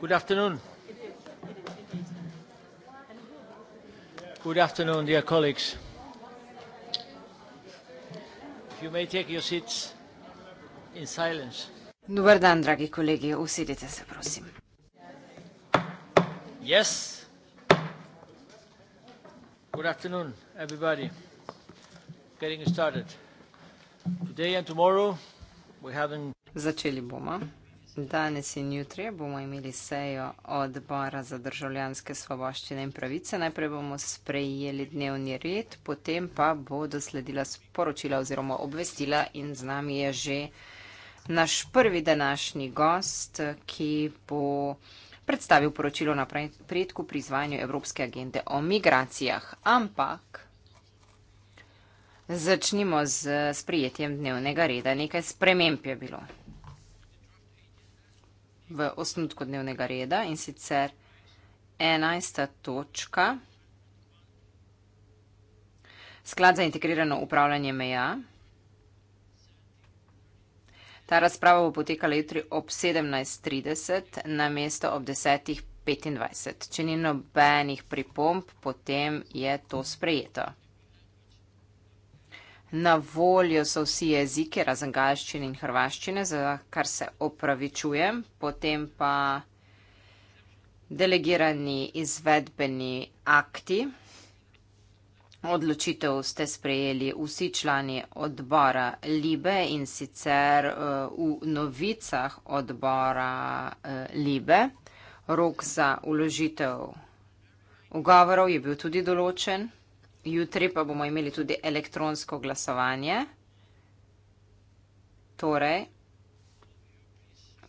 Good afternoon. Good afternoon, dear colleagues. If you may take your seats in silence. Dobar dan, dragi kolegi. Usedite se, prosim. Yes. Good afternoon, everybody. Getting started. Today and tomorrow, we haven't... Začeli bomo. Danes in jutri bomo imeli sejo odbora za državljanske svoboščine in pravice. Najprej bomo sprejeli dnevni red, potem pa bo dosledila sporočila oziroma obvestila in z nami je že naš prvi današnji gost, ki bo predstavil poročilo na predku pri izvajanju Evropske agende o migracijah. Ampak. Začnimo z sprijetjem dnevnega reda. Nekaj sprememb je bilo v osnutku dnevnega reda in sicer enajsta točka sklad za integrirano upravljanje meja. Ta razprava bo potekala jutri ob 17.30 na mesto ob 10.25. Če ni nobenih pripomp, potem je to sprejeto. Na voljo so vsi jezike, razen galščine in hrvaščine, za kar se opravičujem. Potem pa delegirani izvedbeni akti. Odločitev ste sprejeli vsi člani odbora Libe in sicer eh, v novicah odbora eh, Libe. Rok za uložitev ugovorov je bil tudi določen. Jutri pa bomo imeli tudi elektronsko glasovanje. Torej,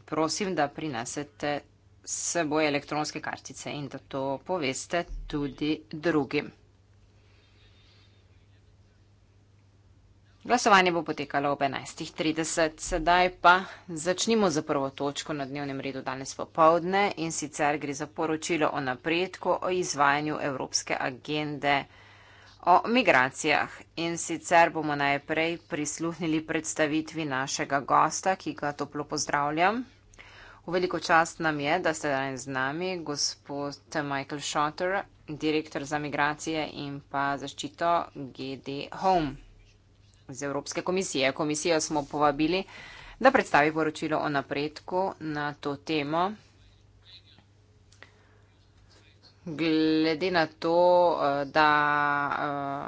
prosim, da prinesete seboj elektronske kartice in da to poveste tudi drugim. Glasovanje bo potekalo ob 11.30. Sedaj pa začnimo za prvo točko na dnevnem redu danes popovdne in sicer gre za poročilo o napredku o izvajanju Evropske agende 2030 o migracijah. In sicer bomo najprej prisluhnili predstavitvi našega gosta, ki ga toplo pozdravljam. V veliko čast nam je, da ste danes z nami, gospod Michael Schotter, direktor za migracije in pa zaščito GD Home z Evropske komisije. Komisijo smo povabili, da predstavi poročilo o napredku na to temo glede na to, eh, da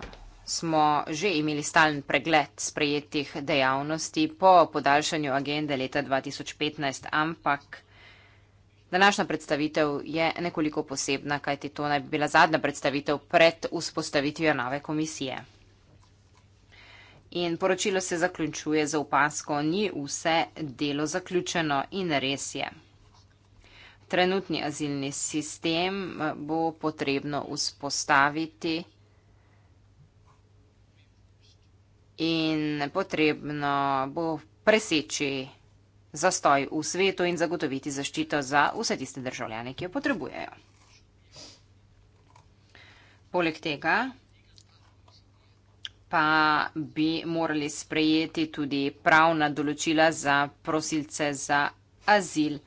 eh, smo že imeli stalen pregled sprejetih dejavnosti po podaljšanju agende leta 2015, ampak današnja predstavitev je nekoliko posebna, kajti to naj bi bila zadnja predstavitev pred vzpostavitvijo nove komisije. In poročilo se zaključuje z opasko, ni vse delo zaključeno in res je trenutni azilni sistem eh, bo potrebno vzpostaviti in potrebno bo preseči zastoj v svetu in zagotoviti zaščito za vse tiste državljane, ki jo potrebujejo. Poleg tega pa bi morali sprejeti tudi pravna določila za prosilce za azil.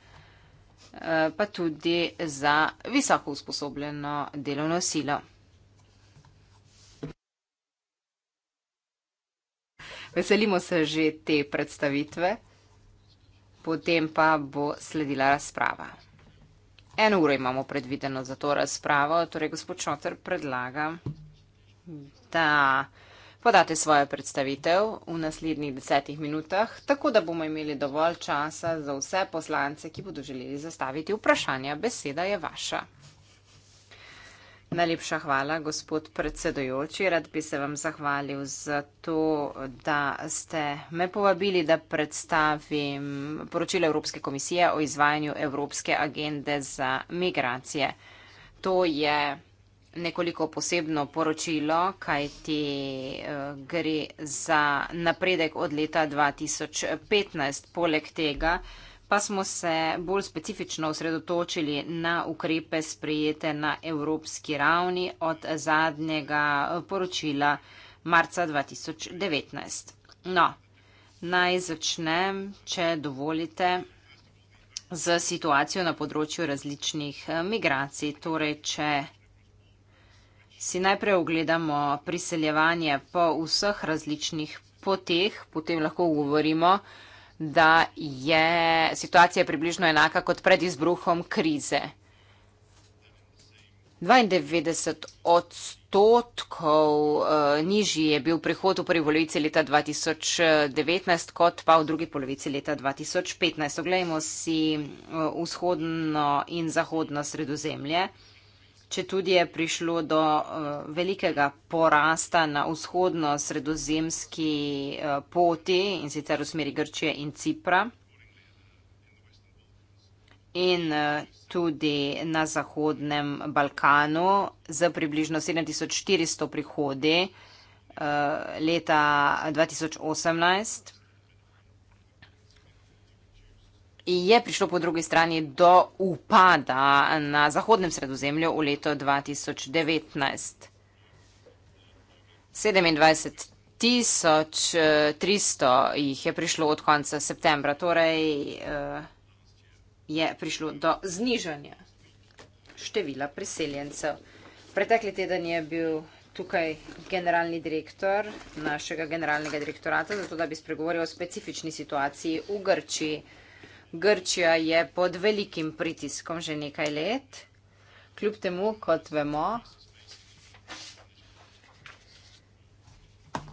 Eh, pa tudi za visoko usposobljeno delovno silo. Veselimo se že te predstavitve, potem pa bo sledila razprava. Eno uro imamo predvideno za to razpravo, torej gospod Šoter predlaga, da podate svojo predstavitev v naslednjih desetih minutah, tako da bomo imeli dovolj časa za vse poslance, ki bodo želeli zastaviti vprašanja. Beseda je vaša. Najlepša hvala, gospod predsedojoči. Rad bi se vam zahvalil za to, da ste me povabili, da predstavim poročilo Evropske komisije o izvajanju Evropske agende za migracije. To je nekoliko posebno poročilo, kaj ti eh, gre za napredek od leta 2015. Poleg tega pa smo se bolj specifično osredotočili na ukrepe sprejete na evropski ravni od zadnjega eh, poročila marca 2019. No, naj začnem, če dovolite z situacijo na področju različnih eh, migracij. Torej, če si najprej ogledamo priseljevanje po vseh različnih poteh, potem lahko govorimo, da je situacija približno enaka kot pred izbruhom krize. 92 odstotkov eh, nižji je bil prihod v prvi polovici leta 2019 kot pa v drugi polovici leta 2015. Oglejmo si eh, vzhodno in zahodno sredozemlje če tudi je prišlo do eh, velikega porasta na vzhodno-sredozemski eh, poti in sicer v smeri Grčije in Cipra in eh, tudi na Zahodnem Balkanu z približno 7400 prihodi leta 2018 je prišlo po drugi strani do upada na Zahodnem sredozemlju v leto 2019. 27 tisoč 300 eh, jih je prišlo od konca septembra, torej eh, je prišlo do znižanja števila priseljencev. Pretekli teden je bil tukaj generalni direktor našega generalnega direktorata, zato da bi spregovoril o specifični situaciji v Grčiji. Grčija je pod velikim pritiskom že nekaj let, kljub temu, kot vemo,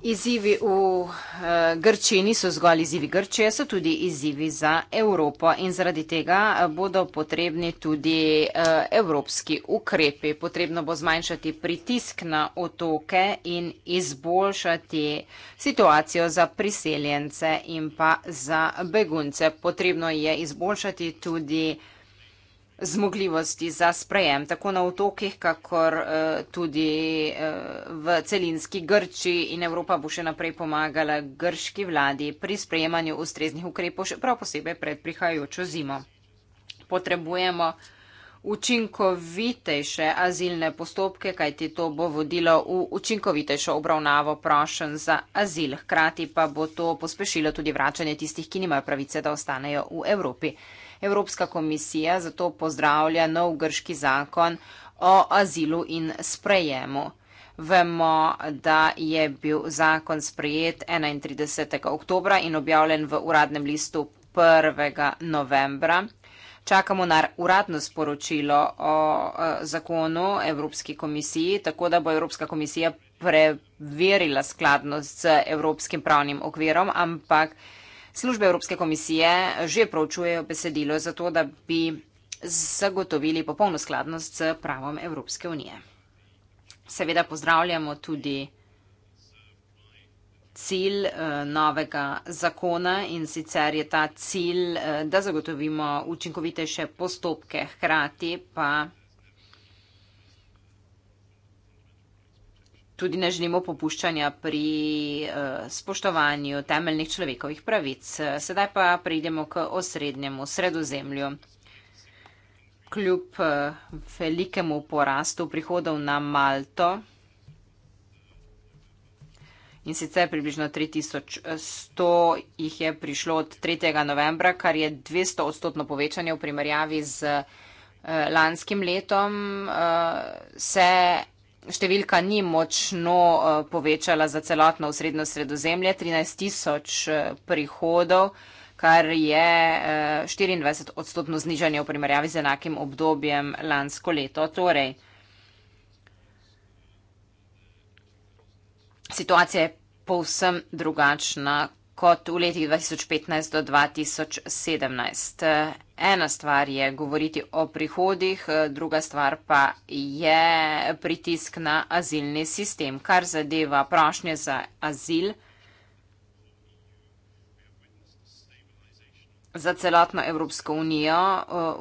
Izzivi v eh, Grčiji niso zgolj izzivi Grčije, so tudi izzivi za Evropo in zaradi tega eh, bodo potrebni tudi eh, evropski ukrepi. Potrebno bo zmanjšati pritisk na otoke in izboljšati situacijo za priseljence in pa za begunce. Potrebno je izboljšati tudi zmogljivosti za sprejem, tako na otokih, kakor eh, tudi eh, v celinski Grči in Evropa bo še naprej pomagala grški vladi pri sprejemanju ustreznih ukrepov, še prav posebej pred prihajajočo zimo. Potrebujemo učinkovitejše azilne postopke, kajti to bo vodilo v učinkovitejšo obravnavo prošen za azil. Hkrati pa bo to pospešilo tudi vračanje tistih, ki nimajo pravice, da ostanejo v Evropi. Evropska komisija zato pozdravlja nov grški zakon o azilu in sprejemu. Vemo, da je bil zakon sprejet 31. oktobra in objavljen v uradnem listu 1. novembra. Čakamo na uradno sporočilo o e, zakonu Evropski komisiji, tako da bo Evropska komisija preverila skladnost z Evropskim pravnim okvirom, ampak Službe Evropske komisije že pravčujejo besedilo za to, da bi zagotovili popolno skladnost s pravom Evropske unije. Seveda pozdravljamo tudi cilj eh, novega zakona in sicer je ta cilj, eh, da zagotovimo učinkovitejše postopke, hkrati pa vsega. tudi ne želimo popuščanja pri uh, spoštovanju temeljnih človekovih pravic. Sedaj pa pridemo k osrednjemu sredozemlju. Kljub uh, velikemu porastu prihodov na Malto in sicer približno 3100 jih je prišlo od 3. novembra, kar je 200 odstotno povečanje v primerjavi z uh, lanskim letom, uh, se številka ni močno eh, povečala za celotno v srednjo sredozemlje, 13 tisoč eh, prihodov, kar je 24 eh, odstotno znižanje v primerjavi z enakim obdobjem lansko leto. Torej, situacija je povsem drugačna kot v letih 2015 do 2017. Ena stvar je govoriti o prihodih, druga stvar pa je pritisk na azilni sistem, kar zadeva prošnje za azil. Za celotno Evropsko unijo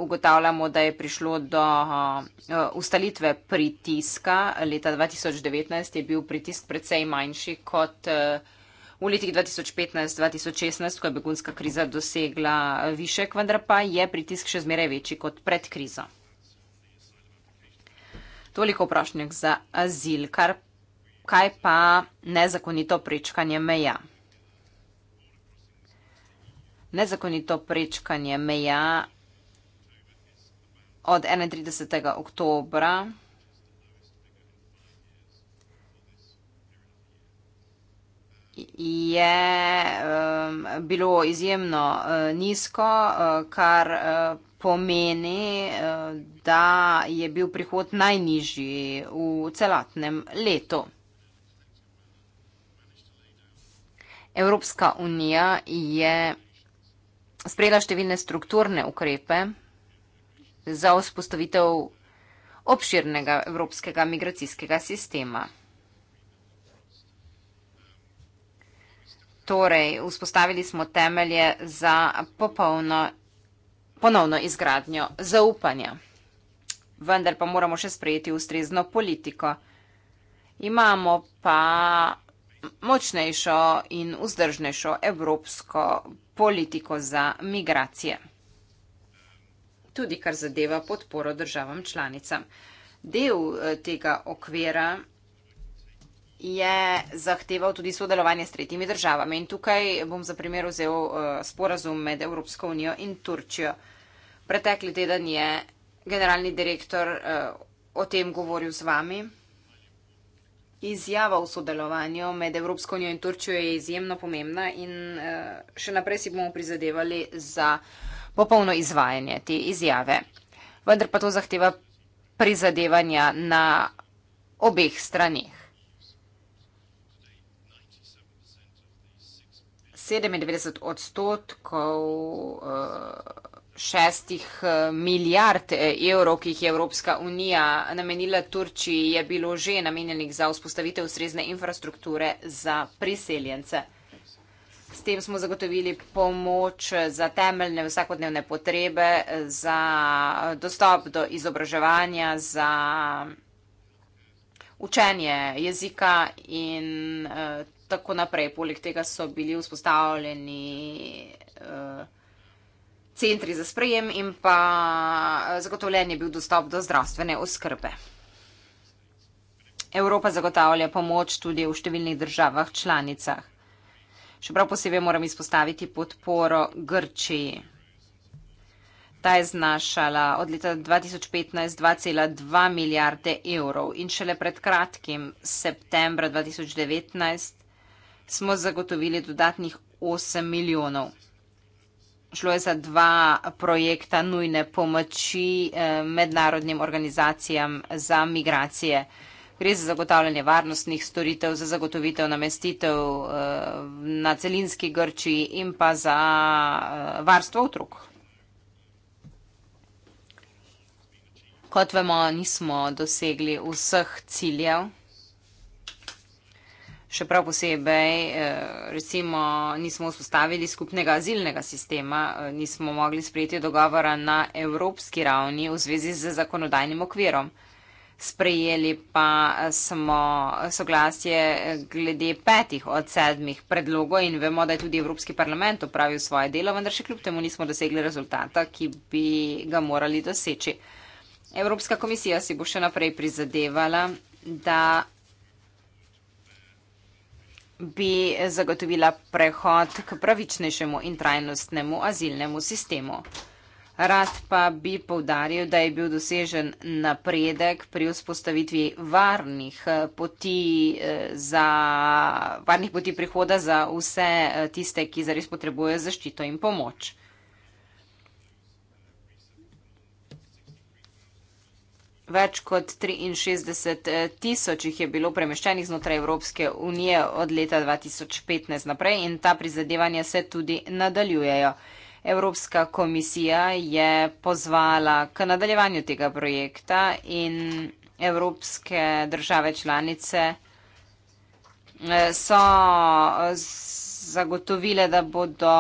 ugotavljamo, da je prišlo do ustalitve pritiska. Leta 2019 je bil pritisk precej manjši kot vsega v letih 2015-2016, ko je begunska kriza dosegla višek, vendar pa je pritisk še zmeraj večji kot pred krizo. Toliko vprašanjih za azil, kar, kaj pa nezakonito prečkanje meja. Nezakonito prečkanje meja od 31. oktobra je um, bilo izjemno uh, nizko, uh, kar uh, pomeni, uh, da je bil prihod najnižji v celotnem letu. Evropska unija je sprejela številne strukturne ukrepe za vzpostavitev obširnega evropskega migracijskega sistema. Torej, vzpostavili smo temelje za popolno, ponovno izgradnjo zaupanja. Vendar pa moramo še sprejeti ustrezno politiko. Imamo pa močnejšo in vzdržnejšo evropsko politiko za migracije. Tudi kar zadeva podporo državam članicam. Del eh, tega okvira je zahteval tudi sodelovanje s tretjimi državami. In tukaj bom za primer vzel eh, sporazum med Evropsko unijo in Turčijo. Pretekli teden je generalni direktor eh, o tem govoril z vami. Izjava o sodelovanju med Evropsko unijo in Turčijo je izjemno pomembna in eh, še naprej si bomo prizadevali za popolno izvajanje te izjave. Vendar pa to zahteva prizadevanja na obeh stranih. 97 odstotkov eh, šestih eh, milijard eh, evrov, ki jih je Evropska unija namenila Turčiji, je bilo že namenjenih za vzpostavitev ustrezne infrastrukture za priseljence. S tem smo zagotovili pomoč za temeljne vsakodnevne potrebe, za dostop do izobraževanja, za učenje jezika in uh, tako naprej. Poleg tega so bili vzpostavljeni uh, centri za sprejem in pa eh, zagotovljen je bil dostop do zdravstvene oskrbe. Evropa zagotavlja pomoč tudi v številnih državah članicah. Še prav posebej moram izpostaviti podporo Grčiji. Ta je znašala od leta 2015 2,2 milijarde evrov in šele pred kratkim, septembra 2019, smo zagotovili dodatnih 8 milijonov. Šlo je za dva projekta nujne pomoči eh, mednarodnim organizacijam za migracije. Gre za zagotavljanje varnostnih storitev, za zagotovitev namestitev eh, na celinski Grči in pa za eh, varstvo otrok. Kot vemo, nismo dosegli vseh ciljev še prav posebej, eh, recimo, nismo vzpostavili skupnega azilnega sistema, eh, nismo mogli sprejeti dogovora na evropski ravni v zvezi z zakonodajnim okvirom. Sprejeli pa eh, smo soglasje glede petih od sedmih predlogov in vemo, da je tudi Evropski parlament upravil svoje delo, vendar še kljub temu nismo dosegli rezultata, ki bi ga morali doseči. Evropska komisija si bo še naprej prizadevala, da bi zagotovila prehod k pravičnejšemu in trajnostnemu azilnemu sistemu. Rad pa bi povdaril, da je bil dosežen napredek pri vzpostavitvi varnih eh, poti, eh, za, varnih poti prihoda za vse eh, tiste, ki zares potrebujejo zaščito in pomoč. Več kot 63 eh, tisoč jih je bilo premeščenih znotraj Evropske unije od leta 2015 naprej in ta prizadevanja se tudi nadaljujejo. Evropska komisija je pozvala k nadaljevanju tega projekta in evropske države članice eh, so zagotovile, da bodo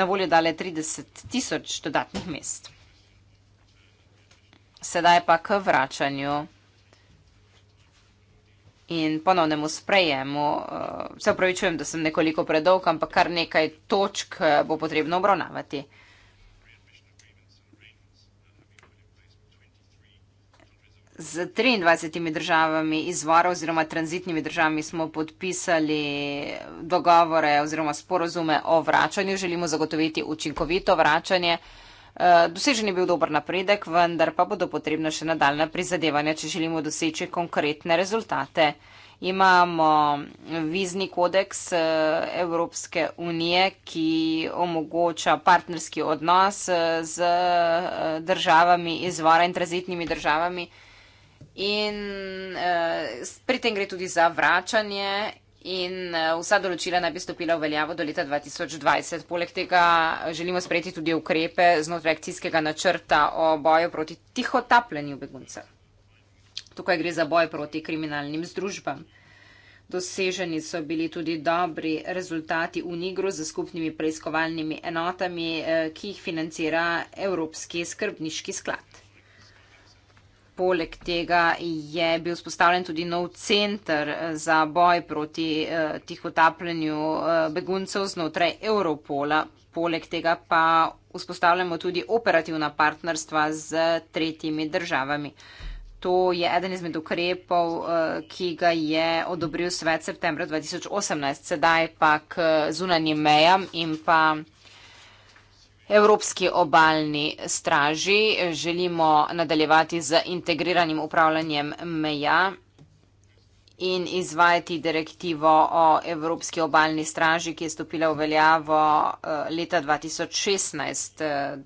na voljo dale 30 tisoč dodatnih mest. Sedaj pa k vračanju in ponovnemu sprejemu. Eh, se upravičujem, da sem nekoliko predolg, ampak kar nekaj točk eh, bo potrebno obravnavati. Z 23 državami izvora oziroma tranzitnimi državami smo podpisali dogovore oziroma sporozume o vračanju. Želimo zagotoviti učinkovito vračanje. Eh, Doseženi je bil dober napredek, vendar pa bodo potrebna še nadaljna prizadevanja, če želimo doseči konkretne rezultate. Imamo vizni kodeks eh, Evropske unije, ki omogoča partnerski odnos eh, z državami izvora in tranzitnimi državami. In eh, pri tem gre tudi za vračanje in eh, vsa določila naj bi stopila v veljavo do leta 2020. Poleg tega eh, želimo sprejeti tudi ukrepe znotraj akcijskega načrta o boju proti tiho tapljenju beguncev. Tukaj gre za boj proti kriminalnim združbam. Doseženi so bili tudi dobri rezultati v Nigru z skupnimi preiskovalnimi enotami, eh, ki jih financira Evropski skrbniški sklad. Poleg tega je bil spostavljen tudi nov centr za boj proti eh, tihotapljenju eh, beguncev znotraj Europola. Poleg tega pa vzpostavljamo tudi operativna partnerstva z tretjimi državami. To je eden izmed ukrepov, eh, ki ga je odobril svet septembra 2018. Sedaj pa k zunanjim mejam in pa. Evropski obaljni straži želimo nadaljevati z integriranim upravljanjem meja in izvajati direktivo o Evropski obaljni straži, ki je stopila v veljavo eh, leta 2016. Eh,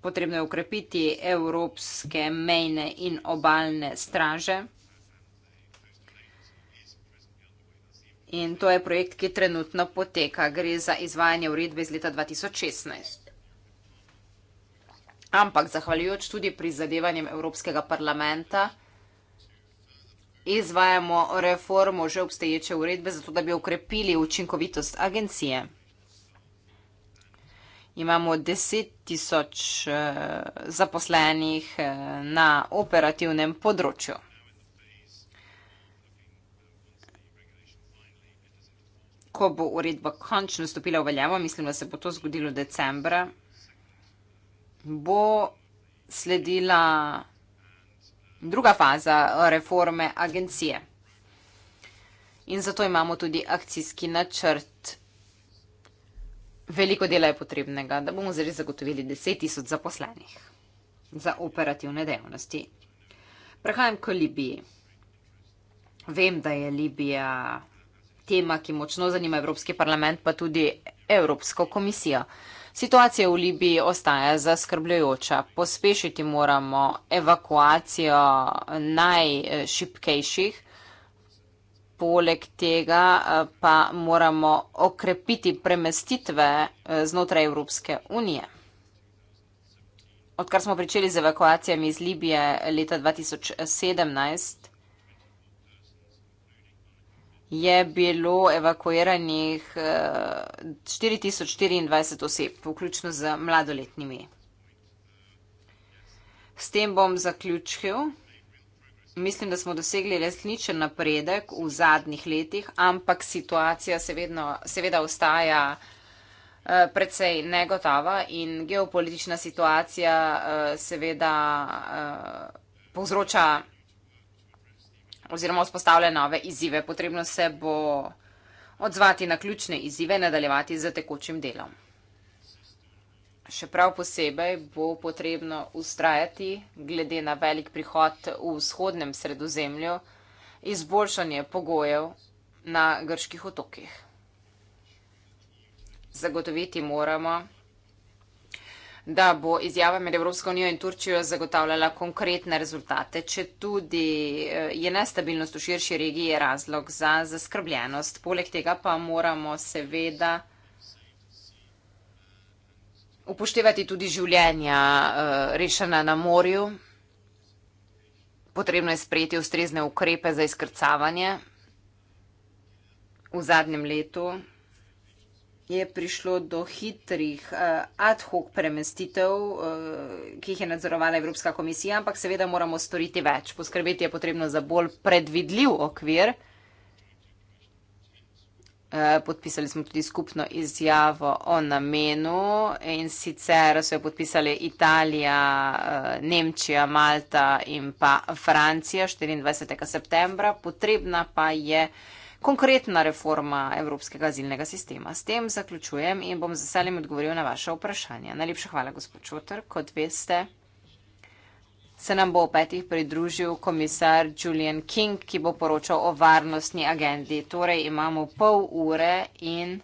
potrebno je ukrepiti evropske mejne in obaljne straže. In to je projekt, ki trenutno poteka. Gre za izvajanje uredbe iz leta 2016. Ampak zahvaljujoč tudi prizadevanjem Evropskega parlamenta, izvajamo reformo že obstoječe uredbe, zato da bi ukrepili učinkovitost agencije. Imamo 10 tisoč eh, zaposlenih eh, na operativnem področju. ko bo uredba končno stopila v veljavo, mislim, da se bo to zgodilo decembra, bo sledila druga faza reforme agencije. In zato imamo tudi akcijski načrt. Veliko dela je potrebnega, da bomo zares zagotovili 10 tisoč zaposlenih za operativne dejavnosti. Prehajam k Libiji. Vem, da je Libija tema, ki močno zanima Evropski parlament, pa tudi Evropsko komisijo. Situacija v Libiji ostaja zaskrbljujoča. Pospešiti moramo evakuacijo najšipkejših. Poleg tega eh, pa moramo okrepiti premestitve eh, znotraj Evropske unije. Odkar smo pričeli z evakuacijami iz Libije leta 2017, je bilo evakuiranih 4024 eh, oseb, vključno z mladoletnimi. S tem bom zaključil. Mislim, da smo dosegli resničen napredek v zadnjih letih, ampak situacija seveda, seveda ostaja eh, predvsej negotova in geopolitična situacija eh, seveda povzroča oziroma vzpostavlja nove izzive. Potrebno se bo odzvati na ključne izzive, nadaljevati z tekočim delom. Še prav posebej bo potrebno ustrajati, glede na velik prihod v vzhodnem sredozemlju, izboljšanje pogojev na grških otokih. Zagotoviti moramo, da bo izjava med Evropsko unijo in Turčijo zagotavljala konkretne rezultate, če tudi eh, je nestabilnost v širši regiji razlog za zaskrbljenost. Poleg tega pa moramo seveda upoštevati tudi življenja eh, rešena na morju. Potrebno je sprejeti ustrezne ukrepe za izkrcavanje. V zadnjem letu je prišlo do hitrih uh, ad hoc premestitev, uh, ki jih je nadzorovala Evropska komisija, ampak seveda moramo storiti več. Poskrbeti je potrebno za bolj predvidljiv okvir. Eh, podpisali smo tudi skupno izjavo o namenu in sicer so jo podpisali Italija, Nemčija, Malta in pa Francija 24. septembra. Potrebna pa je uh, konkretna reforma evropskega azilnega sistema. S tem zaključujem in bom z veseljem odgovoril na vaše vprašanje. Najlepša hvala, gospod Čotr. Kot veste, se nam bo v petih pridružil komisar Julian King, ki bo poročal o varnostni agendi. Torej imamo pol ure in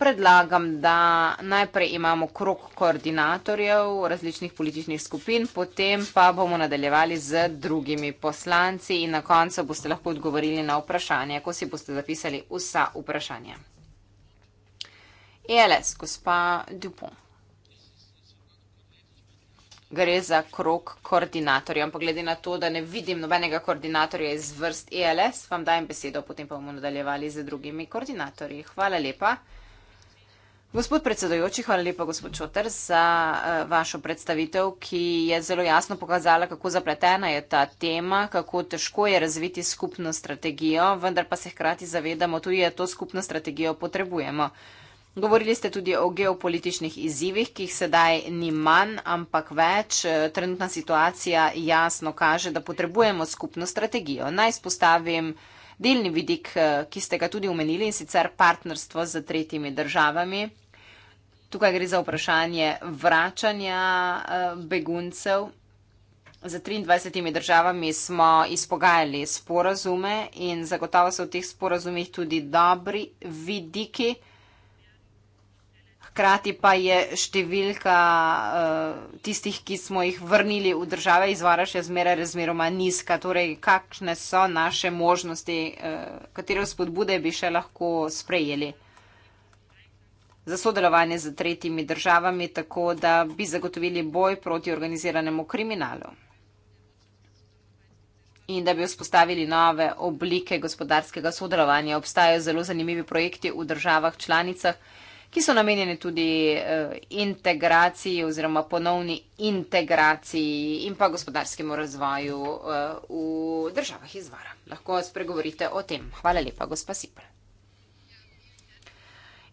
predlagam, da najprej imamo krok koordinatorjev različnih političnih skupin, potem pa bomo nadaljevali z drugimi poslanci in na koncu boste lahko odgovorili na vprašanje, ko si boste zapisali vsa vprašanja. ELS, gospa Dupont. Gre za krok koordinatorjev, ampak glede na to, da ne vidim nobenega koordinatorja iz vrst ELS, vam dajem besedo, potem pa bomo nadaljevali z drugimi koordinatorji. Hvala lepa. Gospod predsedojoči, hvala lepa gospod Čotr za uh, vašo predstavitev, ki je zelo jasno pokazala, kako zapletena je ta tema, kako težko je razviti skupno strategijo, vendar pa se hkrati zavedamo tudi, da to skupno strategijo potrebujemo. Govorili ste tudi o geopolitičnih izzivih, ki jih sedaj ni manj, ampak več. Eh, trenutna situacija jasno kaže, da potrebujemo skupno strategijo. Naj spostavim delni vidik, eh, ki ste ga tudi omenili in sicer partnerstvo z tretjimi državami. Tukaj gre za vprašanje vračanja eh, beguncev. Za 23 državami smo izpogajali sporazume in zagotovo so v teh sporazumih tudi dobri vidiki hkrati pa je številka uh, tistih, ki smo jih vrnili v države izvora še zmeraj razmeroma nizka. Torej, kakšne so naše možnosti, uh, katere spodbude bi še lahko sprejeli za sodelovanje z tretjimi državami, tako da bi zagotovili boj proti organiziranemu kriminalu in da bi vzpostavili nove oblike gospodarskega sodelovanja. Obstajajo zelo zanimivi projekti v državah članicah ki so namenjene tudi uh, integraciji oziroma ponovni integraciji in pa gospodarskemu razvoju uh, v državah izvara. Lahko spregovorite o tem. Hvala lepa, gospa Sipr.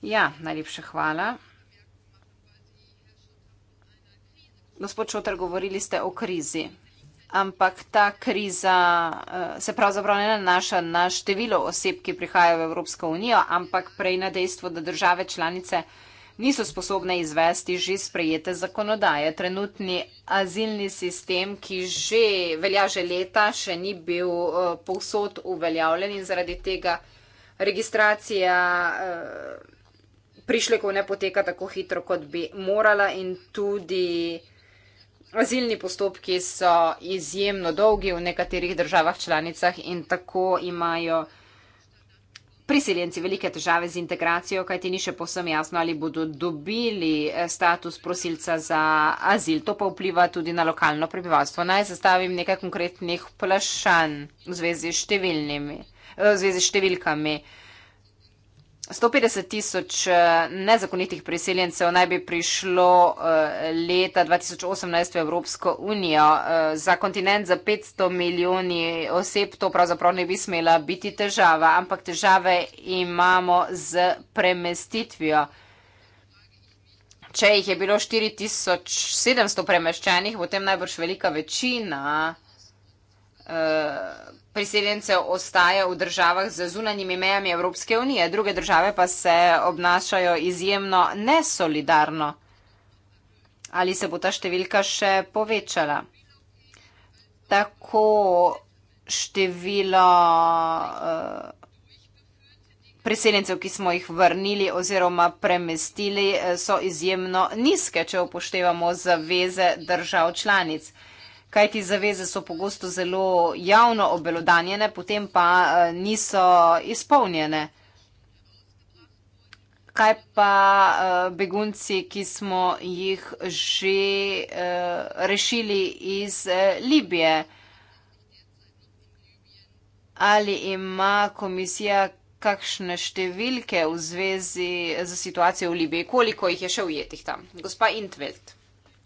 Ja, najlepša hvala. Gospod Šotar, govorili ste o krizi ampak ta kriza eh, se pravzaprav ne nanaša na število oseb, ki prihajajo v Evropsko unijo, ampak prej na dejstvo, da države članice niso sposobne izvesti že sprejete zakonodaje. Trenutni azilni sistem, ki že velja že leta, še ni bil eh, povsod uveljavljen in zaradi tega registracija eh, prišlekov ne poteka tako hitro, kot bi morala in tudi. Azilni postopki so izjemno dolgi v nekaterih državah članicah in tako imajo priseljenci velike težave z integracijo, kajti ni še posem jasno, ali bodo dobili eh, status prosilca za azil. To pa vpliva tudi na lokalno prebivalstvo. Naj zastavim nekaj konkretnih vprašanj v zvezi s eh, številkami. 150 tisoč eh, nezakonitih priseljencev naj bi prišlo eh, leta 2018 v Evropsko unijo. Eh, za kontinent za 500 milijoni oseb to pravzaprav ne bi smela biti težava, ampak težave imamo z premestitvijo. Če jih je bilo 4700 premeščenih, potem najbrž velika večina priseljencev ostaja v državah z zunanjimi mejami Evropske unije, druge države pa se obnašajo izjemno nesolidarno. Ali se bo ta številka še povečala? Tako število eh, priseljencev, ki smo jih vrnili oziroma premestili, eh, so izjemno nizke, če upoštevamo zaveze držav članic kajti zaveze so pogosto zelo javno obelodanjene, potem pa eh, niso izpolnjene. Kaj pa eh, begunci, ki smo jih že eh, rešili iz Libije? Ali ima komisija kakšne številke v zvezi za situacijo v Libiji? Koliko jih je še ujetih tam? Gospa Intvelt.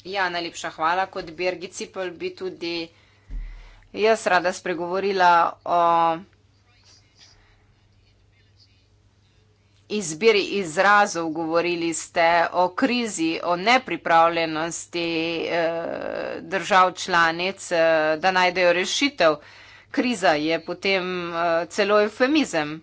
Ja, najlepša hvala. Kot Birgit Cipel bi tudi jaz rada spregovorila o izbiri izrazov. Govorili ste o krizi, o nepripravljenosti eh, držav članic, eh, da najdejo rešitev. Kriza je potem eh, celo eufemizem.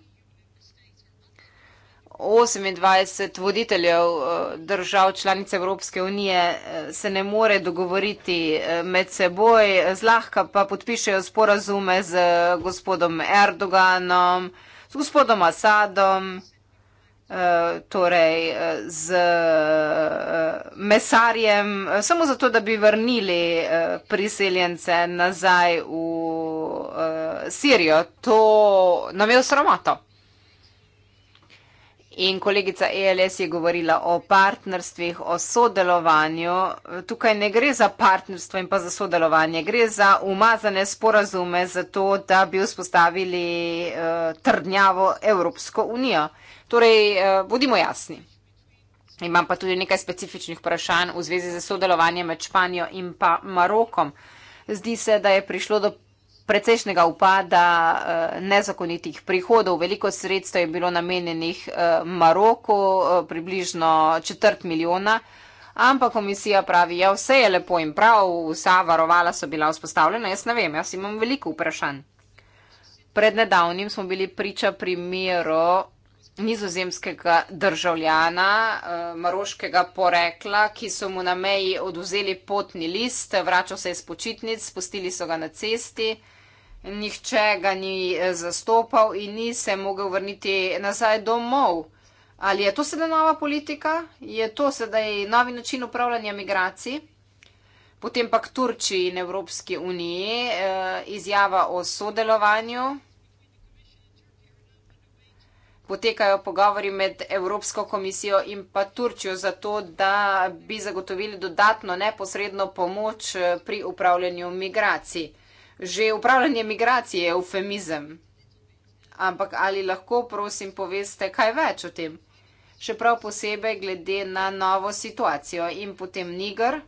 28 voditeljev eh, držav članic Evropske unije eh, se ne more dogovoriti eh, med seboj, zlahka pa podpišejo sporazume z gospodom Erdoganom, z gospodom Asadom, torej z mesarjem, samo zato, da bi vrnili priseljence nazaj v Sirijo. To nam je osramato. In kolegica ELS je govorila o partnerstvih, o sodelovanju. Tukaj ne gre za partnerstvo in pa za sodelovanje, gre za umazane sporazume, zato da bi vzpostavili uh, trdnjavo Evropsko unijo. Torej, uh, bodimo jasni. Imam pa tudi nekaj specifičnih vprašanj v zvezi z sodelovanjem med Španijo in pa Marokom. Zdi se, da je prišlo do precejšnjega upada eh, nezakonitih prihodov. Veliko sredstev je bilo namenjenih eh, Maroku, eh, približno četrt milijona. Ampak komisija pravi, ja, vse je lepo in prav, vsa varovala so bila vzpostavljena, jaz ne vem, jaz imam veliko vprašanj. Pred nedavnim smo bili priča primeru nizozemskega državljana, maroškega porekla, ki so mu na meji oduzeli potni list, vračal se je iz počitnic, spustili so ga na cesti nihče ga ni eh, zastopal in ni se mogel vrniti nazaj domov. Ali je to sedaj nova politika? Je to sedaj novi način upravljanja migracij? Potem pa k Turčiji in Evropski uniji eh, izjava o sodelovanju. Potekajo pogovori med Evropsko komisijo in pa Turčijo za to, da bi zagotovili dodatno neposredno pomoč eh, pri upravljanju migracij. Že upravljanje migracije je eufemizem. Ampak ali lahko, prosim, poveste kaj več o tem? Še prav posebej glede na novo situacijo in potem Niger.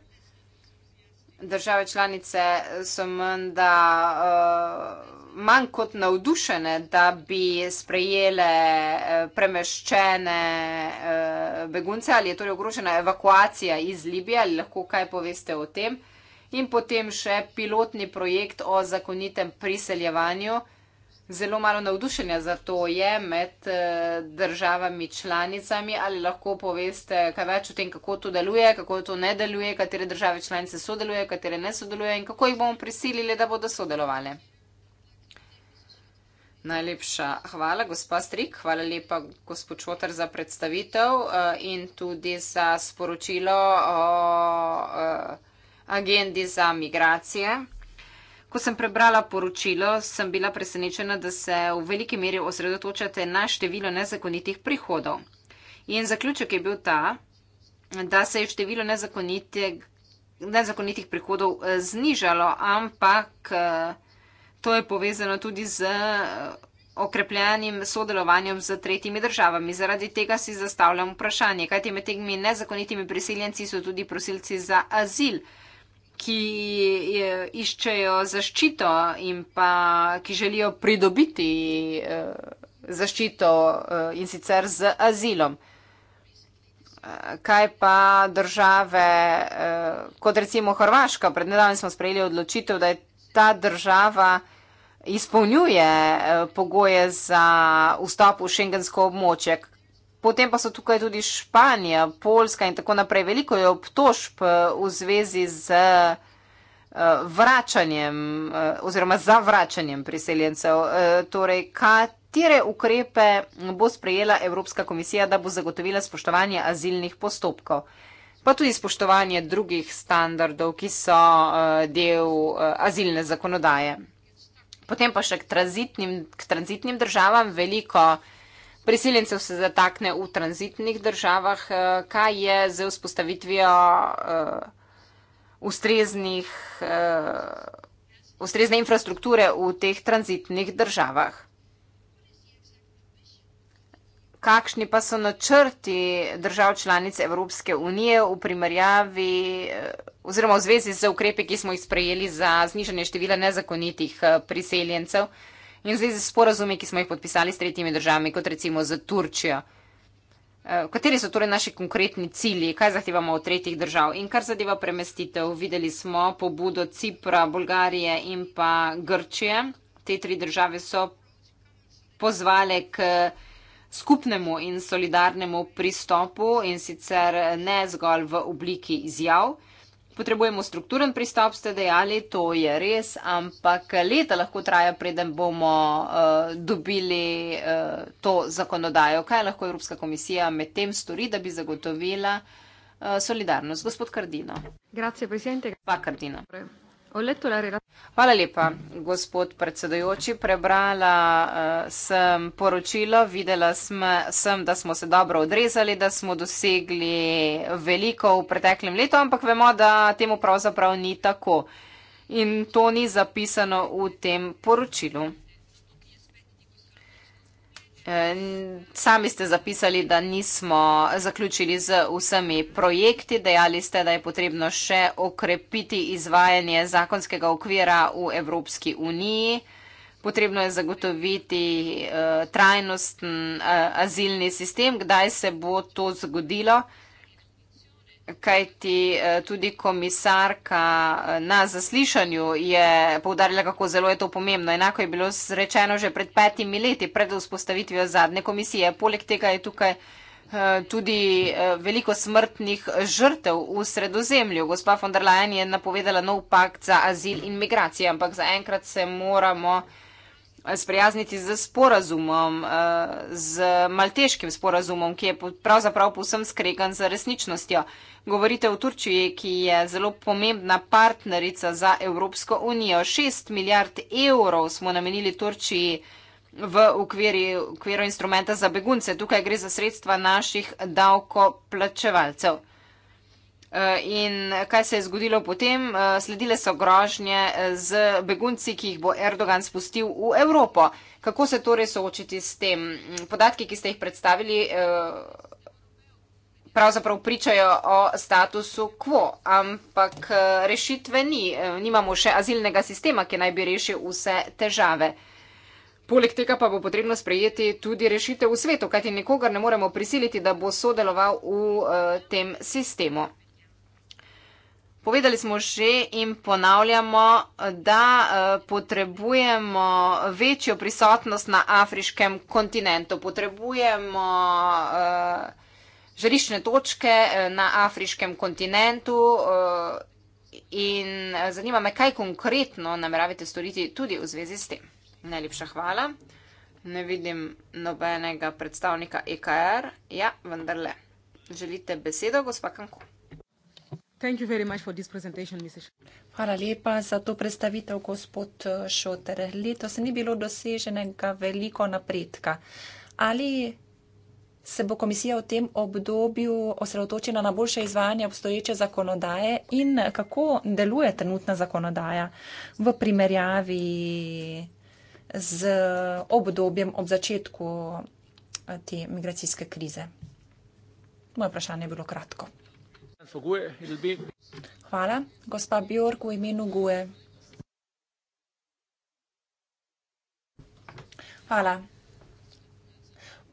Države članice so menda eh, manj kot navdušene, da bi sprejele eh, premeščene eh, begunce ali je torej ogrožena evakuacija iz Libije ali lahko kaj poveste o tem in potem še pilotni projekt o zakonitem priseljevanju. Zelo malo navdušenja za to je med eh, državami članicami. Ali lahko poveste kaj več o tem, kako to deluje, kako to ne deluje, katere države članice sodelujejo, katere ne sodelujejo in kako jih bomo prisilili, da bodo sodelovali. Najlepša hvala, gospa Strik, hvala lepa, gospod Čotar, za predstavitev eh, in tudi za sporočilo o, o eh, agendi za migracije. Ko sem prebrala poročilo, sem bila presenečena, da se v veliki meri osredotočate na število nezakonitih prihodov. In zaključek je bil ta, da se je število nezakonitih prihodov eh, znižalo, ampak eh, to je povezano tudi z eh, okrepljenim sodelovanjem z tretjimi državami. Zaradi tega si zastavljam vprašanje, kajti med temi nezakonitimi priseljenci so tudi prosilci za azil ki iščejo zaščito in pa ki želijo pridobiti eh, zaščito eh, in sicer z azilom. Eh, kaj pa države, kot recimo Hrvaška, pred nedavnim smo sprejeli odločitev, da je ta država izpolnjuje pogoje za vstop v šengensko območje. Potem pa so tukaj tudi Španija, Poljska in tako naprej. Veliko je obtožb eh, v zvezi z eh, vračanjem eh, oziroma zavračanjem priseljencev. Torej, katere ukrepe bo sprejela Evropska komisija, da bo zagotovila spoštovanje azilnih postopkov? Pa tudi spoštovanje drugih standardov, ki so del azilne zakonodaje. Potem pa še k tranzitnim, k tranzitnim državam veliko. Priseljencev se zatakne v tranzitnih državah. Eh, kaj je z vzpostavitvijo eh, ustreznih, eh, ustrezne infrastrukture v teh tranzitnih državah? Kakšni pa so načrti držav članic Evropske unije v primerjavi oziroma v zvezi z ukrepi, ki smo jih sprejeli za znižanje števila nezakonitih priseljencev? in v zvezi s sporazumi, ki smo jih podpisali s tretjimi državami, kot recimo z Turčijo. Eh, kateri so torej naši konkretni cilji, kaj zahtevamo od tretjih držav? In kar zadeva premestitev, videli smo pobudo Cipra, Bolgarije in pa Grčije. Te tri države so pozvale k skupnemu in solidarnemu pristopu in sicer ne zgolj v obliki izjav. Potrebujemo strukturen pristop, ste dejali, to je res, ampak leta lahko traja, preden bomo uh, dobili uh, to zakonodajo. Kaj lahko Evropska komisija med tem stori, da bi zagotovila uh, solidarnost? Gospod Kardino. Grazie, Hvala lepa, gospod predsedojoči. Prebrala uh, sem poročilo, videla sem, sem, da smo se dobro odrezali, da smo dosegli veliko v preteklem letu, ampak vemo, da temu pravzaprav ni tako. In to ni zapisano v tem poročilu. Eh, sami ste zapisali, da nismo zaključili z vsemi projekti. Dejali ste, da je potrebno še okrepiti izvajanje zakonskega okvira v Evropski uniji. Potrebno je zagotoviti uh, trajnosten uh, azilni sistem. Kdaj se bo to zgodilo? kajti eh, tudi komisarka eh, na zaslišanju je povdarjala, kako zelo je to pomembno. Enako je bilo rečeno že pred petimi leti, pred vzpostavitvijo zadnje komisije. Poleg tega je tukaj eh, tudi veliko smrtnih žrtev v sredozemlju. Gospa von der Leyen je napovedala nov pakt za azil in migracije, ampak zaenkrat se moramo sprijazniti z sporazumom, eh, z malteškim sporazumom, ki je pravzaprav povsem skregan z resničnostjo. Govorite o Turčiji, ki je zelo pomembna partnerica za Evropsko unijo. 6 milijard evrov smo namenili Turčiji v ukveri, ukveru instrumenta za begunce. Tukaj gre za sredstva naših davkoplačevalcev. Eh, in kaj se je zgodilo potem? Eh, sledile so grožnje eh, z begunci, ki jih bo Erdogan spustil v Evropo. Kako se torej soočiti s tem? Mm, podatki, ki ste jih predstavili, pravzaprav pričajo o statusu quo, ampak rešitve ni. Nimamo še azilnega sistema, ki naj bi rešil vse težave. Poleg tega pa bo potrebno sprejeti tudi rešitev v svetu, kajti nikogar ne moremo prisiliti, da bo sodeloval v tem sistemu. Povedali smo že in ponavljamo, da eh, potrebujemo večjo prisotnost na afriškem kontinentu. Potrebujemo eh, žarišne točke eh, na afriškem kontinentu in zanima me, kaj konkretno nameravite storiti tudi v zvezi s tem. Najlepša hvala. Ne vidim nobenega predstavnika EKR. Ja, vendar le. Želite besedo, gospa Kankov? Hvala lepa za to predstavitev, gospod Šoter. Letos ni bilo doseženega veliko napredka. Ali se bo komisija v tem obdobju osredotočila na boljše izvajanje obstoječe zakonodaje in kako deluje trenutna zakonodaja v primerjavi z obdobjem ob začetku eh, te migracijske krize? Moje vprašanje je bilo kratko. Hvala. Gospa Bjork v imenu GUE. Hvala.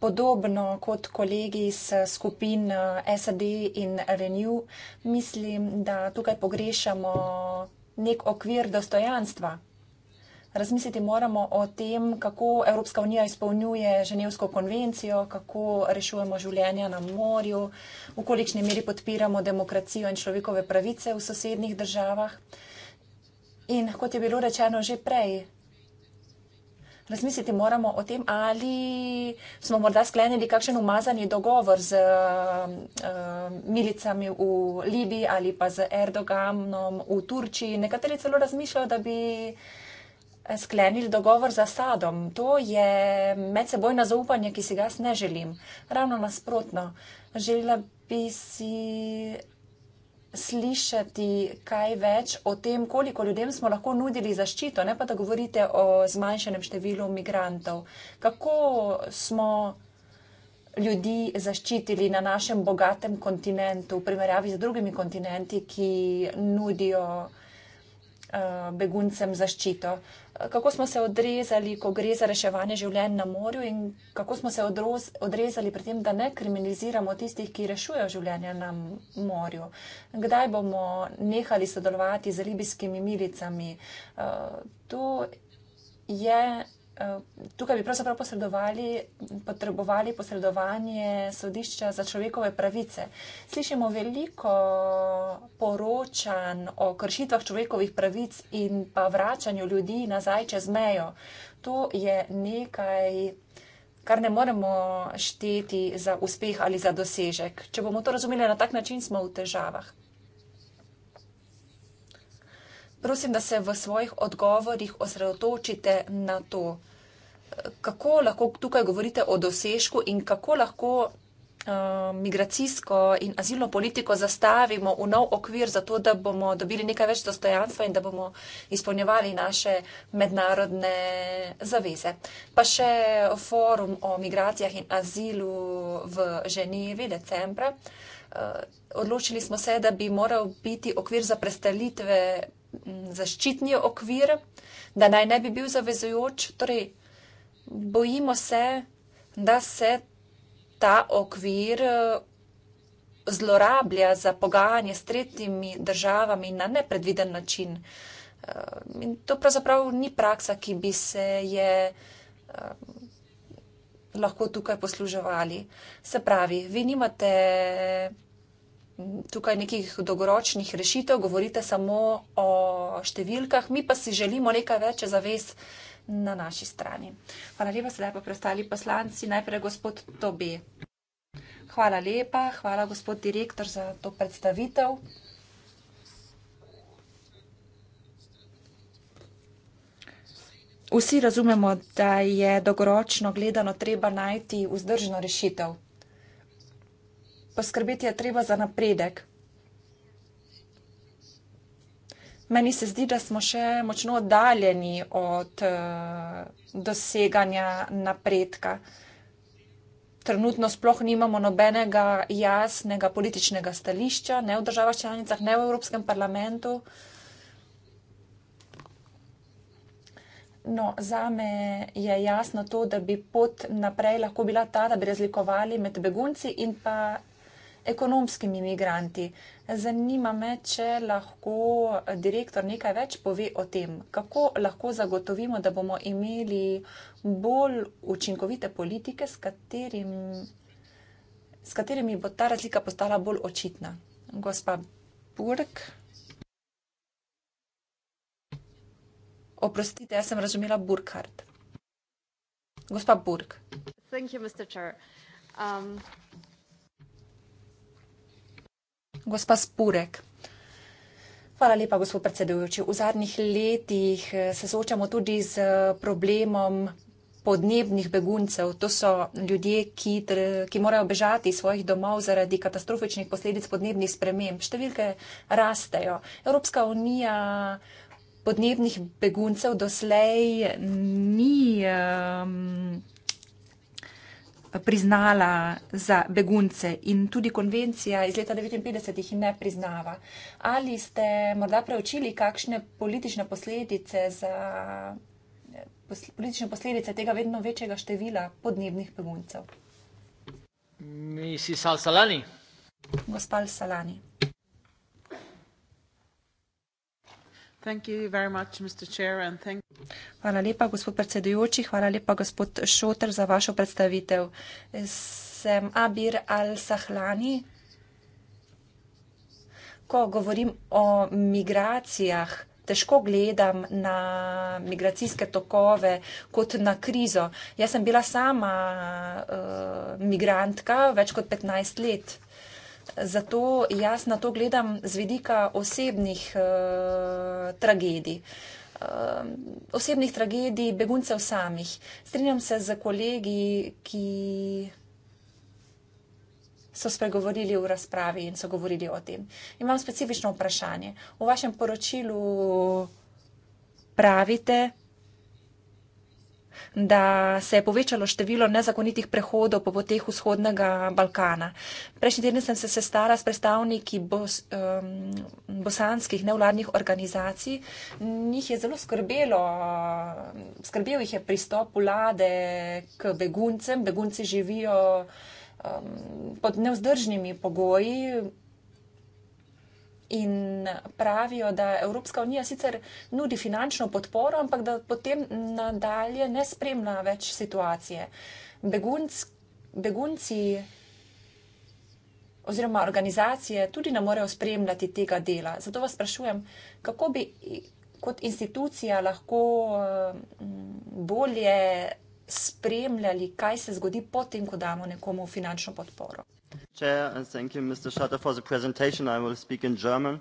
Podobno kot kolegi iz skupin eh, SAD in Renew, mislim, da tukaj pogrešamo nek okvir dostojanstva razmisliti moramo o tem, kako Evropska unija izpolnjuje Ženevsko konvencijo, kako rešujemo življenja na morju, v kolikšni meri podpiramo demokracijo in človekove pravice v sosednjih državah. In kot je bilo rečeno že prej, razmisliti moramo o tem, ali smo morda sklenili kakšen umazani dogovor z uh, milicami v Libiji ali pa z Erdoganom v Turčiji. Nekateri celo razmišljajo, da bi sklenili dogovor za sadom. To je medsebojno zaupanje, ki si ga jaz ne želim. Ravno nasprotno. Želela bi si slišati kaj več o tem, koliko ljudem smo lahko nudili zaščito, ne pa da govorite o zmanjšanem številu migrantov. Kako smo ljudi zaščitili na našem bogatem kontinentu v primerjavi z drugimi kontinenti, ki nudijo uh, beguncem zaščito. Uh, kako smo se odrezali, ko gre za reševanje življenj na morju in kako smo se odroz, odrezali pri tem, da ne kriminaliziramo tistih, ki rešujejo življenja na morju. Kdaj bomo nehali sodelovati z libijskimi milicami? Uh, to je Eh, tukaj bi pravzaprav posredovali, potrebovali posredovanje sodišča za človekove pravice. Slišimo veliko poročanj o kršitvah človekovih pravic in pa vračanju ljudi nazaj čez mejo. To je nekaj, kar ne moremo šteti za uspeh ali za dosežek. Če bomo to razumeli na tak način, smo v težavah prosim, da se v svojih odgovorih osredotočite na to, kako lahko tukaj govorite o dosežku in kako lahko uh, migracijsko in azilno politiko zastavimo v nov okvir za to, da bomo dobili nekaj več dostojanstva in da bomo izpolnjevali naše mednarodne zaveze. Pa še forum o migracijah in azilu v Ženevi decembra. Eh, odločili smo se, da bi moral biti okvir za prestalitve zaščitni okvir, da naj ne bi bil zavezujoč. Torej, bojimo se, da se ta okvir eh, zlorablja za pogajanje s tretjimi državami na nepredviden način. Eh, in to pravzaprav ni praksa, ki bi se je eh, lahko tukaj posluževali. Se pravi, vi nimate tukaj nekih dolgoročnih rešitev, govorite samo o številkah, mi pa si želimo nekaj več zavez na naši strani. Hvala lepa, sedaj pa preostali poslanci, najprej gospod Tobi. Hvala lepa, hvala gospod direktor za to predstavitev. Vsi razumemo, da je dolgoročno gledano treba najti vzdržno rešitev poskrbeti je treba za napredek. Meni se zdi, da smo še močno oddaljeni od uh, doseganja napredka. Trenutno sploh nimamo nobenega jasnega političnega stališča, ne v državah članicah, ne v Evropskem parlamentu. No, za me je jasno to, da bi pot naprej lahko bila ta, da bi razlikovali med begunci in pa ekonomskimi imigranti. Zanima me, če lahko direktor nekaj več pove o tem, kako lahko zagotovimo, da bomo imeli bolj učinkovite politike, s, katerim, s katerimi bo ta razlika postala bolj očitna. Gospa Burg. Oprostite, jaz sem razumela Burkhard. Gospa Burg. Thank you, Mr. Chair. Um, gospa Spurek. Hvala lepa, gospod predsedujoči. V zadnjih letih eh, se soočamo tudi z eh, problemom podnebnih beguncev. To so ljudje, ki, ki morajo bežati svojih domov zaradi katastrofičnih posledic podnebnih sprememb. Številke rastejo. Evropska unija podnebnih beguncev doslej ni. Um, priznala za begunce in tudi konvencija iz leta 59 jih ne priznava. Ali ste morda preučili, kakšne politične posledice, za, pos, politične posledice tega vedno večjega števila podnebnih beguncev? Mi si sal salani. Gospod salani. Hvala lepa, gospod predsedujoči. Hvala lepa, gospod Šoter, za vašo predstavitev. Sem Abir Al-Sahlani. Ko govorim o migracijah, težko gledam na migracijske tokove kot na krizo. Jaz sem bila sama uh, migrantka več kot 15 let. Zato jaz na to gledam z vidika osebnih uh, tragedij. Eh, osebnih tragedij beguncev samih. Strinjam se z kolegi, ki so spregovorili v razpravi in so govorili o tem. Imam specifično vprašanje. V vašem poročilu pravite, da da se je povečalo število nezakonitih prehodov po poteh vzhodnega Balkana. Prejšnji teden sem se sestala s predstavniki bos, um, bosanskih nevladnih organizacij. Njih je zelo skrbelo, skrbel jih je pristop vlade k beguncem. Begunci živijo um, pod nevzdržnimi pogoji. In pravijo, da Evropska unija sicer nudi finančno podporo, ampak da potem nadalje ne spremlja več situacije. Begunc, begunci oziroma organizacije tudi ne morejo spremljati tega dela. Zato vas sprašujem, kako bi kot institucija lahko bolje spremljali, kaj se zgodi potem, ko damo nekomu finančno podporo. Chair, and thank you, Mr. Schatter, for the presentation. I will speak in German.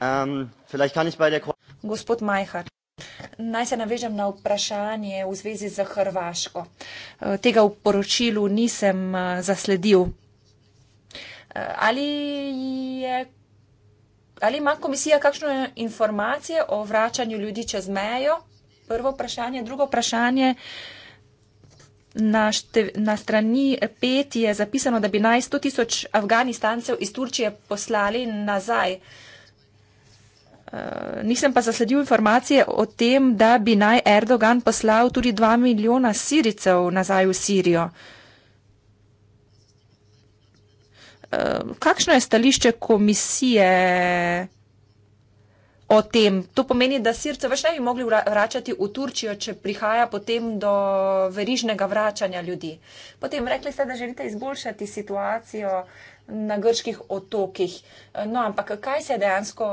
Um, vielleicht kann ich bei der Gospod Majhar, naj se navežem na vprašanje v zvezi z Hrvaško. E, tega v poročilu nisem e, zasledil. E, ali, je, ali ima komisija kakšno informacijo o vračanju ljudi čez mejo? Prvo vprašanje. Drugo vprašanje. Uh, na, štev, na strani 5 je zapisano, da bi naj 100 tisoč Afganistancev iz Turčije poslali nazaj. Eh, nisem pa zasledil informacije o tem, da bi naj Erdogan poslal tudi 2 milijona Siricev nazaj v Sirijo. Eh, kakšno je stališče komisije? o tem. To pomeni, da sirce več ne bi mogli vračati v Turčijo, če prihaja potem do verižnega vračanja ljudi. Potem rekli ste, da želite izboljšati situacijo na grških otokih. No, ampak kaj se je dejansko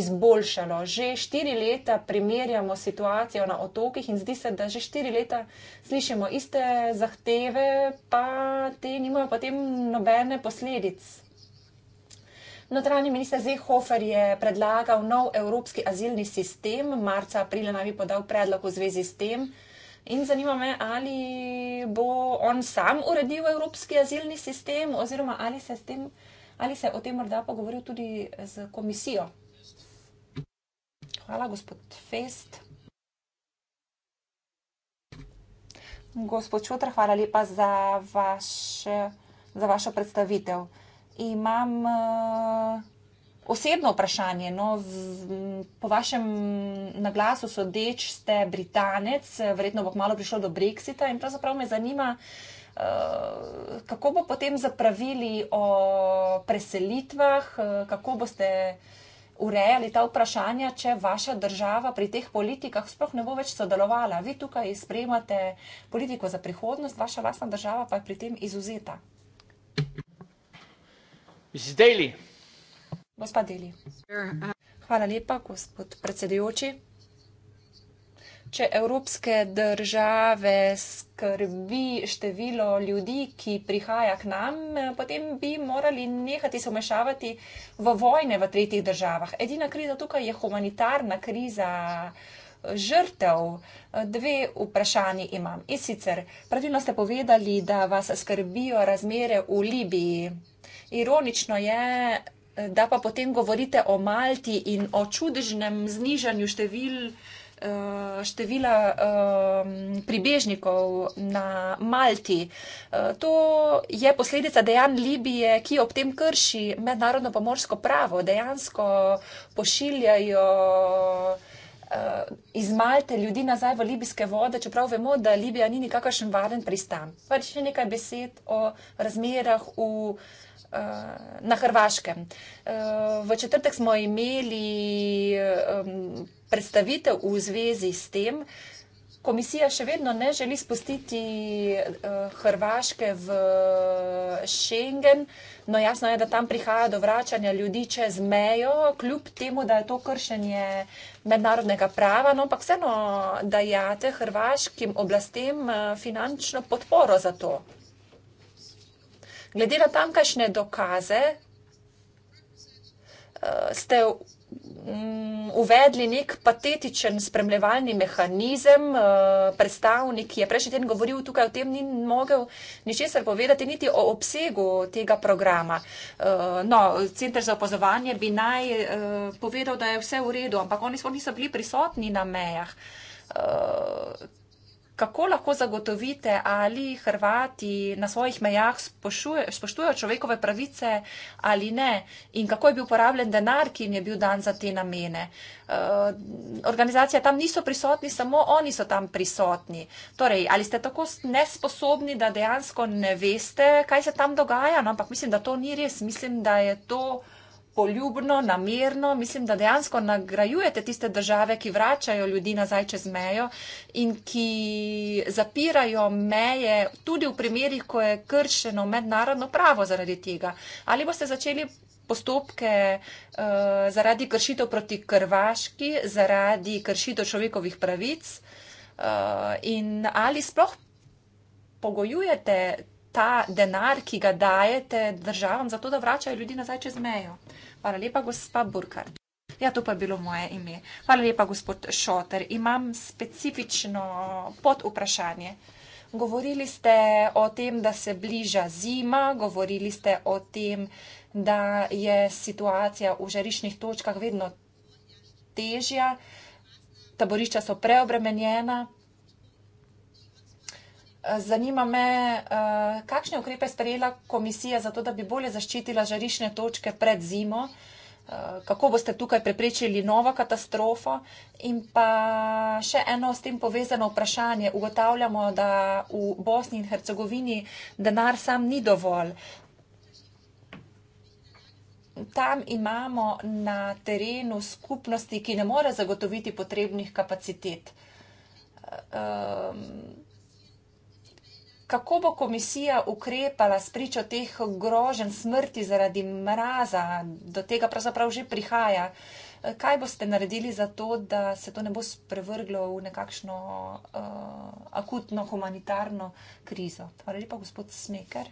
izboljšalo? Že štiri leta primerjamo situacijo na otokih in zdi se, da že štiri leta slišimo iste zahteve, pa te nimajo potem nobene posledice. Notranji minister Zehofer je predlagal nov evropski azilni sistem, marca, aprila naj bi podal predlog v zvezi s tem. In zanima me, ali bo on sam uredil evropski azilni sistem, oziroma ali se, tem, ali se o tem morda pogovoril tudi z komisijo. Hvala, gospod Fest. Gospod Čutr, hvala lepa za, vaš, za vašo predstavitev imam uh, osebno vprašanje. No, z, po vašem naglasu sodeč ste Britanec, verjetno bo kmalo prišlo do Brexita in pravzaprav me zanima, uh, kako bo potem zapravili o preselitvah, uh, kako boste urejali ta vprašanja, če vaša država pri teh politikah sploh ne bo več sodelovala. Vi tukaj spremate politiko za prihodnost, vaša vlastna država pa je pri tem izuzeta. Thank you. Mrs. Daly. Gospa Daly. Hvala lepa, gospod predsedujoči. Če evropske države skrbi število ljudi, ki prihaja k nam, potem bi morali nehati se vmešavati v vojne v tretjih državah. Edina kriza tukaj je humanitarna kriza žrtev. Dve vprašanji imam. In sicer, pravilno ste povedali, da vas skrbijo razmere v Libiji. Ironično je, da pa potem govorite o Malti in o čudežnem znižanju števil, eh, števila eh, pribežnikov na Malti. Eh, to je posledica dejanj Libije, ki ob tem krši mednarodno pomorsko pravo. Dejansko pošiljajo iz Malte ljudi nazaj v libijske vode, čeprav vemo, da Libija ni nikakršen varen pristan. Pa še nekaj besed o razmerah v Libiji. Eh, na Hrvaškem. Eh, v četrtek smo imeli eh, predstavitev v zvezi s tem. Komisija še vedno ne želi spustiti Hrvaške v Schengen, no jasno je, da tam prihaja do vračanja ljudi čez mejo, kljub temu, da je to kršenje mednarodnega prava, no ampak vseeno dajate hrvaškim oblastem finančno podporo za to. Glede na tamkajšnje dokaze, eh, ste mm, uvedli nek patetičen spremljevalni mehanizem. Eh, predstavnik je prejšnji teden govoril tukaj o tem, ni mogel ničesar povedati, niti o obsegu tega programa. Eh, no, Centr za opozovanje bi naj povedal, da je vse v redu, ampak oni sploh niso bili prisotni na mejah kako lahko zagotovite, ali Hrvati na svojih mejah spoštujejo spoštuje človekove pravice ali ne in kako je bil uporabljen denar, ki jim je bil dan za te namene. Eh, Organizacija tam niso prisotni, samo oni so tam prisotni. Torej, ali ste tako nesposobni, da dejansko ne veste, kaj se tam dogaja? No, ampak mislim, da to ni res. Mislim, da je to poljubno, namerno. Mislim, da dejansko nagrajujete tiste države, ki vračajo ljudi nazaj čez mejo in ki zapirajo meje tudi v primerih, ko je kršeno mednarodno pravo zaradi tega. Ali boste začeli postopke uh, zaradi kršitev proti Krvaški, zaradi kršitev človekovih pravic uh, in ali sploh pogojujete ta denar, ki ga dajete državam, zato da vračajo ljudi nazaj čez mejo. Uh, Hvala lepa, gospa Burkar. Ja, to pa je bilo moje ime. Hvala lepa, gospod Šoter. Imam specifično pod vprašanje. Govorili ste o tem, da se bliža zima, govorili ste o tem, da je situacija v žariščnih točkah vedno težja, taborišča so preobremenjena. Zanima me, eh, kakšne ukrepe je sprejela komisija za to, da bi bolje zaščitila žarišne točke pred zimo, eh, kako boste tukaj preprečili novo katastrofo in pa še eno s tem povezano vprašanje. Ugotavljamo, da v Bosni in Hercegovini denar sam ni dovolj. Tam imamo na terenu skupnosti, ki ne more zagotoviti potrebnih kapacitet. Eh, kako bo komisija ukrepala s pričo teh groženj smrti zaradi mraza, do tega pravzaprav že prihaja. Kaj boste naredili za to, da se to ne bo sprevrglo v nekakšno uh, akutno humanitarno krizo? Hvala lepa, gospod Smeker.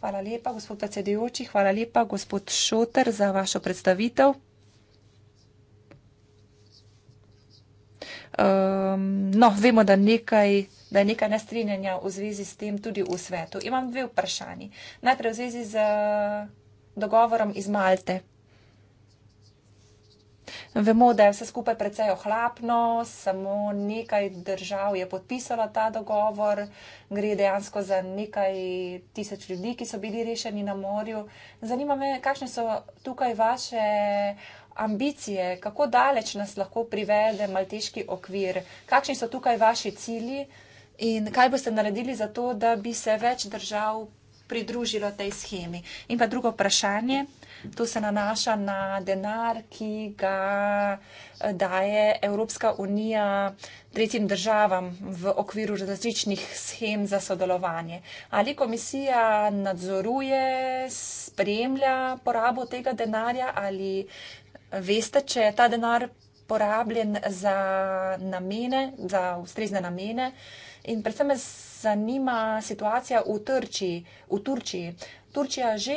Hvala lepa, gospod predsedujoči, hvala lepa, gospod Šoter, za vašo predstavitev. Um, no, vemo, da, nekaj, da je nekaj nestrinjanja v zvezi s tem tudi v svetu. Imam dve vprašanji. Najprej v zvezi z dogovorom iz Malte. Vemo, da je vse skupaj precej ohlapno, samo nekaj držav je podpisalo ta dogovor, gre dejansko za nekaj tisoč ljudi, ki so bili rešeni na morju. Zanima me, kakšne so tukaj vaše ambicije, kako daleč nas lahko privede malteški okvir, kakšni so tukaj vaši cilji in kaj boste naredili za to, da bi se več držav pridružilo tej schemi. In pa drugo vprašanje, to se nanaša na denar, ki ga eh, daje Evropska unija tretjim državam v okviru različnih schem za sodelovanje. Ali komisija nadzoruje, spremlja porabo tega denarja ali veste, če je ta denar porabljen za namene, za ustrezne namene. In predvsem me zanima situacija v Turčiji. V Turčiji. Turčija že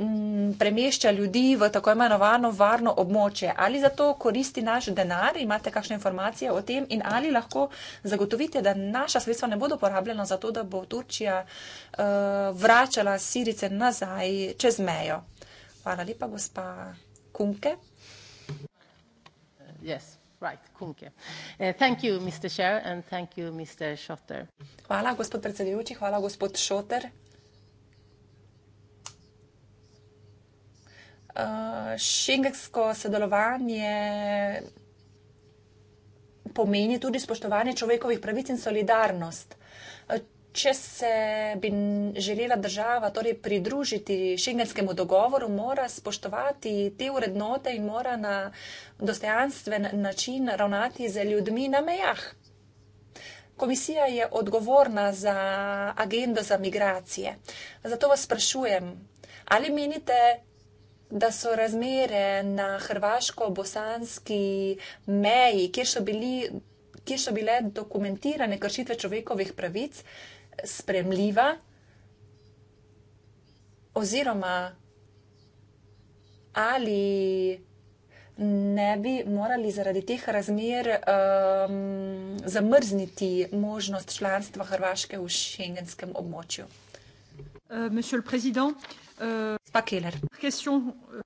mm, premešča ljudi v tako imenovano varno območje. Ali za to koristi naš denar, imate kakšne informacije o tem in ali lahko zagotovite, da naša sredstva ne bodo porabljena za to, da bo Turčija uh, vračala Sirice nazaj čez mejo. Hvala lepa, gospa Kunke. Yes, right, Kunke. Eh, thank you, Mr. Chair, and thank you, Mr. Šoter. Hvala, gospod predsedujoči, hvala, gospod Šoter. Schengensko eh, sodelovanje pomeni tudi spoštovanje človekovih pravic in solidarnost če se bi želela država torej pridružiti šengenskemu dogovoru, mora spoštovati te urednote in mora na dostojanstven način ravnati z ljudmi na mejah. Komisija je odgovorna za agendo za migracije. Zato vas sprašujem, ali menite, da so razmere na hrvaško-bosanski meji, kjer so, bili, kjer so bile dokumentirane kršitve človekovih pravic, spremljiva, oziroma ali ne bi morali zaradi teh razmer um, zamrzniti možnost članstva Hrvaške v šengenskem območju. Uh, uh,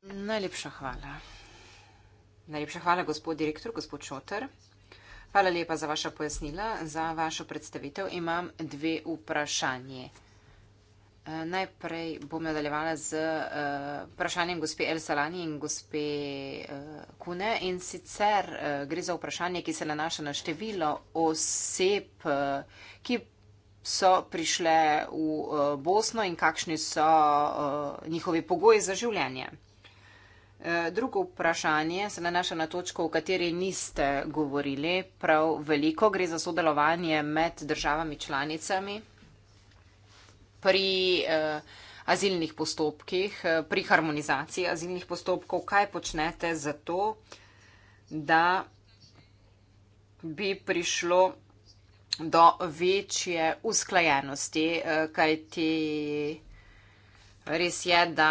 Najlepša hvala. Najlepša hvala, gospod direktor, gospod Šoter. Hvala lepa za vaša pojasnila. Za vašo predstavitev imam dve vprašanje. Eh, najprej bom nadaljevala z eh, vprašanjem gospe El Salani in gospe eh, Kune. In sicer gre za vprašanje, ki se nanaša na število oseb, ki so prišle v Bosno in kakšni so njihovi pogoji za življenje. Eh, drugo vprašanje se nanaša na točko, o kateri niste govorili prav veliko. Gre za sodelovanje med državami članicami pri eh, azilnih postopkih, eh, pri harmonizaciji azilnih postopkov. Kaj počnete za to, da bi prišlo do večje usklajenosti, eh, kaj ti. Te... Res je, da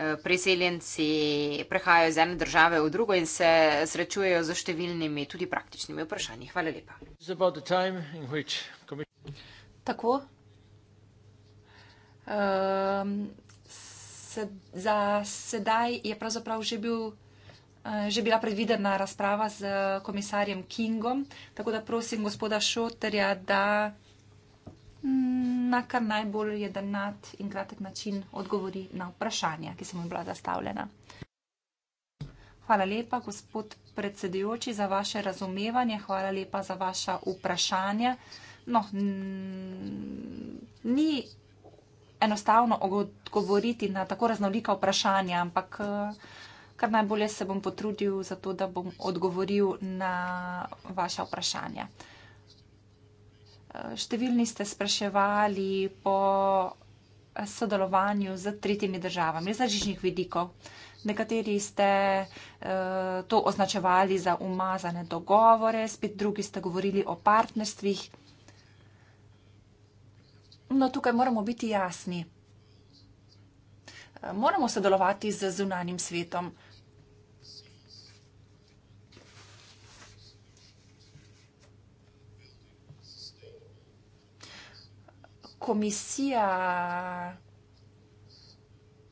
eh, priseljenci prehajajo iz ene države v drugo in se srečujejo z številnimi tudi praktičnimi vprašanji. Hvala lepa. Tako. Um, se, za sedaj je pravzaprav že, bil, uh, že bila predvidena razprava z komisarjem Kingom, tako da prosim gospoda Šoterja, da na kar najbolj jedrnat in kratek način odgovori na vprašanja, ki so mu bila zastavljena. Hvala lepa, gospod predsedujoči, za vaše razumevanje, hvala lepa za vaša vprašanja. No, ni enostavno odgovoriti na tako raznolika vprašanja, ampak kar najbolje se bom potrudil za to, da bom odgovoril na vaša vprašanja. Številni ste spraševali po sodelovanju z tretjimi državami iz različnih vidikov. Nekateri ste eh, to označevali za umazane dogovore, spet drugi ste govorili o partnerstvih. No, tukaj moramo biti jasni. Moramo sodelovati z zunanjim svetom. komisija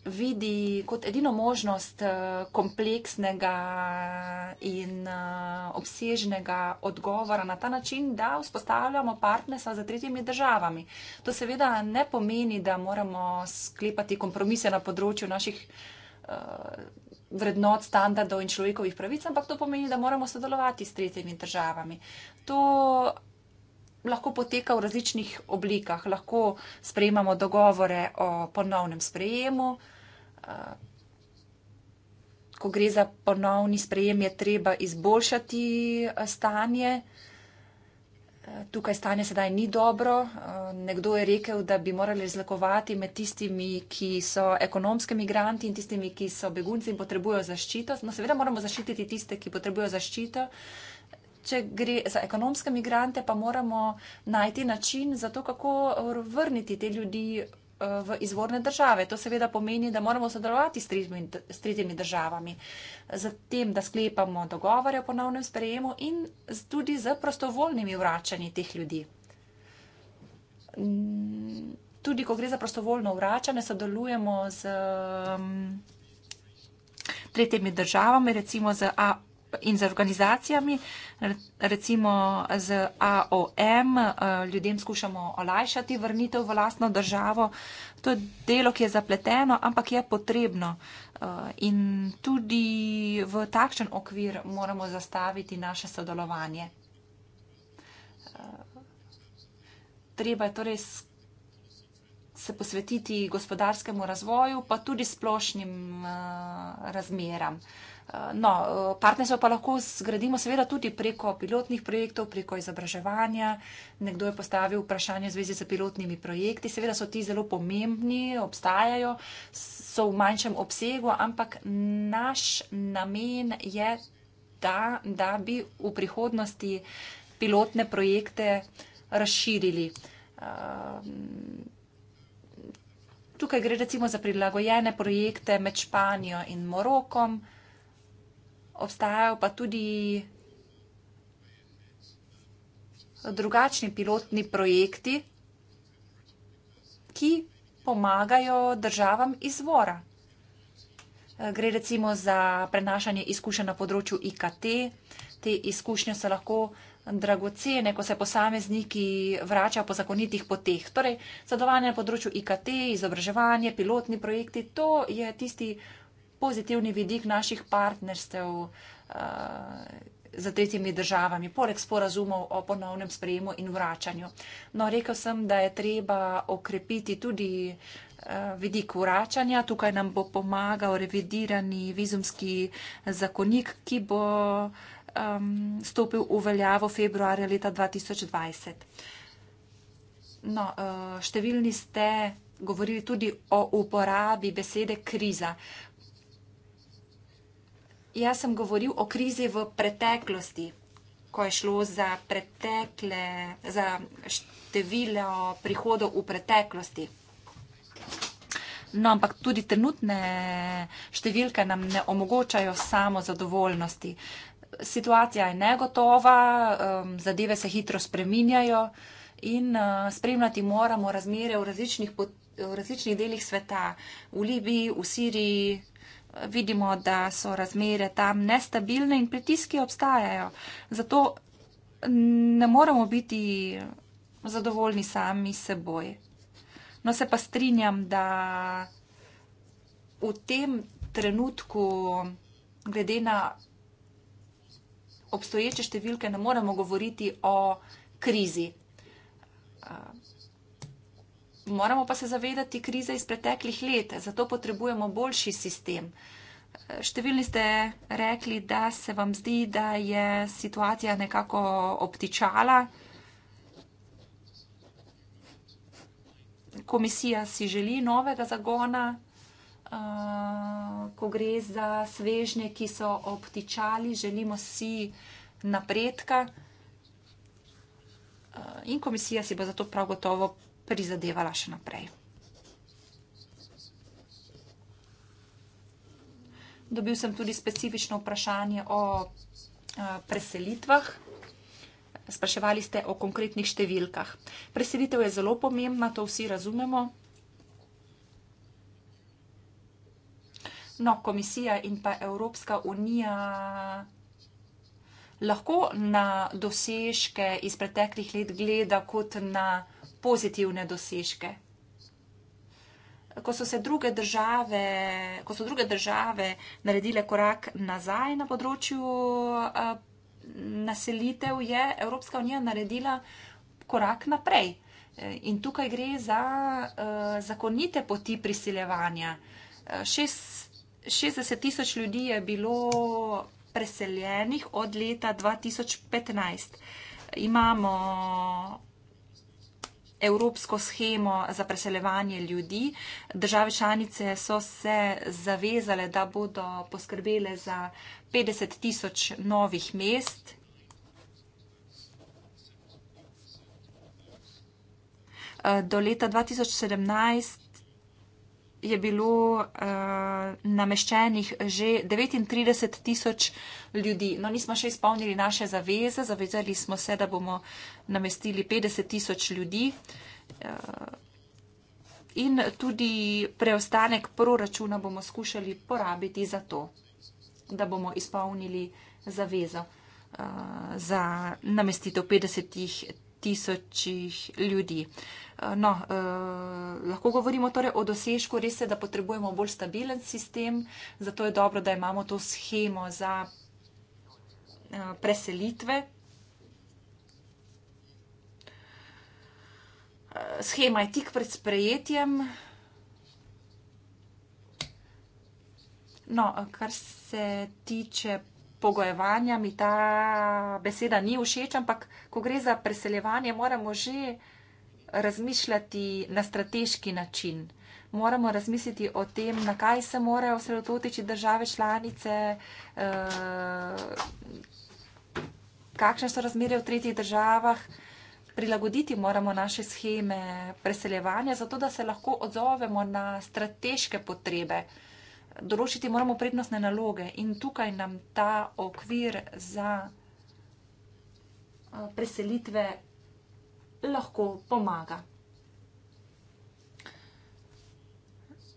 vidi kot edino možnost eh, kompleksnega in eh, obsežnega odgovora na ta način, da vzpostavljamo partnerstva z tretjimi državami. To seveda ne pomeni, da moramo sklepati kompromise na področju naših eh, vrednot, standardov in človekovih pravic, ampak to pomeni, da moramo sodelovati s tretjimi državami. To lahko poteka v različnih oblikah. Lahko sprejemamo dogovore o ponovnem sprejemu. Eh, ko gre za ponovni sprejem, je treba izboljšati eh, stanje. Eh, tukaj stanje sedaj ni dobro. Nekdo je rekel, da bi morali razlikovati med tistimi, ki so ekonomske migranti in tistimi, ki so begunci in potrebujo zaščito. No, seveda moramo zaščititi tiste, ki potrebujo zaščito, če gre za ekonomske migrante, pa moramo najti način za to, kako eh, vrniti te ljudi eh, v izvorne države. To seveda pomeni, da moramo sodelovati s tretjimi državami, z tem, da sklepamo dogovore o ponovnem sprejemu in tudi z prostovoljnimi vračanji teh ljudi. Mm, tudi, ko gre za prostovoljno vračanje, sodelujemo z mm, tretjimi državami, recimo z A in z organizacijami, recimo z AOM, eh, ljudem skušamo olajšati vrnitev v lastno državo. To je delo, ki je zapleteno, ampak je potrebno. Eh, in tudi v takšen okvir moramo zastaviti naše sodelovanje. Eh, treba je torej se posvetiti gospodarskemu razvoju, pa tudi splošnim razmeram. Eh, no, eh, partnerstvo pa lahko zgradimo seveda tudi preko pilotnih projektov, preko izobraževanja. Nekdo je postavil vprašanje v zvezi z pilotnimi projekti. Seveda so ti zelo pomembni, obstajajo, so v manjšem obsegu, ampak naš namen je, da, da bi v prihodnosti pilotne projekte razširili. Eh, tukaj gre recimo za prilagojene projekte med Španijo in Morokom obstajajo pa tudi drugačni pilotni projekti, ki pomagajo državam izvora. Eh, gre recimo za prenašanje izkušenj na področju IKT. Te izkušnje so lahko dragocene, ko se posamezniki vračajo po zakonitih poteh. Torej, sodelovanje na področju IKT, izobraževanje, pilotni projekti, to je tisti pozitivni vidik naših partnerstev uh, za tretjimi državami, poleg sporazumov o ponovnem sprejemu in vračanju. No, rekel sem, da je treba okrepiti tudi uh, vidik vračanja. Tukaj nam bo pomagal revidirani vizumski zakonik, ki bo um, stopil v veljavo februarja leta 2020. No, uh, številni ste govorili tudi o uporabi besede kriza. Uh, jaz sem govoril o krizi v preteklosti, ko je šlo za pretekle, za število prihodov v preteklosti. No, ampak tudi trenutne številke nam ne omogočajo samo zadovoljnosti. Situacija je negotova, um, zadeve se hitro spreminjajo in uh, spremljati moramo razmere v različnih, v različnih delih sveta, v Libiji, v Siriji, vidimo, da so razmere tam nestabilne in pritiski obstajajo. Zato ne moramo biti zadovoljni sami seboj. No, se pa strinjam, da v tem trenutku, glede na obstoječe številke, ne moremo govoriti o krizi moramo pa se zavedati krize iz preteklih let, zato potrebujemo boljši sistem. Številni ste rekli, da se vam zdi, da je situacija nekako obtičala. Komisija si želi novega zagona, ko gre za svežnje, ki so obtičali, želimo si napredka. In komisija si bo zato prav gotovo prizadevala še naprej. Dobil sem tudi specifično vprašanje o eh, preselitvah. Spraševali ste o konkretnih številkah. Preselitev je zelo pomembna, to vsi razumemo. No, komisija in pa Evropska unija lahko na dosežke iz preteklih let gleda kot na preselitev pozitivne dosežke. Ko so se druge države, ko so druge države naredile korak nazaj na področju eh, naselitev, je Evropska unija naredila korak naprej. Eh, in tukaj gre za eh, zakonite poti priseljevanja. 60 tisoč ljudi je bilo preseljenih od leta 2015. Imamo evropsko schemo za preseljevanje ljudi. Države članice so se zavezale, da bodo poskrbele za 50 tisoč novih mest. Do leta 2017 je bilo uh, nameščenih že 39 tisoč ljudi. No, nismo še izpolnili naše zaveze, zavezali smo se, da bomo namestili 50 tisoč ljudi. Uh, in tudi preostanek proračuna bomo skušali porabiti za to, da bomo izpolnili zavezo uh, za namestitev 50 tisoč tisočih ljudi. Eh, no, eh, lahko govorimo torej o dosežku, res je, da potrebujemo bolj stabilen sistem, zato je dobro, da imamo to schemo za eh, preselitve. Eh, Schema je tik pred sprejetjem. No, eh, kar se tiče pogojevanja mi ta beseda ni všeč, ampak ko gre za preseljevanje, moramo že razmišljati na strateški način. Moramo razmisliti o tem, na kaj se morajo osredotočiti države članice, eh, kakšne so razmere v tretjih državah. Prilagoditi moramo naše sheme preseljevanja, zato da se lahko odzovemo na strateške potrebe določiti moramo prednostne naloge in tukaj nam ta okvir za eh, preselitve lahko pomaga.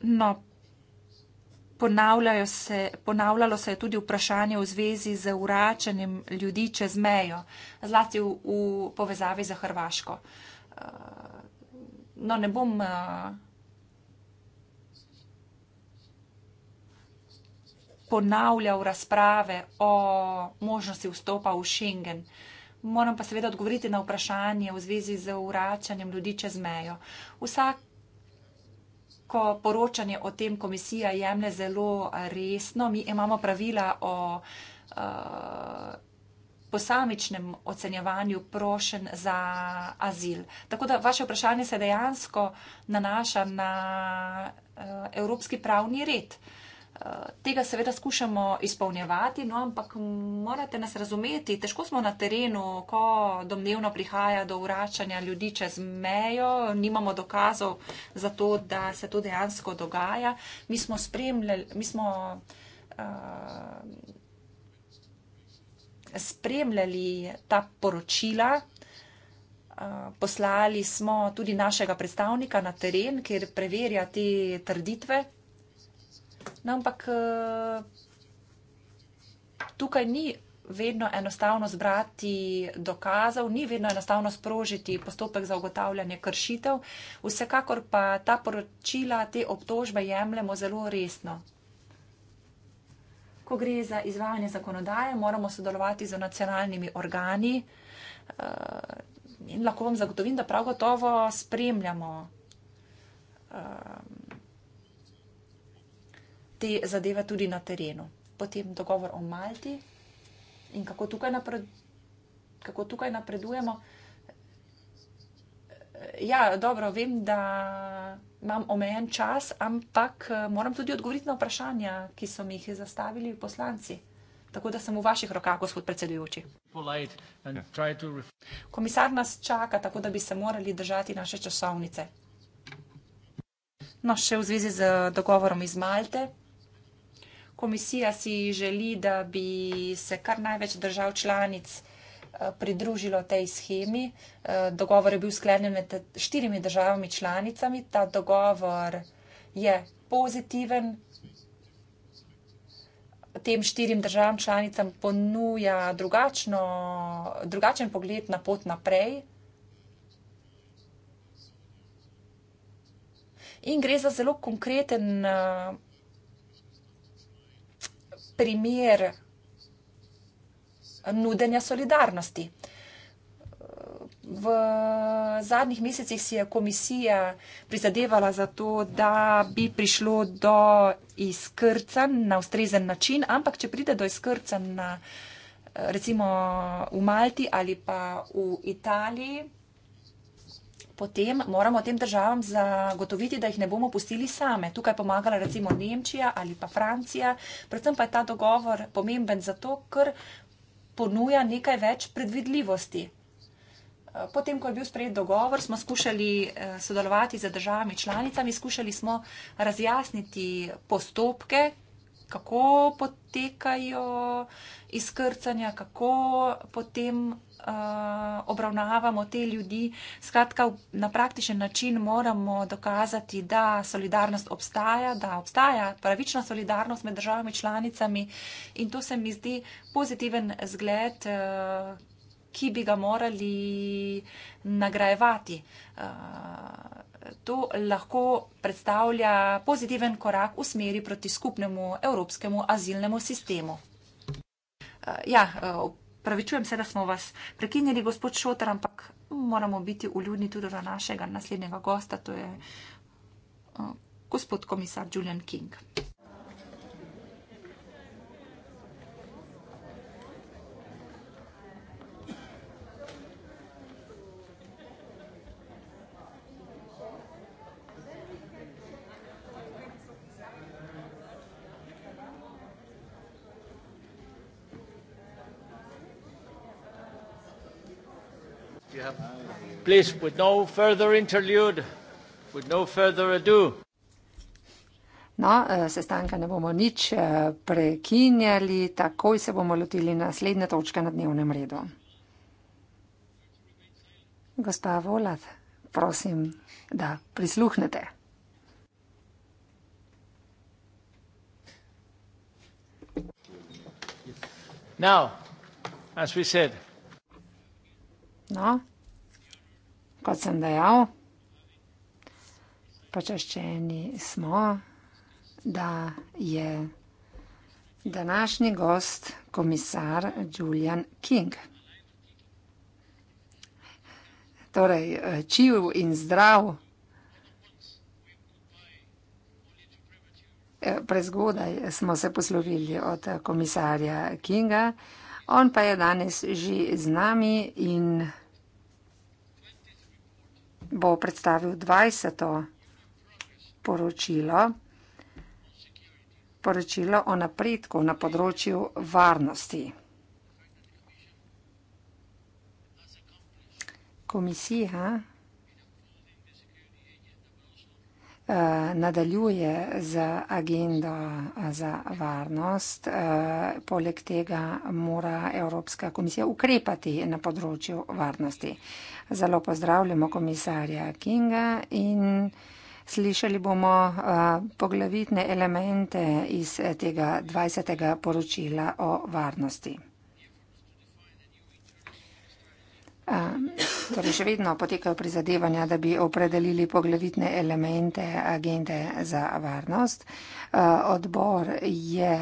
No, ponavljajo se, ponavljalo se je tudi vprašanje v zvezi z uračanjem ljudi čez mejo, zlasti v, v povezavi za Hrvaško. Eh, no, ne bom. Uh, ponavljal razprave o možnosti vstopa v Schengen. Moram pa seveda odgovoriti na vprašanje v zvezi z uračanjem ljudi čez mejo. Vsako poročanje o tem komisija jemlje zelo resno. Mi imamo pravila o eh, posamičnem ocenjevanju prošen za azil. Tako da vaše vprašanje se dejansko nanaša na eh, evropski pravni red. Evropski pravni red tega seveda skušamo izpolnjevati, no, ampak morate nas razumeti, težko smo na terenu, ko domnevno prihaja do vračanja ljudi čez mejo, nimamo dokazov za to, da se to dejansko dogaja. Mi smo spremljali, mi smo. Uh, Spremljali ta poročila, eh, poslali smo tudi našega predstavnika na teren, kjer preverja te trditve, No, ampak eh, tukaj ni vedno enostavno zbrati dokazov, ni vedno enostavno sprožiti postopek za ugotavljanje kršitev. Vsekakor pa ta poročila, te obtožbe jemljemo zelo resno. Ko gre za izvajanje zakonodaje, moramo sodelovati z nacionalnimi organi eh, in lahko vam zagotovim, da prav gotovo spremljamo eh, te zadeve tudi na terenu. Potem dogovor o Malti in kako tukaj, napred, kako tukaj napredujemo. Ja, dobro, vem, da imam omejen čas, ampak eh, moram tudi odgovoriti na vprašanja, ki so mi jih zastavili poslanci. Tako da sem v vaših rokah, gospod predsedujoči. Ja. Komisar nas čaka, tako da bi se morali držati naše časovnice. No, še v zvezi z dogovorom iz Malte. Komisija si želi, da bi se kar največ držav članic eh, pridružilo tej schemi. Eh, dogovor je bil sklenjen med štirimi državami članicami. Ta dogovor je pozitiven. Tem štirim državam članicam ponuja drugačno, drugačen pogled na pot naprej. In gre za zelo konkreten. Eh, primer nudenja solidarnosti. V zadnjih mesecih si je komisija prizadevala za to, da bi prišlo do izkrcan na ustrezen način, ampak če pride do izkrcan na recimo v Malti ali pa v Italiji, potem moramo tem državam zagotoviti, da jih ne bomo pustili same. Tukaj pomagala recimo Nemčija ali pa Francija. Predvsem pa je ta dogovor pomemben zato, ker ponuja nekaj več predvidljivosti. Eh, potem, ko je bil sprejet dogovor, smo skušali eh, sodelovati z državami članicami, skušali smo razjasniti postopke, kako potekajo izkrcanja, kako potem uh, obravnavamo te ljudi. Skratka, na praktičen način moramo dokazati, da solidarnost obstaja, da obstaja pravična solidarnost med državami članicami in to se mi zdi pozitiven zgled. Uh, Ki bi ga morali nagrajevati. Uh to lahko predstavlja pozitiven korak v smeri proti skupnemu evropskemu azilnemu sistemu. Eh, ja, eh, pravičujem se, da smo vas prekinjali, gospod Šotar, ampak moramo biti uljudni tudi za našega naslednjega gosta, to je eh, gospod komisar Julian King. please, with no further interlude, with no further ado. No, eh, sestanka ne bomo nič eh, prekinjali, takoj se bomo lotili naslednje točke na dnevnem redu. Gospa Volat, prosim, da prisluhnete. Now, as we said. No, kot sem dejal, počaščeni smo, da je današnji gost komisar Julian King. Torej, čiv in zdrav. Prezgodaj smo se poslovili od komisarja Kinga, on pa je danes že z nami in bo predstavil 20. poročilo, poročilo o napredku na področju varnosti. Komisija eh, nadaljuje z agendo eh, za varnost. Eh, poleg tega mora Evropska komisija ukrepati na področju varnosti. Zelo pozdravljamo komisarja Kinga in slišali bomo eh, poglavitne elemente iz eh, tega 20. poročila o varnosti. Eh, torej še vedno potekajo prizadevanja, da bi opredelili poglavitne elemente agende za varnost. Odbor je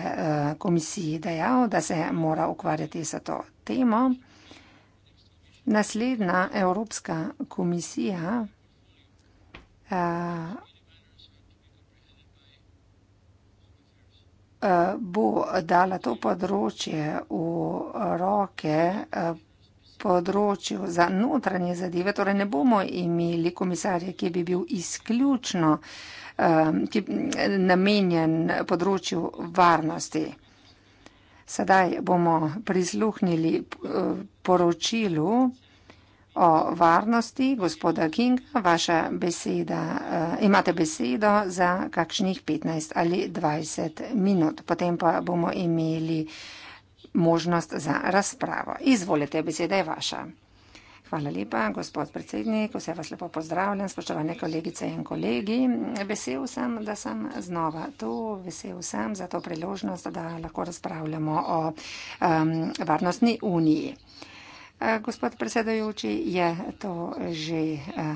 komisiji dejal, da se mora ukvarjati s to temo. Naslednja Evropska komisija eh, eh, bo dala to področje v roke eh, področju za notranje zadeve, torej ne bomo imeli komisarja, ki bi bil izključno ki, namenjen področju varnosti. Sedaj bomo prisluhnili poročilu o varnosti gospoda Kinga vaša beseda, eh, imate besedo za kakšnih 15 ali 20 minut. Potem pa bomo imeli možnost za razpravo. Izvolite, beseda je vaša. Hvala lepa, gospod predsednik, vse vas lepo pozdravljam, spoštovane kolegice in kolegi. Vesel sem, da sem znova tu, vesel sem za to priložnost, da lahko razpravljamo o um, varnostni uniji. Uh, Eh, gospod predsedujoči je to že eh,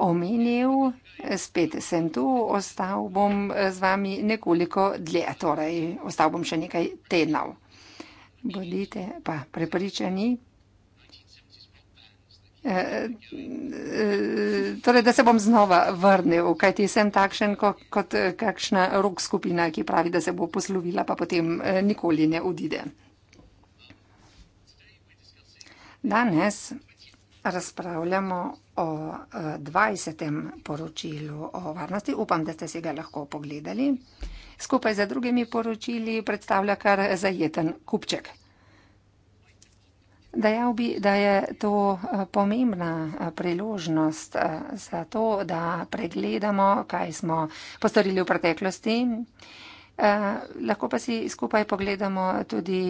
omenil, spet sem tu, ostal bom eh, z vami nekoliko dlje, torej ostal bom še nekaj tednov. Bodite pa prepričani, torej, da se bom znova vrnil, kajti sem takšen kot kakšna rok skupina, ki pravi, da se bo poslovila, pa potem nikoli ne odide. Danes razpravljamo o 20. Eh, poročilu o varnosti. Upam, da ste si ga lahko pogledali. Skupaj z drugimi poročili predstavlja kar zajeten kupček. Dejal bi, da je to eh, pomembna eh, priložnost za to, da pregledamo, kaj smo postorili v preteklosti Eh, lahko pa si skupaj pogledamo tudi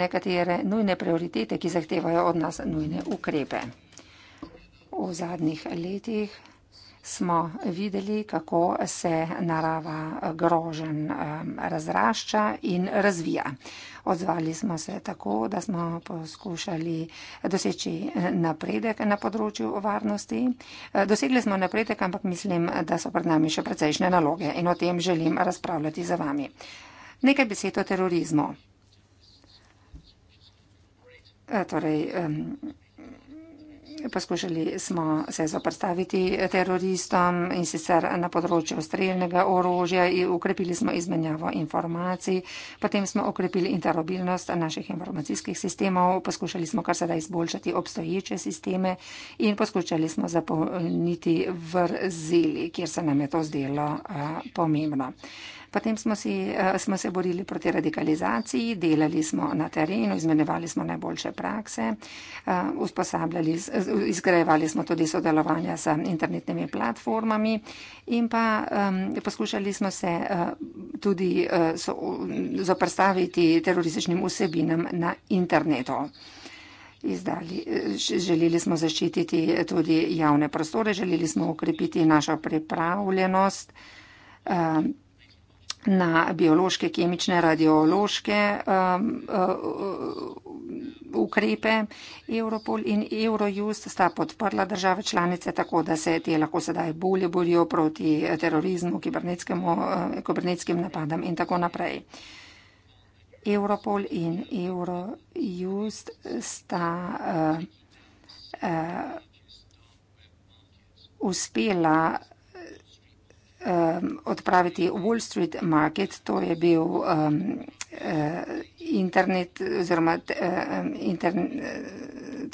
nekatere nujne prioritete, ki zahtevajo od nas nujne ukrepe. V zadnjih letih smo videli, kako se narava grožen razrašča in razvija. Odzvali smo se tako, da smo poskušali doseči napredek na področju varnosti. E, dosegli smo napredek, ampak mislim, da so pred nami še precejšnje naloge in o tem želim razpravljati za vami. Nekaj besed o terorizmu. E, torej, poskušali smo se zoprstaviti teroristom in sicer na področju streljnega orožja in ukrepili smo izmenjavo informacij. Potem smo ukrepili interobilnost naših informacijskih sistemov, poskušali smo kar sedaj izboljšati obstoječe sisteme in poskušali smo zapolniti vrzeli, kjer se nam je to zdelo a, eh, pomembno. Potem smo, si, eh, smo se borili proti radikalizaciji, delali smo na terenu, izmenjevali smo najboljše prakse, eh, usposabljali, izgrajevali smo tudi sodelovanja s internetnimi platformami in pa poskušali smo se eh, tudi zoprstaviti terorističnim vsebinam na internetu. Izdali. Želeli smo zaščititi tudi javne prostore, želeli smo ukrepiti našo pripravljenost. Uh, na biološke, kemične, radiološke um, uh, ukrepe. Europol in Eurojust sta podprla države članice tako, da se te lahko sedaj bolje borijo proti terorizmu, uh, kibernetskim napadam in tako naprej. Europol in Eurojust sta uh, uh, uspela Um, odpraviti Wall Street Market, to je bil um, eh, internet oziroma eh, intern, eh,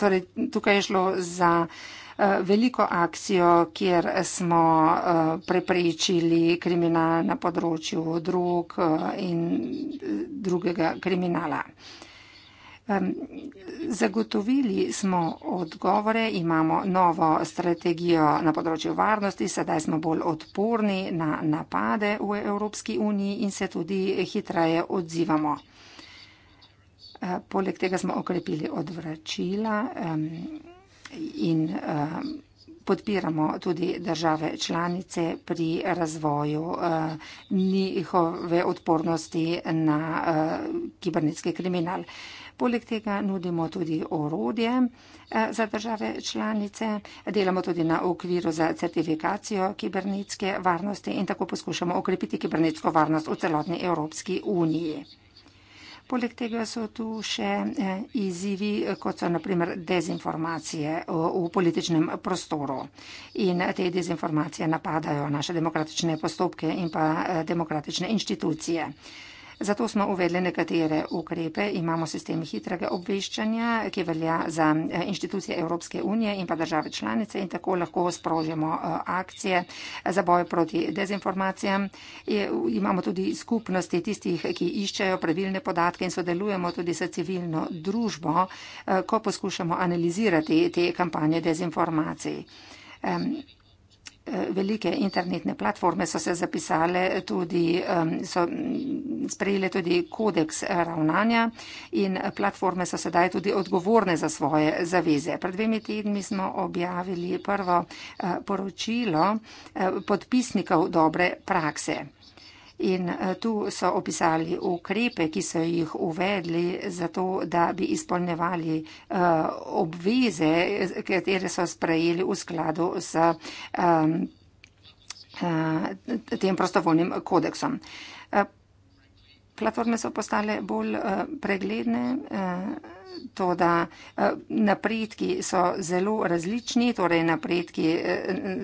torej tukaj je šlo za veliko akcijo, kjer smo preprečili kriminal na področju drug in drugega kriminala. Zagotovili smo odgovore, imamo novo strategijo na področju varnosti, sedaj smo bolj odporni na napade v Evropski uniji in se tudi hitreje odzivamo. Poleg tega smo okrepili odvračila in podpiramo tudi države članice pri razvoju eh, njihove odpornosti na eh, kibernetski kriminal. Poleg tega nudimo tudi orodje eh, za države članice, delamo tudi na okviru za certifikacijo kibernetske varnosti in tako poskušamo okrepiti kibernetsko varnost v celotni Evropski uniji. Poleg tega so tu še eh, izzivi, kot so naprimer dezinformacije eh, v političnem prostoru. In te dezinformacije napadajo naše demokratične postopke in pa demokratične inštitucije. Zato smo uvedli nekatere ukrepe. Imamo sistem hitrega obveščanja, ki velja za eh, inštitucije Evropske unije in pa države članice in tako lahko sprožimo eh, akcije za boj proti dezinformacijam. Imamo tudi skupnosti tistih, ki iščejo pravilne podatke in sodelujemo tudi s civilno družbo, eh, ko poskušamo analizirati te kampanje dezinformacij velike internetne platforme so se zapisale tudi, so sprejele tudi kodeks ravnanja in platforme so sedaj tudi odgovorne za svoje zaveze. Pred dvemi tedni smo objavili prvo eh, poročilo eh, podpisnikov dobre prakse. In eh, tu so opisali ukrepe, ki so jih uvedli za to, da bi izpolnevali eh, obveze, katere so sprejeli v skladu s eh, tem prostovoljnim kodeksom. Platforme so postale bolj pregledne, to da napredki so zelo različni, torej napredki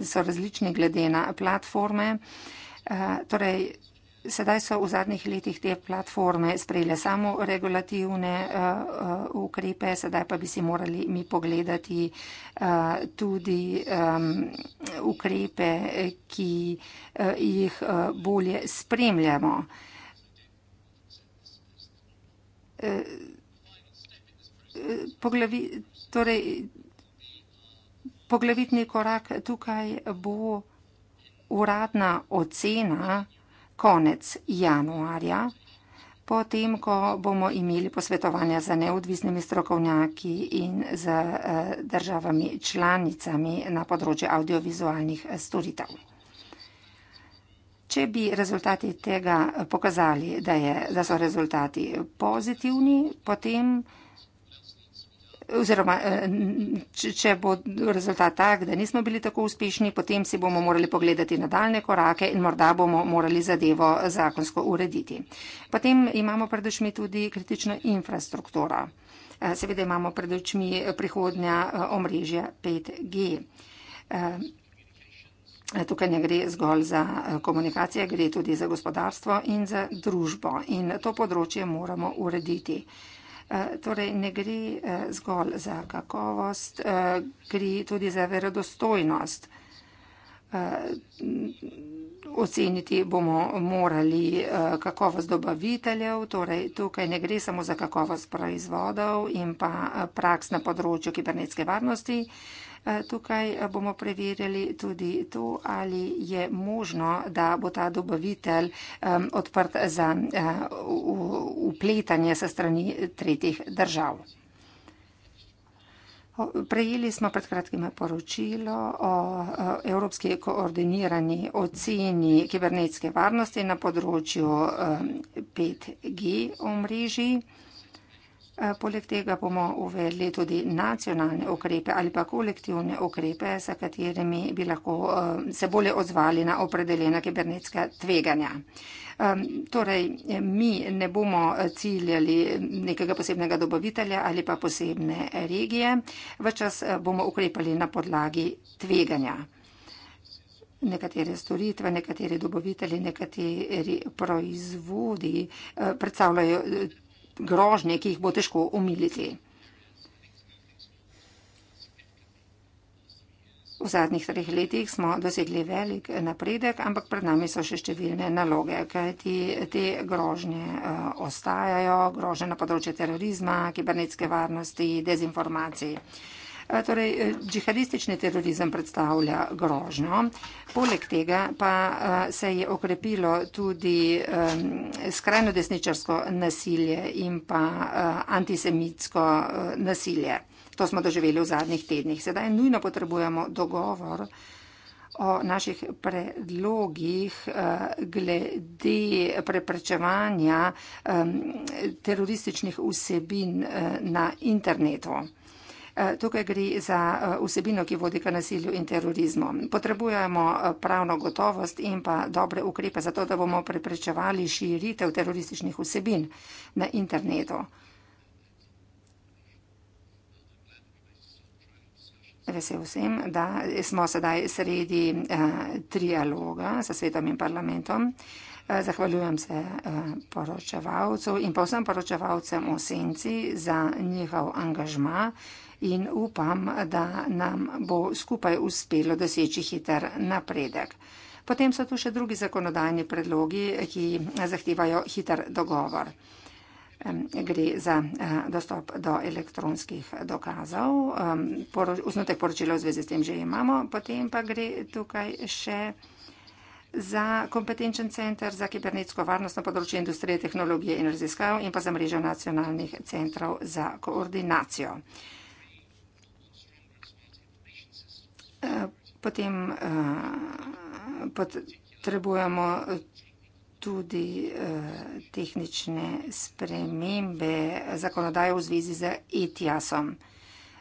so različni glede na platforme. Torej, Sedaj so v zadnjih letih te platforme sprejele samo regulativne uh, ukrepe, sedaj pa bi si morali mi pogledati uh, tudi um, ukrepe, ki uh, jih uh, bolje spremljamo. Poglavi, torej, poglavitni korak tukaj bo uradna ocena konec januarja, potem, ko bomo imeli posvetovanja z neodvisnimi strokovnjaki in z eh, državami članicami na področju audiovizualnih eh, storitev. Če bi rezultati tega eh, pokazali, da, je, da so rezultati pozitivni, potem oziroma eh, če bo rezultat tak, da nismo bili tako uspešni, potem si bomo morali pogledati nadaljne korake in morda bomo morali zadevo zakonsko urediti. Potem imamo pred očmi tudi kritično infrastrukturo. Eh, seveda imamo pred očmi prihodnja eh, omrežja 5G. Tukaj ne gre zgolj za komunikacije, gre tudi za gospodarstvo in za družbo. In to področje moramo urediti. Eh, torej ne gre eh, zgolj za kakovost, eh, gre tudi za verodostojnost. Oceniti bomo morali kakovost dobaviteljev, torej tukaj ne gre samo za kakovost proizvodov in pa praks na področju kibernetske varnosti, Eh, tukaj eh, bomo preverili tudi to, ali je možno, da bo ta dobavitelj odprt za upletanje eh, se strani tretjih držav. Prejeli smo pred kratkim poročilo o evropski koordinirani oceni kibernetske varnosti na področju 5G omrežij. Eh, poleg tega bomo uvedli tudi nacionalne ukrepe ali pa kolektivne ukrepe, s katerimi bi lahko eh, se bolje odzvali na opredeljena kibernetska tveganja. Eh, torej, mi ne bomo ciljali nekega posebnega dobavitelja ali pa posebne regije, včas bomo ukrepali na podlagi tveganja. Nekatere storitve, nekateri dobavitelji, nekateri proizvodi predstavljajo tveganja grožnje, ki jih bo težko umiliti. V zadnjih treh letih smo dosegli velik napredek, ampak pred nami so še številne naloge, kajti te grožnje eh, ostajajo, grožnje na področju terorizma, kibernetske varnosti, dezinformacij. Eh, torej, eh, džihadistični terorizem predstavlja grožnjo. Poleg tega pa eh, se je okrepilo tudi skrajno desničarsko nasilje in pa antisemitsko nasilje. To smo doživeli v zadnjih tednih. Sedaj nujno potrebujemo dogovor o naših predlogih glede preprečevanja terorističnih vsebin na internetu. Eh, tukaj gre za eh, vsebino, ki vodi k nasilju in terorizmu. Potrebujemo eh, pravno gotovost in pa dobre ukrepe za to, da bomo preprečevali širitev terorističnih vsebin na internetu. Vesel sem, da smo sedaj sredi trialoga sa svetom in parlamentom. Zahvaljujem se poročevalcu in pa vsem poročevalcem v senci za njihov angažma in upam, da nam bo skupaj uspelo doseči hiter napredek. Potem so tu še drugi zakonodajni predlogi, ki zahtevajo hiter dogovor. Gre za eh, dostop do elektronskih dokazov. Uznotek poročila v zvezi s tem že imamo. Potem pa gre tukaj še za kompetenčen center za kibernetsko varnost na področju industrije, tehnologije in raziskav in pa za mrežo nacionalnih centrov za koordinacijo. potem uh, potrebujemo tudi uh, tehnične spremembe zakonodaje v zvezi z ETIASom.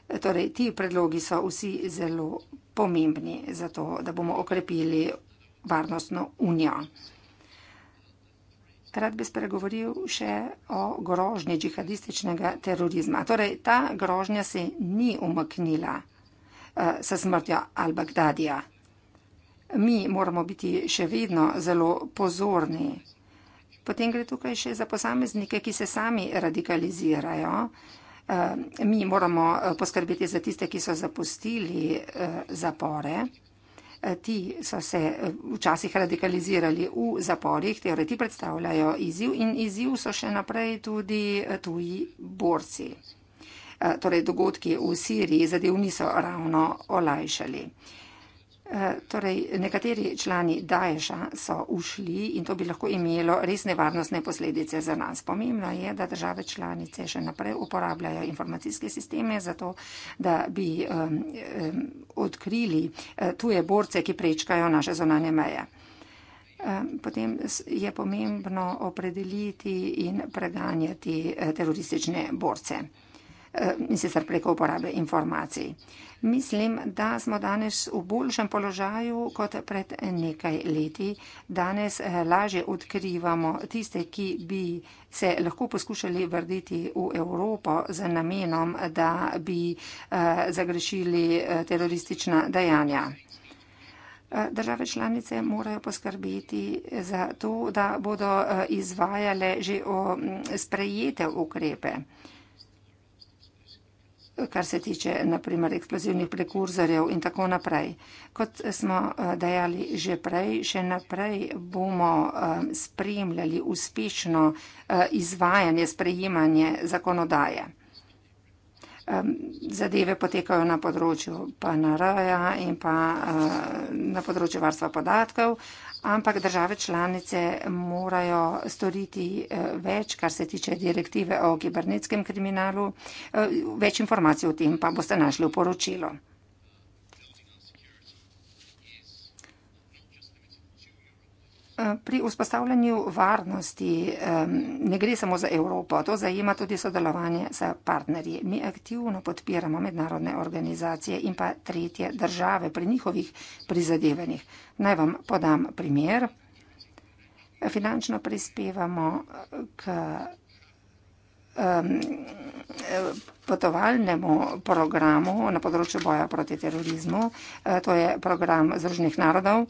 Torej, ti predlogi so vsi zelo pomembni za to, da bomo okrepili varnostno unijo. Rad bi spregovoril še o grožnji džihadističnega terorizma. Torej, ta grožnja se ni umaknila. Eh, s smrtjo Al-Bagdadija. Mi moramo biti še vedno zelo pozorni. Potem gre tukaj še za posameznike, ki se sami radikalizirajo. Eh, mi moramo eh, poskrbeti za tiste, ki so zapustili zapore. Ti so se včasih radikalizirali v zaporih, teoreti predstavljajo izziv in izziv so še naprej tudi tuji borci. Eh, torej dogodki v Siriji zadev niso ravno olajšali. Eh, torej, nekateri člani Daesha so ušli in to bi lahko imelo resne varnostne posledice za nas. Pomembno je, da države članice še naprej uporabljajo informacijske sisteme za to, da bi um, um, odkrili eh, tuje borce, ki prečkajo naše zonanje meje. Potem je pomembno opredeliti in preganjati teroristične borce. Eh, in sicer preko uporabe informacij. Mislim, da smo danes v boljšem položaju kot pred nekaj leti. Danes eh, lažje odkrivamo tiste, ki bi se lahko poskušali vrditi v Evropo z namenom, da bi eh, zagrešili teroristična dejanja. Države članice morajo poskrbeti za to, da bodo izvajale že sprejete ukrepe kar se tiče naprimer eksplozivnih prekurzorjev in tako naprej. Kot smo eh, dejali že prej, še naprej bomo eh, spremljali uspešno eh, izvajanje, sprejemanje zakonodaje. Zadeve potekajo na področju PNR-ja in pa na področju varstva podatkov ampak države članice morajo storiti eh, več, kar se tiče direktive o kibernetskem kriminalu. Eh, več informacij o tem pa boste našli v poročilu. Pri vzpostavljanju varnosti ne gre samo za Evropo, to zajema tudi sodelovanje s partnerji. Mi aktivno podpiramo mednarodne organizacije in pa tretje države pri njihovih prizadevanjih. Naj vam podam primer. Finančno prispevamo k potovalnemu programu na področju boja proti terorizmu. E, to je program Združenih narodov.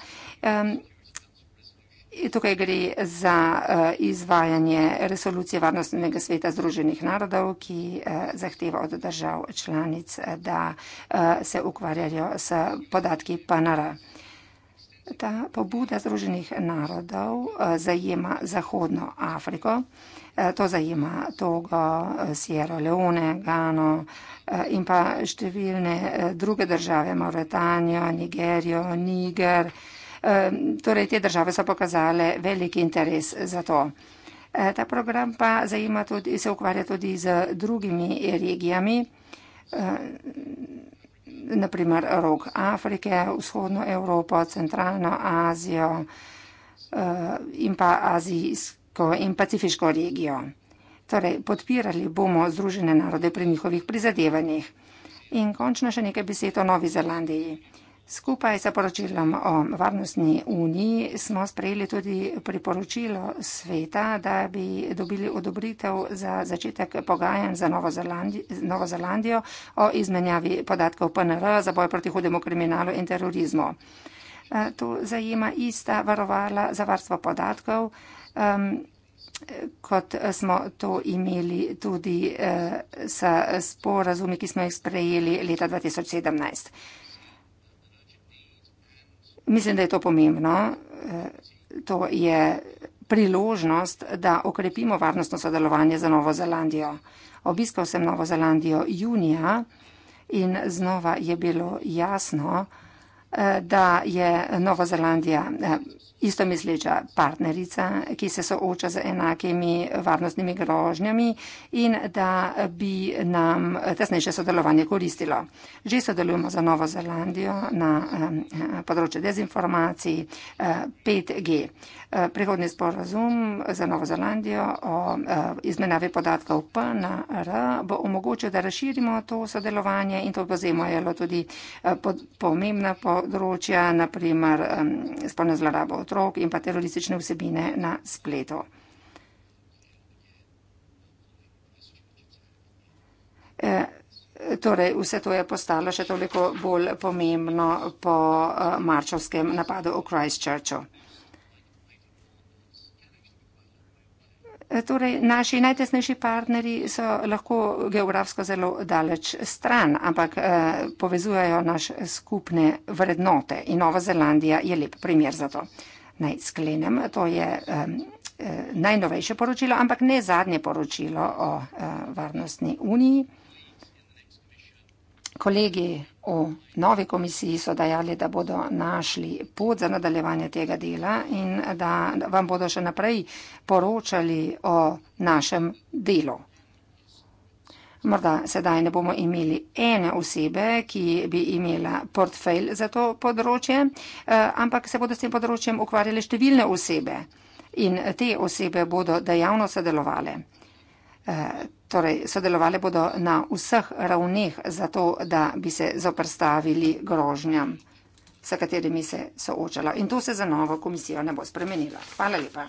Tukaj gre za eh, izvajanje resolucije Varnostnega sveta Združenih narodov, ki eh, zahteva od držav članic, eh, da se ukvarjajo s podatki PNR. Ta pobuda Združenih narodov zajema Zahodno Afriko. To zajema Togo, Sierra Leone, Gano in pa številne druge države, Mauretanijo, Nigerijo, Niger. Niger Torej, te države so pokazale velik interes za to. E, ta program pa zajima tudi, se ukvarja tudi z drugimi regijami, e, naprimer rok Afrike, vzhodno Evropo, centralno Azijo e, in pa azijsko in pacifiško regijo. Torej, podpirali bomo Združene narode pri njihovih prizadevanjih. In končno še nekaj besed o Novi Zelandiji. Skupaj s poročilom o varnostni uniji smo sprejeli tudi priporočilo sveta, da bi dobili odobritev za začetek pogajanj za Novo, Zelandi Novo Zelandijo o izmenjavi podatkov PNR za boj proti hudemu kriminalu in terorizmu. Eh, to zajema ista varovala za varstvo podatkov, kot smo to imeli tudi eh, s sporazumi, ki smo jih sprejeli leta 2017. Mislim, da je to pomembno. Eh, to je priložnost, da okrepimo varnostno sodelovanje za Novo Zelandijo. Obiskal sem Novo Zelandijo junija in znova je bilo jasno, Eh, da je Nova Zelandija eh, istomisleča partnerica, ki se sooča z enakimi varnostnimi grožnjami in da bi nam eh, tesnejše sodelovanje koristilo. Že sodelujemo za Novo Zelandijo na področju dezinformacij 5G. Prihodni sporazum za Novo Zelandijo o izmenjavi podatkov PNR bo omogočil, da razširimo to sodelovanje in to bo zemljalo tudi pomembna področja področja, naprimer spolna zlorabo otrok in pa teroristične vsebine na spletu. E, torej, vse to je postalo še toliko bolj pomembno po eh, marčovskem napadu v Christchurchu. Torej, naši najtesnejši partnerji so lahko geografsko zelo daleč stran, ampak eh, povezujejo naš skupne vrednote in Nova Zelandija je lep primer za to. Naj sklenem, to je eh, najnovejše poročilo, ampak ne zadnje poročilo o eh, varnostni uniji kolegi v novi komisiji so dajali, da bodo našli pot za nadaljevanje tega dela in da vam bodo še naprej poročali o našem delu. Morda sedaj ne bomo imeli ene osebe, ki bi imela portfelj za to področje, eh, ampak se bodo s tem področjem ukvarjale številne osebe in te osebe bodo dejavno sodelovale. Eh, torej sodelovali bodo na vseh ravneh za to, da bi se zoprstavili grožnjam, s katerimi se soočalo. In to se za novo komisijo ne bo spremenilo. Hvala lepa.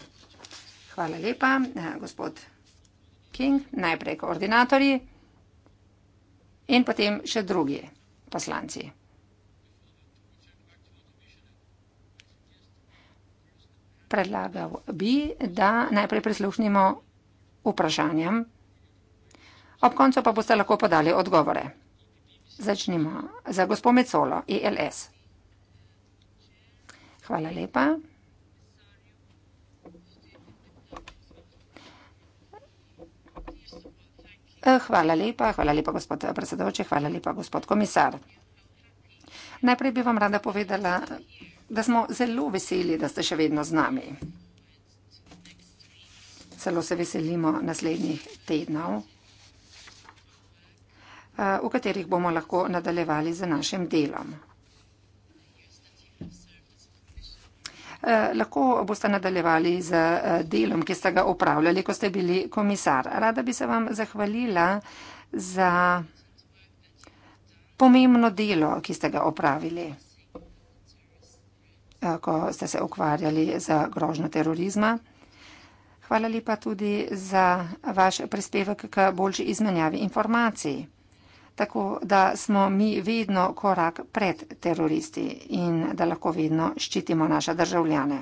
Hvala lepa, eh, gospod King, najprej koordinatorji in potem še drugi poslanci. Predlagal bi, da najprej prisluhnimo vprašanjem. Ob koncu pa boste lahko podali odgovore. Začnimo za gospod Mecolo, ILS. Hvala lepa. Eh, hvala lepa, hvala lepa gospod predsedovče, hvala lepa gospod komisar. Najprej bi vam rada povedala, da smo zelo veseli, da ste še vedno z nami celo se veselimo naslednjih tednov, eh, v katerih bomo lahko nadaljevali z našim delom. Eh, lahko boste nadaljevali z eh, delom, ki ste ga upravljali, ko ste bili komisar. Rada bi se vam zahvalila za pomembno delo, ki ste ga opravili, ko ste se ukvarjali za grožno terorizma. Hvala lepa tudi za vaš prispevek k boljši izmenjavi informacij. Tako da smo mi vedno korak pred teroristi in da lahko vedno ščitimo naše državljane.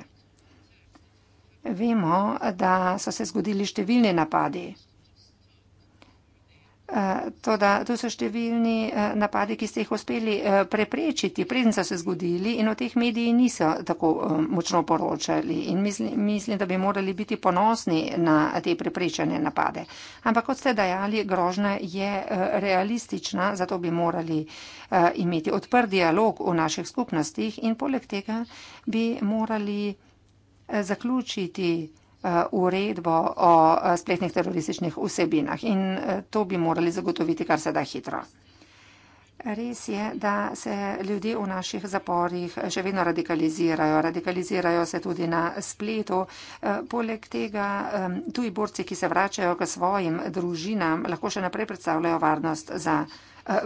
Vemo, da so se zgodili številni napadi. Eh, toda to so številni eh, napadi, ki ste jih uspeli eh, preprečiti, preden so se zgodili in o teh mediji niso tako močno poročali in mislim, mislim, da bi morali biti ponosni na te preprečene napade. Ampak kot ste dajali, grožna je realistična, zato bi morali imeti odprt dialog v naših skupnostih in poleg tega bi morali zaključiti Eh, uredbo o eh, spletnih terorističnih vsebinah in eh, to bi morali zagotoviti kar se da hitro. Res je, da se ljudje v naših zaporih še vedno radikalizirajo, radikalizirajo se tudi na spletu. Poleg tega tuji borci, ki se vračajo k svojim družinam, lahko še naprej predstavljajo varnost za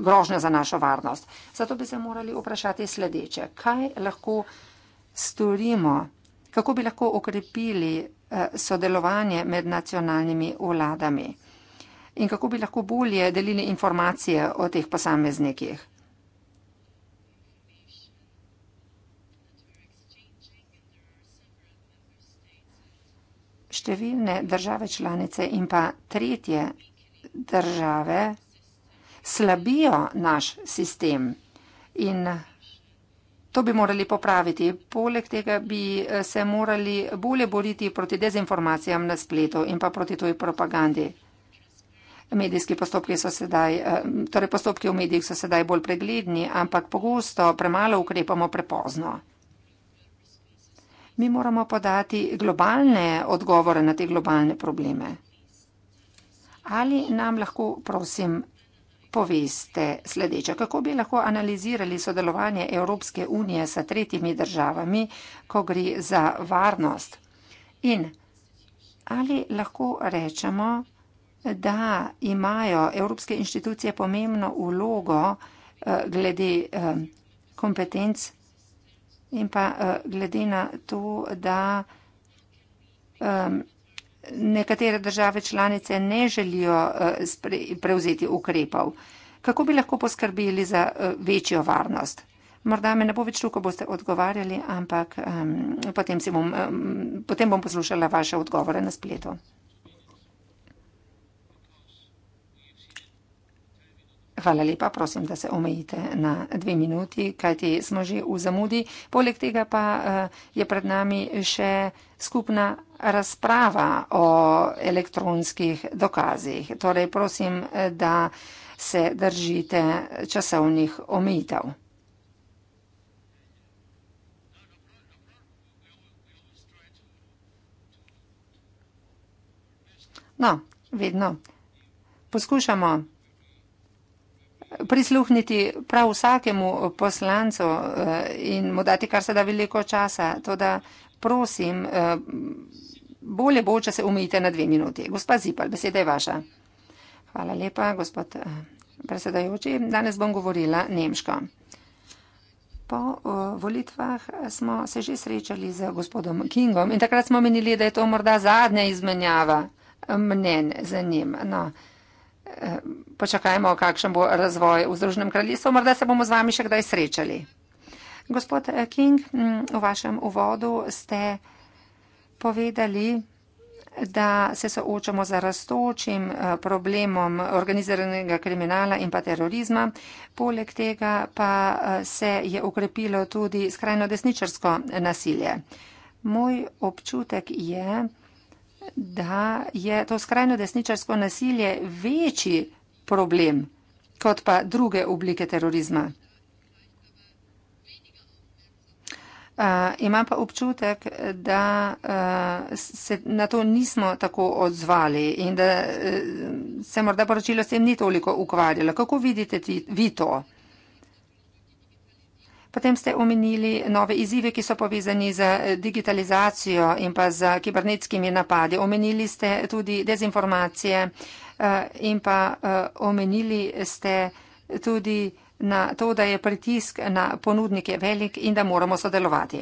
grožnjo za našo varnost. Zato bi se morali vprašati sledeče. Kaj lahko storimo? Kako bi lahko okrepili Eh, sodelovanje med nacionalnimi vladami in kako bi lahko bolje delili informacije o teh posameznikih. Številne države članice in pa tretje države slabijo naš sistem in vsega. To bi morali popraviti. Poleg tega bi eh, se morali bolje boriti proti dezinformacijam na spletu in pa proti toj propagandi. Medijski postopki so sedaj, eh, torej postopki v medijih so sedaj bolj pregledni, ampak pogosto premalo ukrepamo prepozno. Mi moramo podati globalne odgovore na te globalne probleme. Ali nam lahko, prosim, poveste sledeče, kako bi lahko analizirali sodelovanje Evropske unije s tretjimi državami, ko gre za varnost? In ali lahko rečemo, da imajo evropske inštitucije pomembno ulogo eh, glede eh, kompetenc in pa eh, glede na to, da nekatere države članice ne želijo eh, prevzeti ukrepov. Kako bi lahko poskrbeli za eh, večjo varnost? Morda me ne bo več tukaj, boste odgovarjali, ampak um, potem, bom, um, potem bom poslušala vaše odgovore na spletu. Hvala lepa, prosim, da se omejite na dve minuti, kajti smo že v zamudi. Poleg tega pa uh, je pred nami še skupna razprava o elektronskih dokazih. Torej, prosim, da se držite časovnih omejitev. No, vedno poskušamo prisluhniti prav vsakemu poslancu eh, in mu dati kar se da veliko časa, to da prosim, eh, bolje bo, če se umijete na dve minuti. Gospa Zipal, beseda je vaša. Hvala lepa, gospod eh, predsedajoči. Danes bom govorila nemško. Po eh, volitvah smo se že srečali z gospodom Kingom in takrat smo menili, da je to morda zadnja izmenjava eh, mnen za njim. No, počakajmo, kakšen bo razvoj v Združenem kraljestvu, morda se bomo z vami še kdaj srečali. Gospod King, mm, v vašem uvodu ste povedali, da se soočamo z rastočim eh, problemom organiziranega kriminala in pa terorizma. Poleg tega pa eh, se je ukrepilo tudi skrajno desničarsko nasilje. Moj občutek je, da je to skrajno desničarsko nasilje večji problem kot pa druge oblike terorizma. Uh, imam pa občutek, da uh, se na to nismo tako odzvali in da uh, se morda poročilo s tem ni toliko ukvarjalo. Kako vidite ti, vi to? Potem ste omenili nove izzive, ki so povezani z digitalizacijo in pa z kibernetskimi napadi. Omenili ste tudi dezinformacije uh, in pa uh, omenili ste tudi na to, da je pritisk na ponudnike velik in da moramo sodelovati.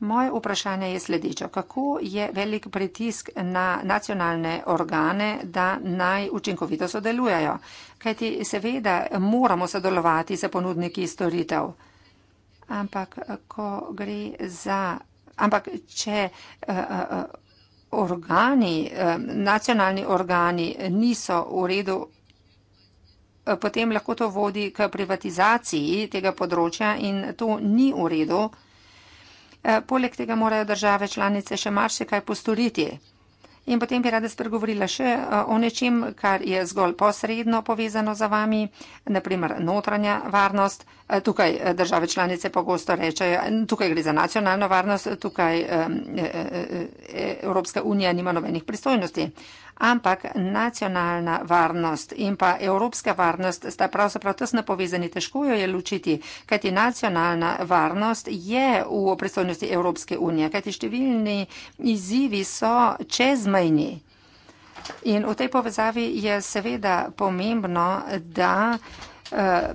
Moje vprašanje je sledeče. Kako je velik pritisk na nacionalne organe, da naj učinkovito sodelujejo? Kajti seveda moramo sodelovati za ponudniki storitev. Ampak, za, ampak če uh, uh, organi, uh, nacionalni organi niso v redu Eh, potem lahko to vodi k privatizaciji tega področja in to ni v redu. Eh, poleg tega morajo države članice še marsikaj postoriti. In potem bi rada spregovorila še eh, o nečem, kar je zgolj posredno povezano za vami, naprimer notranja varnost. Tukaj države članice pogosto rečejo, tukaj gre za nacionalno varnost, tukaj Evropska unija nima nobenih pristojnosti ampak nacionalna varnost in pa evropska varnost sta pravzaprav tesno povezani, težko jo je ločiti, kajti nacionalna varnost je v predstavnosti Evropske unije, kajti številni izzivi so čezmejni. In v tej povezavi je seveda pomembno, da eh,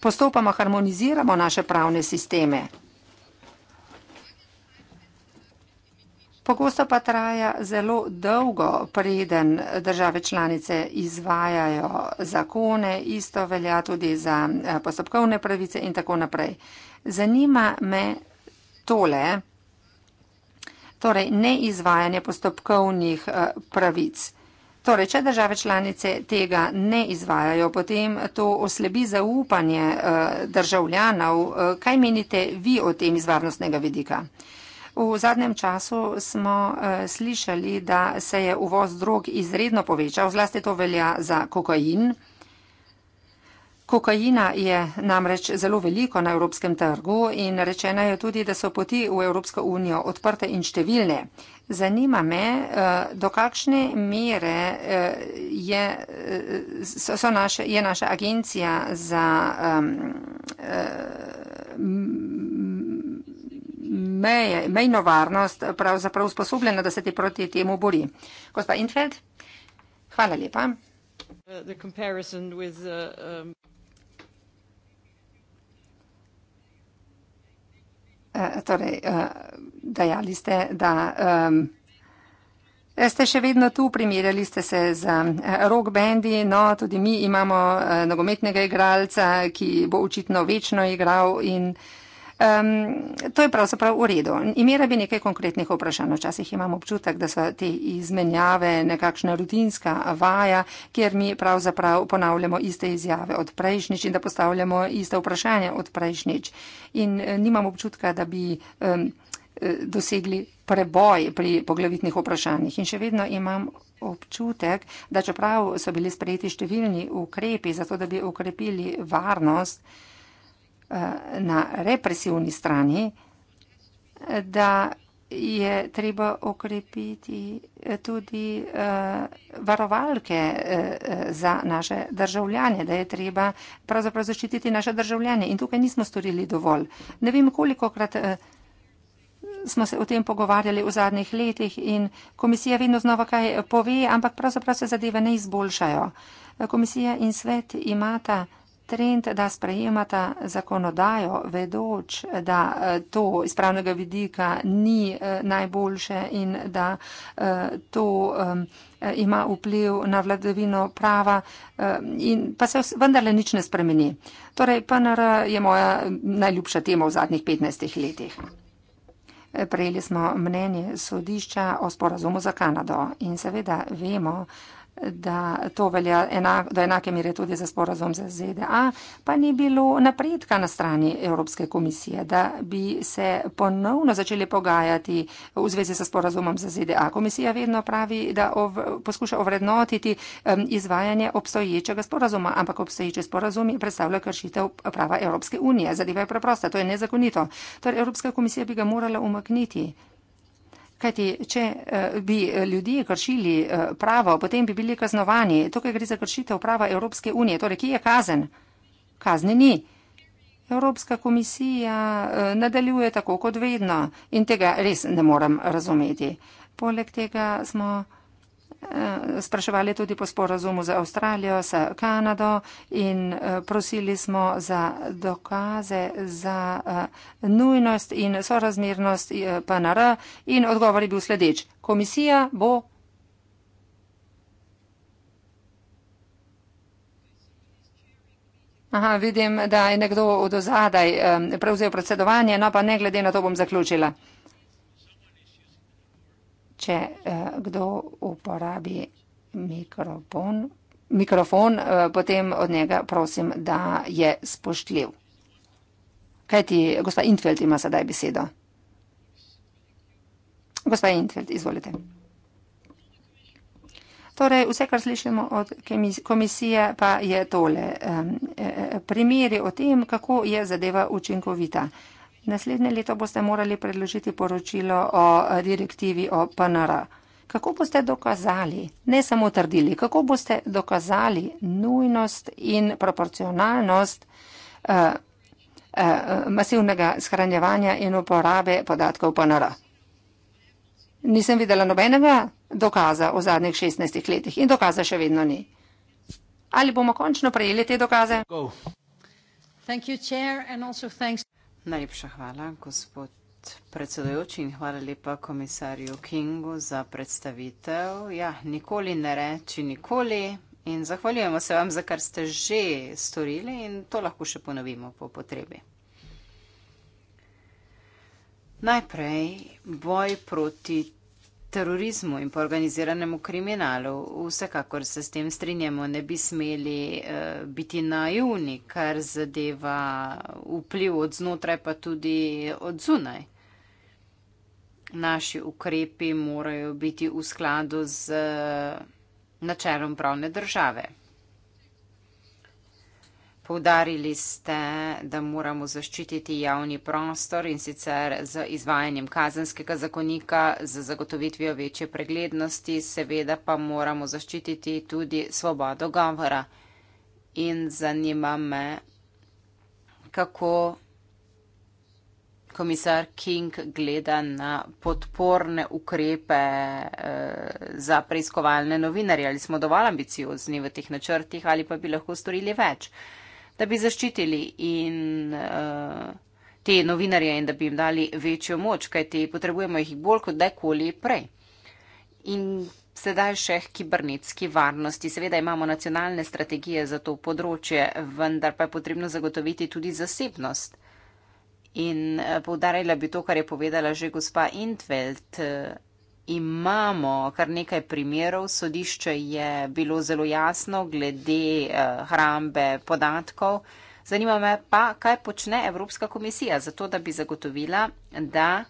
postopoma harmoniziramo naše pravne sisteme. Pogosto pa traja zelo dolgo, preden države članice izvajajo zakone, isto velja tudi za eh, postopkovne pravice in tako naprej. Zanima me tole, torej neizvajanje postopkovnih eh, pravic. Torej, če države članice tega ne izvajajo, potem to oslebi zaupanje eh, državljanov. Kaj menite vi o tem iz varnostnega vidika? V zadnjem času smo eh, slišali, da se je uvoz drog izredno povečal, zlasti to velja za kokain. Kokaina je namreč zelo veliko na evropskem trgu in rečena je tudi, da so poti v Evropsko unijo odprte in številne. Zanima me, eh, do kakšne mere eh, je, so naše, je naša agencija za um, um, mej, mejno varnost pravzaprav usposobljena, da se ti proti temu bori. Gospa Infeld, hvala lepa. Uh, uh, um, eh, torej, eh, dajali ste, da eh, ste še vedno tu, primerjali ste se z rock bandi, no tudi mi imamo nogometnega igralca, ki bo očitno večno igral in igral. Um, to je pravzaprav v redu. Imela bi nekaj konkretnih vprašanj. Včasih imam občutek, da so te izmenjave nekakšna rutinska vaja, kjer mi pravzaprav ponavljamo iste izjave od prejšnjič in da postavljamo iste vprašanja od prejšnjič. In eh, nimam občutka, da bi um, dosegli preboj pri poglavitnih vprašanjih. In še vedno imam občutek, da čeprav so bili sprejeti številni ukrepi za to, da bi ukrepili varnost, Eh, na represivni strani, da je treba okrepiti eh, tudi uh, varovalke uh, za naše državljanje, da je treba pravzaprav zaščititi naše državljanje. In tukaj nismo storili dovolj. Ne vem, koliko krat uh, smo se o tem pogovarjali v zadnjih letih in komisija vedno znova kaj pove, ampak pravzaprav se zadeve ne izboljšajo. Komisija in svet imata trend, da sprejemata zakonodajo, vedoč, da eh, to iz pravnega vidika ni eh, najboljše in da eh, to ima vpliv na vladavino prava in pa se vendarle nič ne spremeni. Torej, PNR je moja najljubša tema v zadnjih 15 letih. Prejeli smo mnenje sodišča o sporazumu za Kanado in seveda vemo, da to velja enak, do enake mere tudi za sporazum za ZDA, pa ni bilo napredka na strani Evropske komisije, da bi se ponovno začeli pogajati v zvezi s sporazumom za ZDA. Komisija vedno pravi, da ov, poskuša ovrednotiti um, izvajanje obstoječega sporazuma, ampak obstoječi sporazum predstavlja kršitev prava Evropske unije. Zadeva je preprosta, to je nezakonito. Torej, Evropska komisija bi ga morala umakniti. Kajti, če eh, bi eh, ljudje kršili eh, pravo, potem bi bili kaznovani. Tukaj gre za kršitev prava Evropske unije. Torej, kje je kazen? Kazni ni. Evropska komisija nadaljuje tako kot vedno in tega res ne morem razumeti. Poleg tega smo. Eh, spraševali tudi po sporazumu z Avstralijo, s Kanado in eh, prosili smo za dokaze za eh, nujnost in sorazmernost PNR in odgovor je bil sledeč. Komisija bo. Aha, vidim, da je nekdo od ozadaj prevzel predsedovanje, no pa ne glede na to bom zaključila če eh, kdo uporabi mikrofon, mikrofon eh, potem od njega prosim, da je spoštljiv. Kaj ti, gospa Intfeld ima sedaj besedo? Gospa Intfeld, izvolite. Torej, vse, kar slišimo od komisije, pa je tole. Eh, e-, e-, e-, primeri o tem, kako je zadeva učinkovita. Eh, Naslednje leto boste morali predložiti poročilo o eh, direktivi o PNR. Kako boste dokazali, ne samo trdili, kako boste dokazali nujnost in proporcionalnost uh, uh, masivnega shranjevanja in uporabe podatkov PNR? Nisem videla nobenega dokaza v zadnjih 16 letih in dokaza še vedno ni. Ali bomo končno prejeli te dokaze? Go. Thank you, chair, and also thanks. Najlepša hvala, gospod predsedujoči in hvala lepa komisarju Kingu za predstavitev. Ja, nikoli ne reči nikoli in zahvaljujemo se vam za kar ste že storili in to lahko še ponovimo po potrebi. Najprej boj proti terorizmu in po organiziranemu kriminalu. Vsekakor se s tem strinjamo, ne bi smeli eh, biti naivni, kar zadeva vpliv od znotraj, pa tudi od zunaj. Naši ukrepi morajo biti v skladu z eh, načelom pravne države. Poudarili ste, da moramo zaščititi javni prostor in sicer z izvajanjem kazenskega zakonika, z zagotovitvijo večje preglednosti, seveda pa moramo zaščititi tudi svobodo govora. In zanima me, kako komisar King gleda na podporne ukrepe eh, za preiskovalne novinarje. Ali smo dovolj ambiciozni v teh načrtih ali pa bi lahko storili več? da bi zaščitili in, uh, te novinarje in da bi jim dali večjo moč, kajti potrebujemo jih bolj kot dajkoli prej. In sedaj še k kibernetski varnosti. Seveda imamo nacionalne strategije za to področje, vendar pa je potrebno zagotoviti tudi zasebnost. In eh, poudarila bi to, kar je povedala že gospa Intveld. Uh, imamo kar nekaj primerov. Sodišče je bilo zelo jasno glede eh, hrambe podatkov. Zanima me pa, kaj počne Evropska komisija za to, da bi zagotovila, da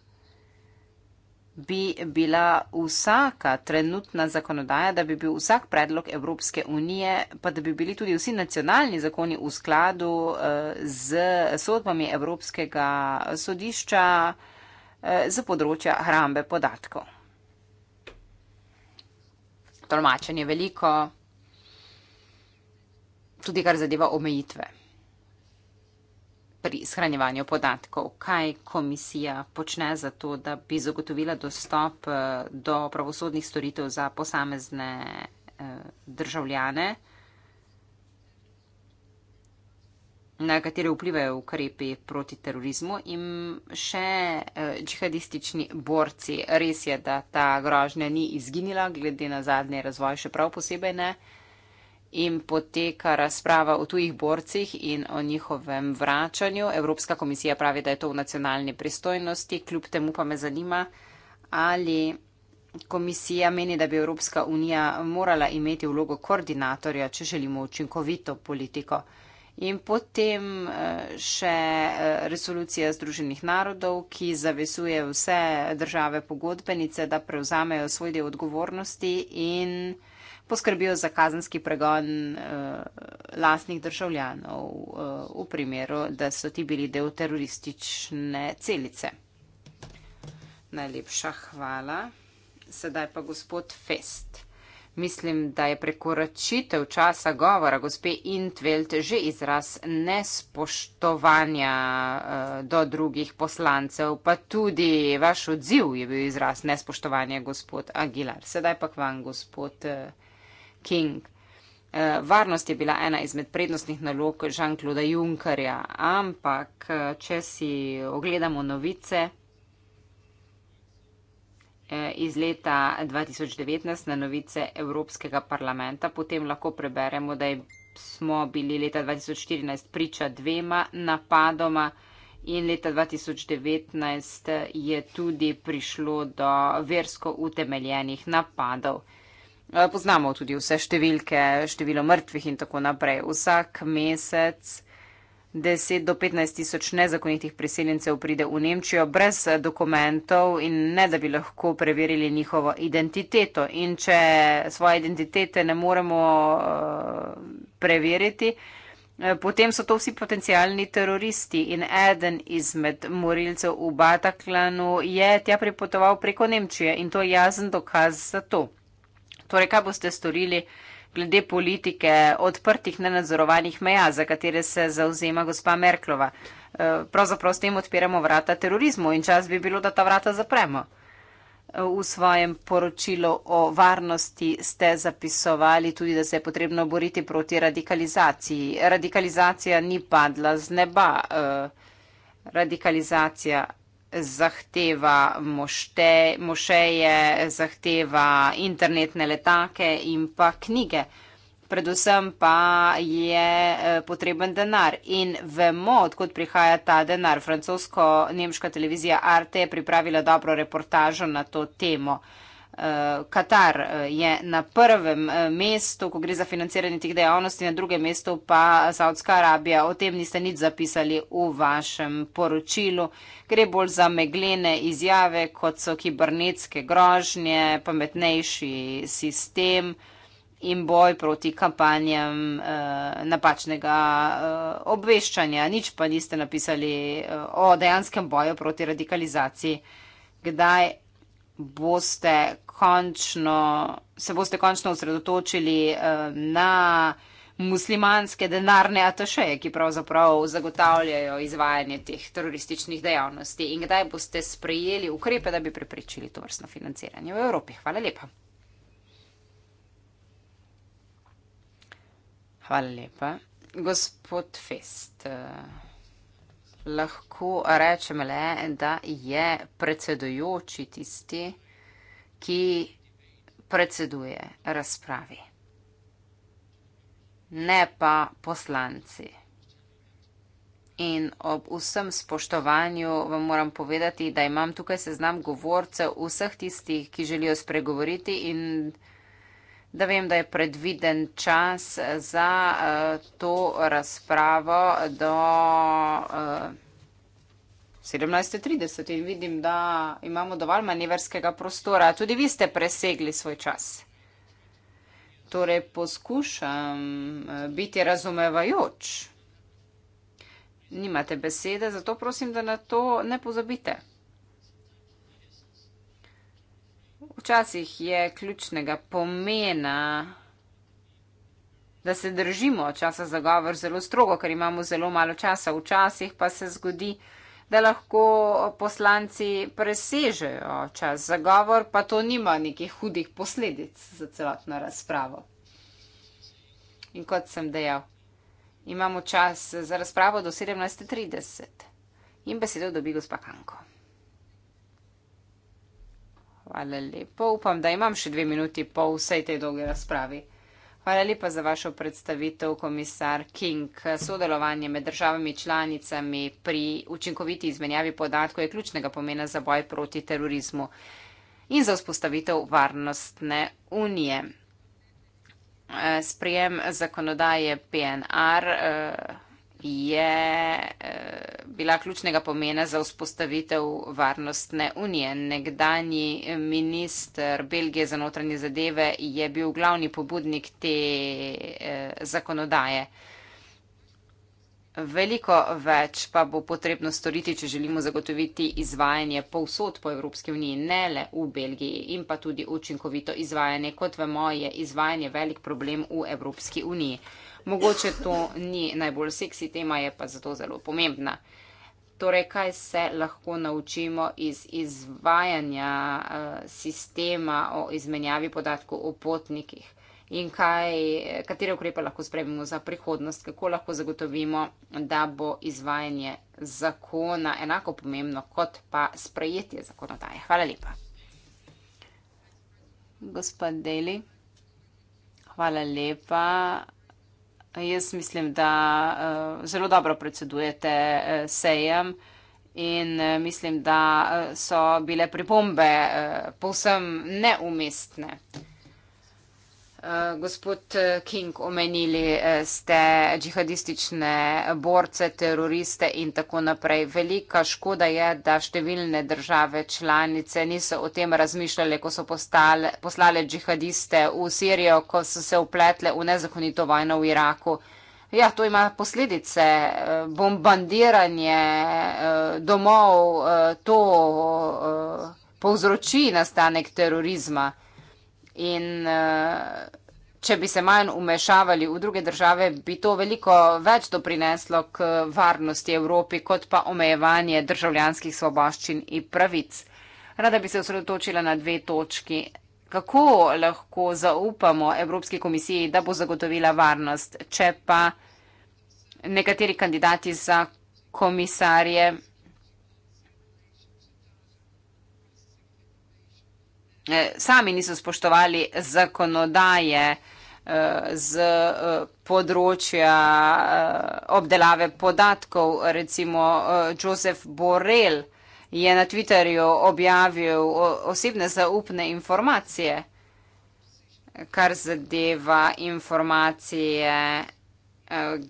bi bila vsaka trenutna zakonodaja, da bi bil vsak predlog Evropske unije, pa da bi bili tudi vsi nacionalni zakoni v skladu eh, z sodbami Evropskega sodišča eh, za področja hrambe podatkov tolmačenje veliko, tudi kar zadeva omejitve pri shranjevanju podatkov, kaj komisija počne za to, da bi zagotovila dostop eh, do pravosodnih storitev za posamezne eh, državljane. na katere vplivajo ukrepi proti terorizmu in še uh, džihadistični borci. Res je, da ta grožnja ni izginila, glede na zadnji razvoj še prav posebej ne. In poteka razprava o tujih borcih in o njihovem vračanju. Evropska komisija pravi, da je to v nacionalni pristojnosti, kljub temu pa me zanima, ali komisija meni, da bi Evropska unija morala imeti vlogo koordinatorja, če želimo učinkovito politiko. In potem eh, še eh, resolucija Združenih narodov, ki zavesuje vse države pogodbenice, da prevzamejo svoj del odgovornosti in poskrbijo za kazanski pregon eh, lastnih državljanov v primeru, da so ti bili del teroristične celice. Najlepša hvala. Sedaj pa gospod Fest. Mislim, da je prekoračitev časa govora gospe Intvelt že izraz nespoštovanja uh, do drugih poslancev, pa tudi vaš odziv je bil izraz nespoštovanja gospod Aguilar. Sedaj pa k vam gospod uh, King. Uh, varnost je bila ena izmed prednostnih nalog Žan-Kluda Junkarja, ampak če si ogledamo novice. Eh, iz leta 2019 na novice Evropskega parlamenta. Potem lahko preberemo, da je, smo bili leta 2014 priča dvema napadoma in leta 2019 je tudi prišlo do versko utemeljenih napadov. Eh, poznamo tudi vse številke, število mrtvih in tako naprej. Vsak mesec 10 do 15 tisoč nezakonitih priseljencev pride v Nemčijo brez dokumentov in ne da bi lahko preverili njihovo identiteto. In če svoje identitete ne moremo eh, preveriti, eh, potem so to vsi potencijalni teroristi in eden izmed morilcev v Bataklanu je tja pripotoval preko Nemčije in to je jazen dokaz za to. Torej, kaj boste storili? glede politike odprtih, nenadzorovanih meja, za katere se zauzema gospa Merklova. E, pravzaprav s tem odpiramo vrata terorizmu in čas bi bilo, da ta vrata zapremo. E, v svojem poročilu o varnosti ste zapisovali tudi, da se je potrebno boriti proti radikalizaciji. Radikalizacija ni padla z neba. E, radikalizacija zahteva mošte, mošeje, zahteva internetne letake in pa knjige. Predvsem pa je eh, potreben denar in vemo, odkud prihaja ta denar. Francosko-nemška televizija Arte je pripravila dobro reportažo na to temo. Eh, Katar eh, je na prvem eh, mestu, ko gre za financiranje teh dejavnosti, na drugem mestu pa Saudska Arabija. O tem niste nič zapisali v vašem poročilu. Gre bolj za meglene izjave, kot so kibernetske grožnje, pametnejši sistem in boj proti kampanjam eh, napačnega eh, obveščanja. Nič pa niste napisali eh, o dejanskem boju proti radikalizaciji. Kdaj boste končno, se boste končno osredotočili eh, na muslimanske denarne atašeje, ki pravzaprav zagotavljajo izvajanje teh terorističnih dejavnosti in kdaj boste sprejeli ukrepe, da bi preprečili to vrstno financiranje v Evropi. Hvala lepa. Hvala lepa. Gospod Fest. Uh lahko rečem le, da je predsedujoči tisti, ki predseduje razpravi. Ne pa poslanci. In ob vsem spoštovanju vam moram povedati, da imam tukaj seznam govorcev vseh tistih, ki želijo spregovoriti in da vem, da je predviden čas za eh, to razpravo do 17.30 eh, in vidim, da imamo dovolj manevrskega prostora. Tudi vi ste presegli svoj čas. Torej poskušam eh, biti razumevajoč. Nimate besede, zato prosim, da na to ne pozabite. Včasih je ključnega pomena, da se držimo časa za govor zelo strogo, ker imamo zelo malo časa. Včasih pa se zgodi, da lahko poslanci presežejo čas za govor, pa to nima nekih hudih posledic za celotno razpravo. In kot sem dejal, imamo čas za razpravo do 17.30 in besedo dobi gospa Kanko. Hvala lepa. Upam, da imam še dve minuti po vsej tej dolgi razpravi. Hvala lepa za vašo predstavitev, komisar King. Sodelovanje med državami članicami pri učinkoviti izmenjavi podatkov je ključnega pomena za boj proti terorizmu in za vzpostavitev varnostne unije. Eh, Sprijem zakonodaje PNR. Eh, je eh, bila ključnega pomena za vzpostavitev varnostne unije. Nekdani eh, ministr Belgije za notranje zadeve je bil glavni pobudnik te eh, zakonodaje. Veliko več pa bo potrebno storiti, če želimo zagotoviti izvajanje povsod po Evropski uniji, ne le v Belgiji in pa tudi učinkovito izvajanje. Kot vemo, je izvajanje velik problem v Evropski uniji mogoče to ni najbolj seksi tema, je pa zato zelo pomembna. Torej, kaj se lahko naučimo iz izvajanja uh, sistema o izmenjavi podatkov o potnikih in kaj, katere ukrepe lahko sprejmemo za prihodnost, kako lahko zagotovimo, da bo izvajanje zakona enako pomembno kot pa sprejetje zakonodaje. Hvala lepa. Gospod Deli, hvala lepa. Jaz mislim, da eh, zelo dobro predsedujete eh, sejem in eh, mislim, da so bile pripombe povsem neumestne. Eh, gospod eh, King, omenili eh, ste džihadistične borce, teroriste in tako naprej. Velika škoda je, da številne države članice niso o tem razmišljali, ko so postale, poslale džihadiste v Sirijo, ko so se upletle v nezakonito vojno v Iraku. Ja, to ima posledice. Bombardiranje domov, to povzroči nastanek terorizma. In eh, če bi se manj umešavali v druge države, bi to veliko več doprineslo k varnosti Evropi, kot pa omejevanje državljanskih svoboščin in pravic. Rada bi se osredotočila na dve točki. Kako lahko zaupamo Evropski komisiji, da bo zagotovila varnost, če pa nekateri kandidati za komisarje Eh, sami niso spoštovali zakonodaje eh, z eh, področja obdelave podatkov. Recimo Joseph Borel je na Twitterju objavil osebne zaupne informacije, kar zadeva informacije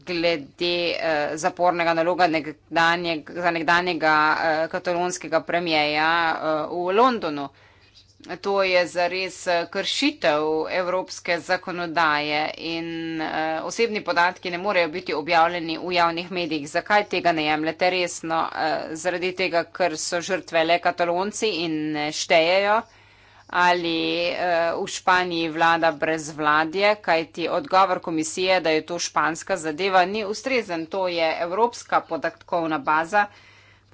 glede zapornega naloga nekdanjega, za nekdanjega katalonskega premijeja v Londonu to je zares eh, kršitev evropske zakonodaje in uh, osebni podatki ne morejo biti objavljeni v javnih medijih. Zakaj tega ne jemljete resno? Uh, zaradi tega, ker so žrtve le katalonci in štejejo ali uh, v Španiji vlada brez vladje, kajti odgovor komisije, da je to španska zadeva, ni ustrezen. To je evropska podatkovna baza.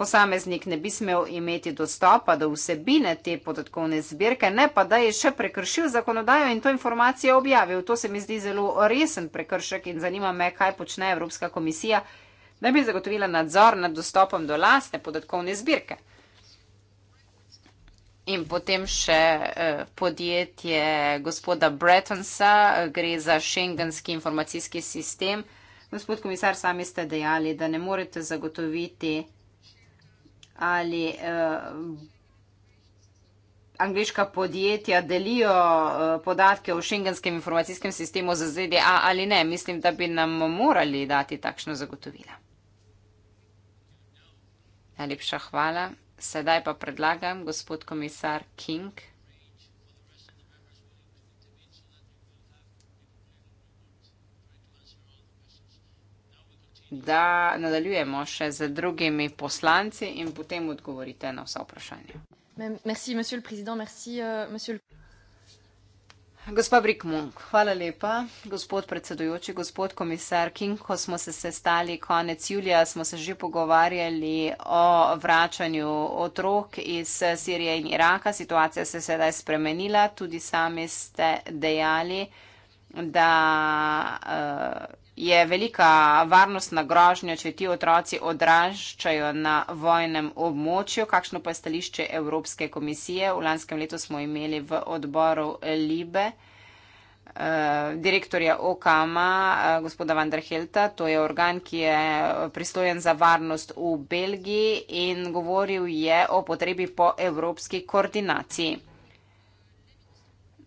Posameznik ne bi smel imeti dostopa do vsebine te podatkovne zbirke, ne pa da je še prekršil zakonodajo in to informacijo objavil. To se mi zdi zelo resen prekršek in zanima me, kaj počne Evropska komisija, da bi zagotovila nadzor nad dostopom do lastne podatkovne zbirke. In potem še eh, podjetje gospoda Bretonsa, eh, gre za šengenski informacijski sistem. Gospod komisar, sami ste dejali, da ne morete zagotoviti ali uh, angliška podjetja delijo uh, podatke v šengenskem informacijskem sistemu za ZDA ali ne. Mislim, da bi nam morali dati takšno zagotovila. Najlepša hvala. Sedaj pa predlagam gospod komisar King. da nadaljujemo še z drugimi poslanci in potem odgovorite na vsa vprašanja. Merci, monsieur le président, merci, euh, monsieur le. Gospa Brikmunk, hvala lepa. Gospod predsedujoči, gospod komisar King, ko smo se sestali konec julija, smo se že pogovarjali o vračanju otrok iz Sirije in Iraka. Situacija se je sedaj spremenila. Tudi sami ste dejali, da. Uh, je velika varnostna grožnja, če ti otroci odraščajo na vojnem območju. Kakšno pa je stališče Evropske komisije? V lanskem letu smo imeli v odboru Libe eh, direktorja OKAMA, eh, gospoda Vanderhelta, to je organ, ki je pristojen za varnost v Belgiji in govoril je o potrebi po evropski koordinaciji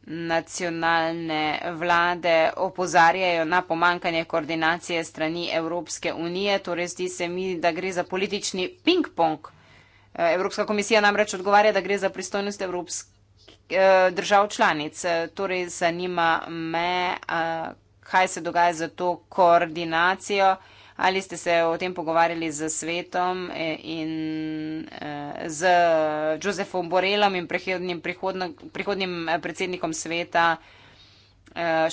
nacionalne vlade opozarjajo na pomankanje koordinacije strani Evropske unije. Torej, zdi se mi, da gre za politični ping-pong. Eh, Evropska komisija namreč odgovarja, da gre za pristojnost eh, držav članic. Eh, torej, zanima me, kaj se dogaja z to koordinacijo. Ali ste se o tem pogovarjali z svetom e, in e, z Josefom Borelom in prihodnim, prihodno, prihodnim e, predsednikom sveta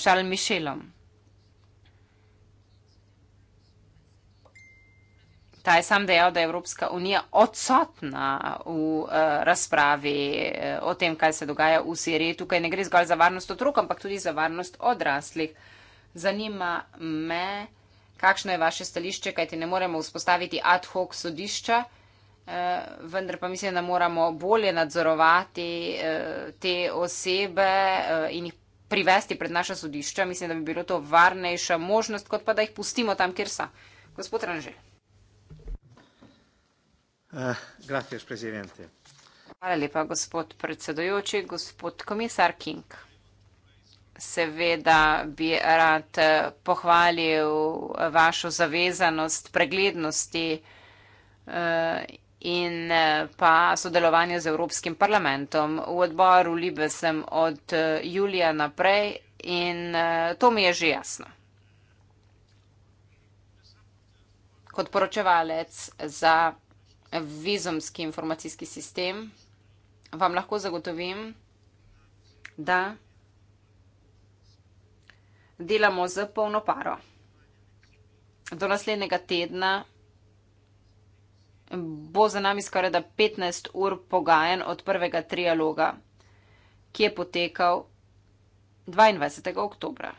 Charles Michelom? Ta je sam dejal, da je Evropska unija odsotna v uh, razpravi uh, o tem, kaj se dogaja v Siriji. Tukaj ne gre zgolj za varnost otrok, ampak tudi za varnost odraslih. Zanima me kakšno je vaše stališče, kajti ne moremo vzpostaviti ad hoc sodišča, eh, vendar pa mislim, da moramo bolje nadzorovati eh, te osebe eh, in jih privesti pred naša sodišča. Mislim, da bi bilo to varnejša možnost, kot pa da jih pustimo tam, kjer so. Gospod Ranžel. Hvala lepa, gospod predsedojoči, gospod komisar King seveda bi rad eh, pohvalil vašo zavezanost preglednosti eh, in eh, pa sodelovanje z Evropskim parlamentom. V odboru Libe sem od julija naprej in to mi je že jasno. Kot poročevalec za vizumski informacijski sistem vam lahko zagotovim, da delamo z polno paro. Do naslednjega tedna bo za nami skoraj da 15 ur pogajen od prvega trialoga, ki je potekal 22. oktobra.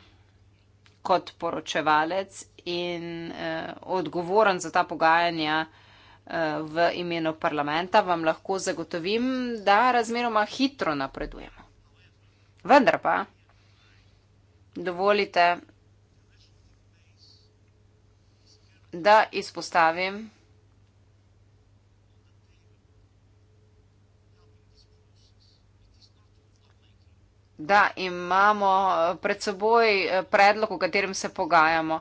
Kot poročevalec in eh, odgovoren za ta pogajanja eh, v imenu parlamenta vam lahko zagotovim, da razmeroma hitro napredujemo. Vendar pa dovolite, da izpostavim da imamo pred seboj predlog, o katerem se pogajamo.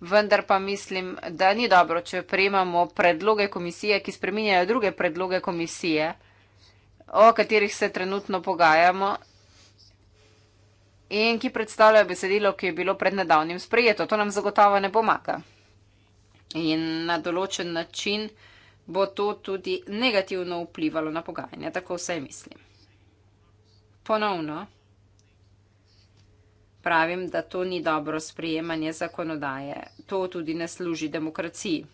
Vendar pa mislim, da ni dobro, če prejemamo predloge komisije, ki spreminjajo druge predloge komisije, o katerih se trenutno pogajamo in ki predstavljajo besedilo, ki je bilo pred nedavnim sprejeto. To nam zagotovo ne pomaga. In na določen način bo to tudi negativno vplivalo na pogajanja, tako vsaj mislim. Ponovno pravim, da to ni dobro sprejemanje zakonodaje. To tudi ne služi demokraciji.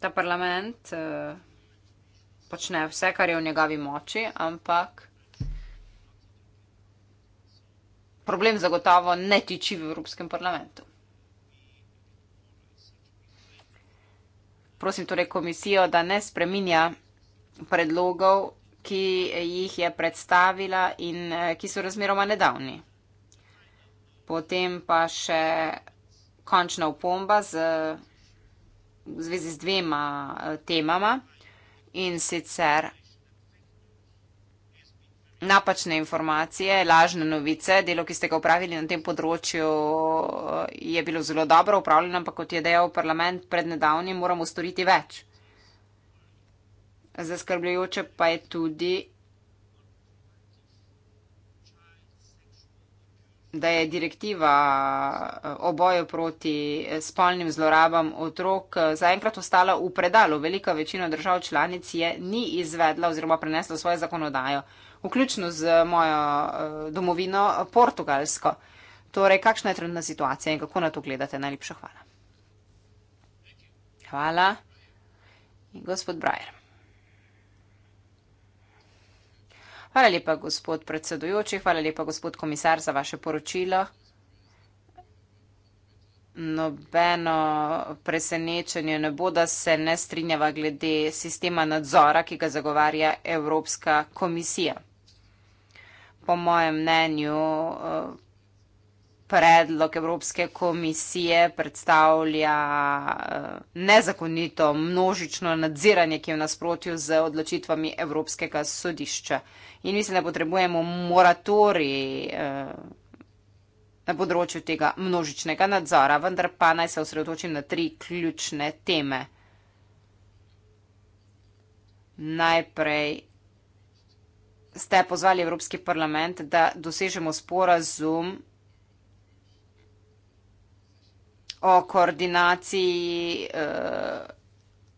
Ta parlament. Uh, počne vse, kar je v njegovi moči, ampak problem zagotovo ne tiči v Evropskem parlamentu. Prosim torej komisijo, da ne spreminja predlogov, ki jih je predstavila in eh, ki so razmeroma nedavni. Potem pa še končna upomba z, v zvezi z dvema eh, temama in sicer napačne informacije, lažne novice. Delo, ki ste ga upravili na tem področju, je bilo zelo dobro upravljeno, ampak kot je dejal parlament pred nedavnim, moramo storiti več. Zaskrbljujoče pa je tudi da je direktiva eh, o boju proti eh, spolnim zlorabam otrok eh, zaenkrat ostala v predalu. Velika večina držav članic je ni izvedla oziroma prenesla svojo zakonodajo, vključno z mojo domovino Portugalsko. Torej, kakšna je trenutna situacija in kako na to gledate? Najlepša hvala. Hvala. In gospod Brajer. Hvala lepa, gospod predsedujoči, hvala lepa, gospod komisar, za vaše poročilo. Nobeno presenečenje ne bo, da se ne strinjava glede sistema nadzora, ki ga zagovarja Evropska komisija. Po mojem mnenju predlog Evropske komisije predstavlja eh, nezakonito množično nadziranje, ki je v nasprotju z odločitvami Evropskega sodišča. In mislim, da potrebujemo moratori eh, na področju tega množičnega nadzora, vendar pa naj se osredotočim na tri ključne teme. Najprej ste pozvali Evropski parlament, da dosežemo sporazum o koordinaciji eh,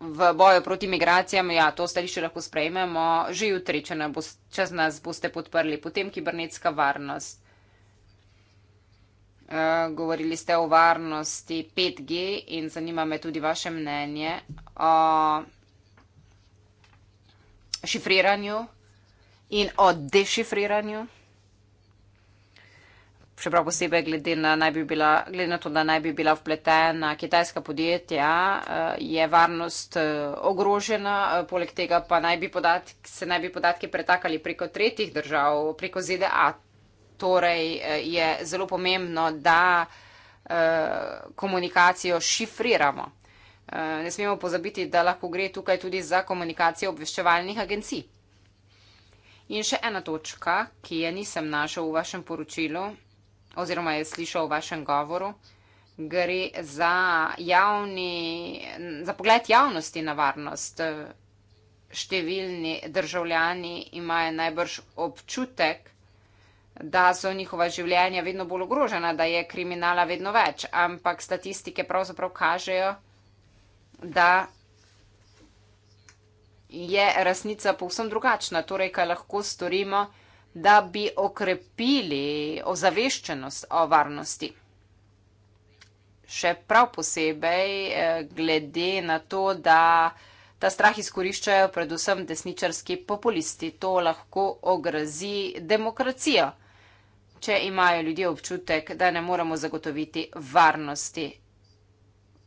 v boju proti migracijam, ja, to stališče lahko sprejmemo že jutri, če nas, če nas boste podprli. Potem kibernetska varnost. Eh, govorili ste o varnosti 5G in zanima me tudi vaše mnenje o šifriranju in o dešifriranju še prav posebej glede na, naj bi bila, glede na to, da naj bi bila vpletena kitajska podjetja, eh, je varnost eh, ogrožena, eh, poleg tega pa naj podatki, se naj bi podatki pretakali preko tretjih držav, preko ZDA. Torej je zelo pomembno, da komunikacijo šifriramo. Ne smemo pozabiti, da lahko gre tukaj tudi za komunikacijo obveščevalnih agencij. In še ena točka, ki je nisem našel v vašem poročilu, oziroma je slišal v vašem govoru, gre za, javni, za pogled javnosti na varnost. Številni državljani imajo najbrž občutek, da so njihova življenja vedno bolj ogrožena, da je kriminala vedno več, ampak statistike pravzaprav kažejo, da je resnica povsem drugačna. Torej, kaj lahko storimo, da bi okrepili ozaveščenost o varnosti. Še prav posebej eh, glede na to, da ta strah izkoriščajo predvsem desničarski populisti. To lahko ogrozi demokracijo, če imajo ljudje občutek, da ne moremo zagotoviti varnosti.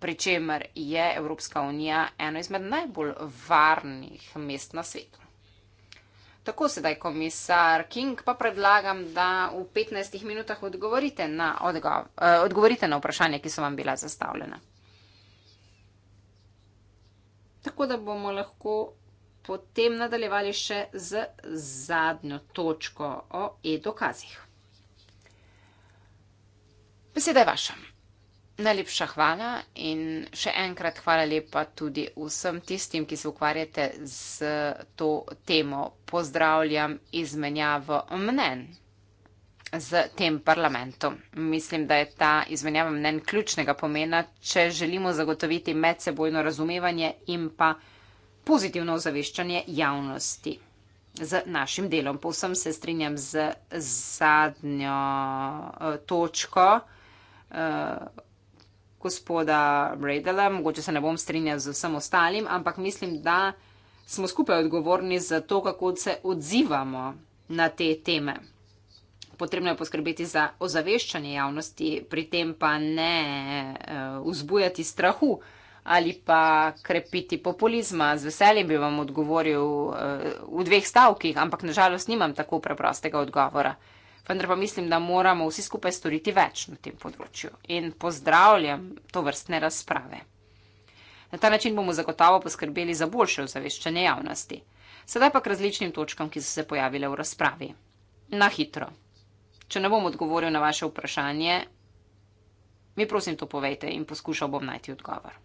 Pričemer je Evropska unija eno izmed najbolj varnih mest na svetu. Tako sedaj, komisar King, pa predlagam, da v 15 minutah odgovorite na, odgo eh, odgovorite na vprašanje, ki so vam bila zastavljena. Tako da bomo lahko potem nadaljevali še z zadnjo točko o e-dokazih. Beseda je vaša. Najlepša hvala in še enkrat hvala lepa tudi vsem tistim, ki se ukvarjate z to temo. Pozdravljam izmenjavo mnen z tem parlamentom. Mislim, da je ta izmenjava mnen ključnega pomena, če želimo zagotoviti medsebojno razumevanje in pa pozitivno ozaveščanje javnosti. Z našim delom povsem se strinjam z zadnjo eh, točko. Uh, gospoda Bradela, mogoče se ne bom strinjal z vsem ostalim, ampak mislim, da smo skupaj odgovorni za to, kako se odzivamo na te teme. Potrebno je poskrbeti za ozaveščanje javnosti, pri tem pa ne eh, vzbujati strahu ali pa krepiti populizma. Z veseljem bi vam odgovoril eh, v dveh stavkih, ampak nažalost nimam tako preprostega odgovora vendar pa mislim, da moramo vsi skupaj storiti več na tem področju in pozdravljam to vrstne razprave. Na ta način bomo zagotovo poskrbeli za boljše ozaveščanje javnosti. Sedaj pa k različnim točkam, ki so se pojavile v razpravi. Na hitro. Če ne bom odgovoril na vaše vprašanje, mi prosim to povejte in poskušal bom najti odgovor.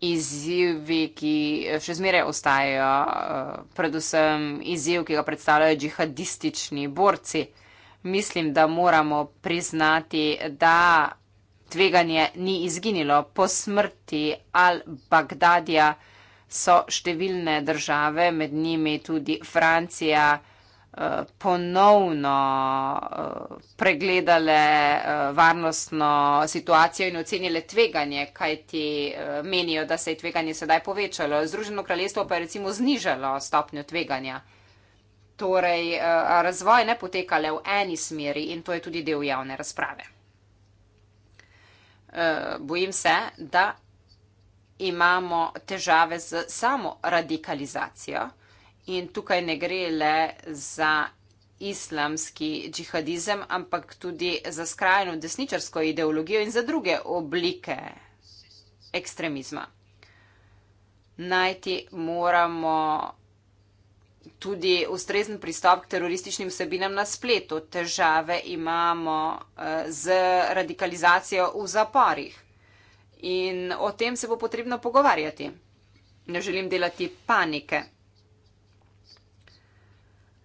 izzivi, ki eh, še zmeraj ostajajo, eh, predvsem izziv, ki ga predstavljajo džihadistični borci. Mislim, da moramo priznati, da tveganje ni izginilo. Po smrti al-Bagdadija so številne države, med njimi tudi Francija, Eh, ponovno eh, pregledale eh, varnostno situacijo in ocenile tveganje, kaj ti menijo, da se je tveganje sedaj povečalo. Združeno kraljestvo pa je recimo znižalo stopnjo tveganja. Torej, razvoj ne poteka le v eni smeri in to je tudi del javne razprave. Bojim se, da imamo težave z samo radikalizacijo. In tukaj ne gre le za islamski džihadizem, ampak tudi za skrajno desničarsko ideologijo in za druge oblike ekstremizma. Najti moramo tudi ustrezen pristop k terorističnim vsebinam na spletu. Težave imamo eh, z radikalizacijo v zaporih in o tem se bo potrebno pogovarjati. Ne želim delati panike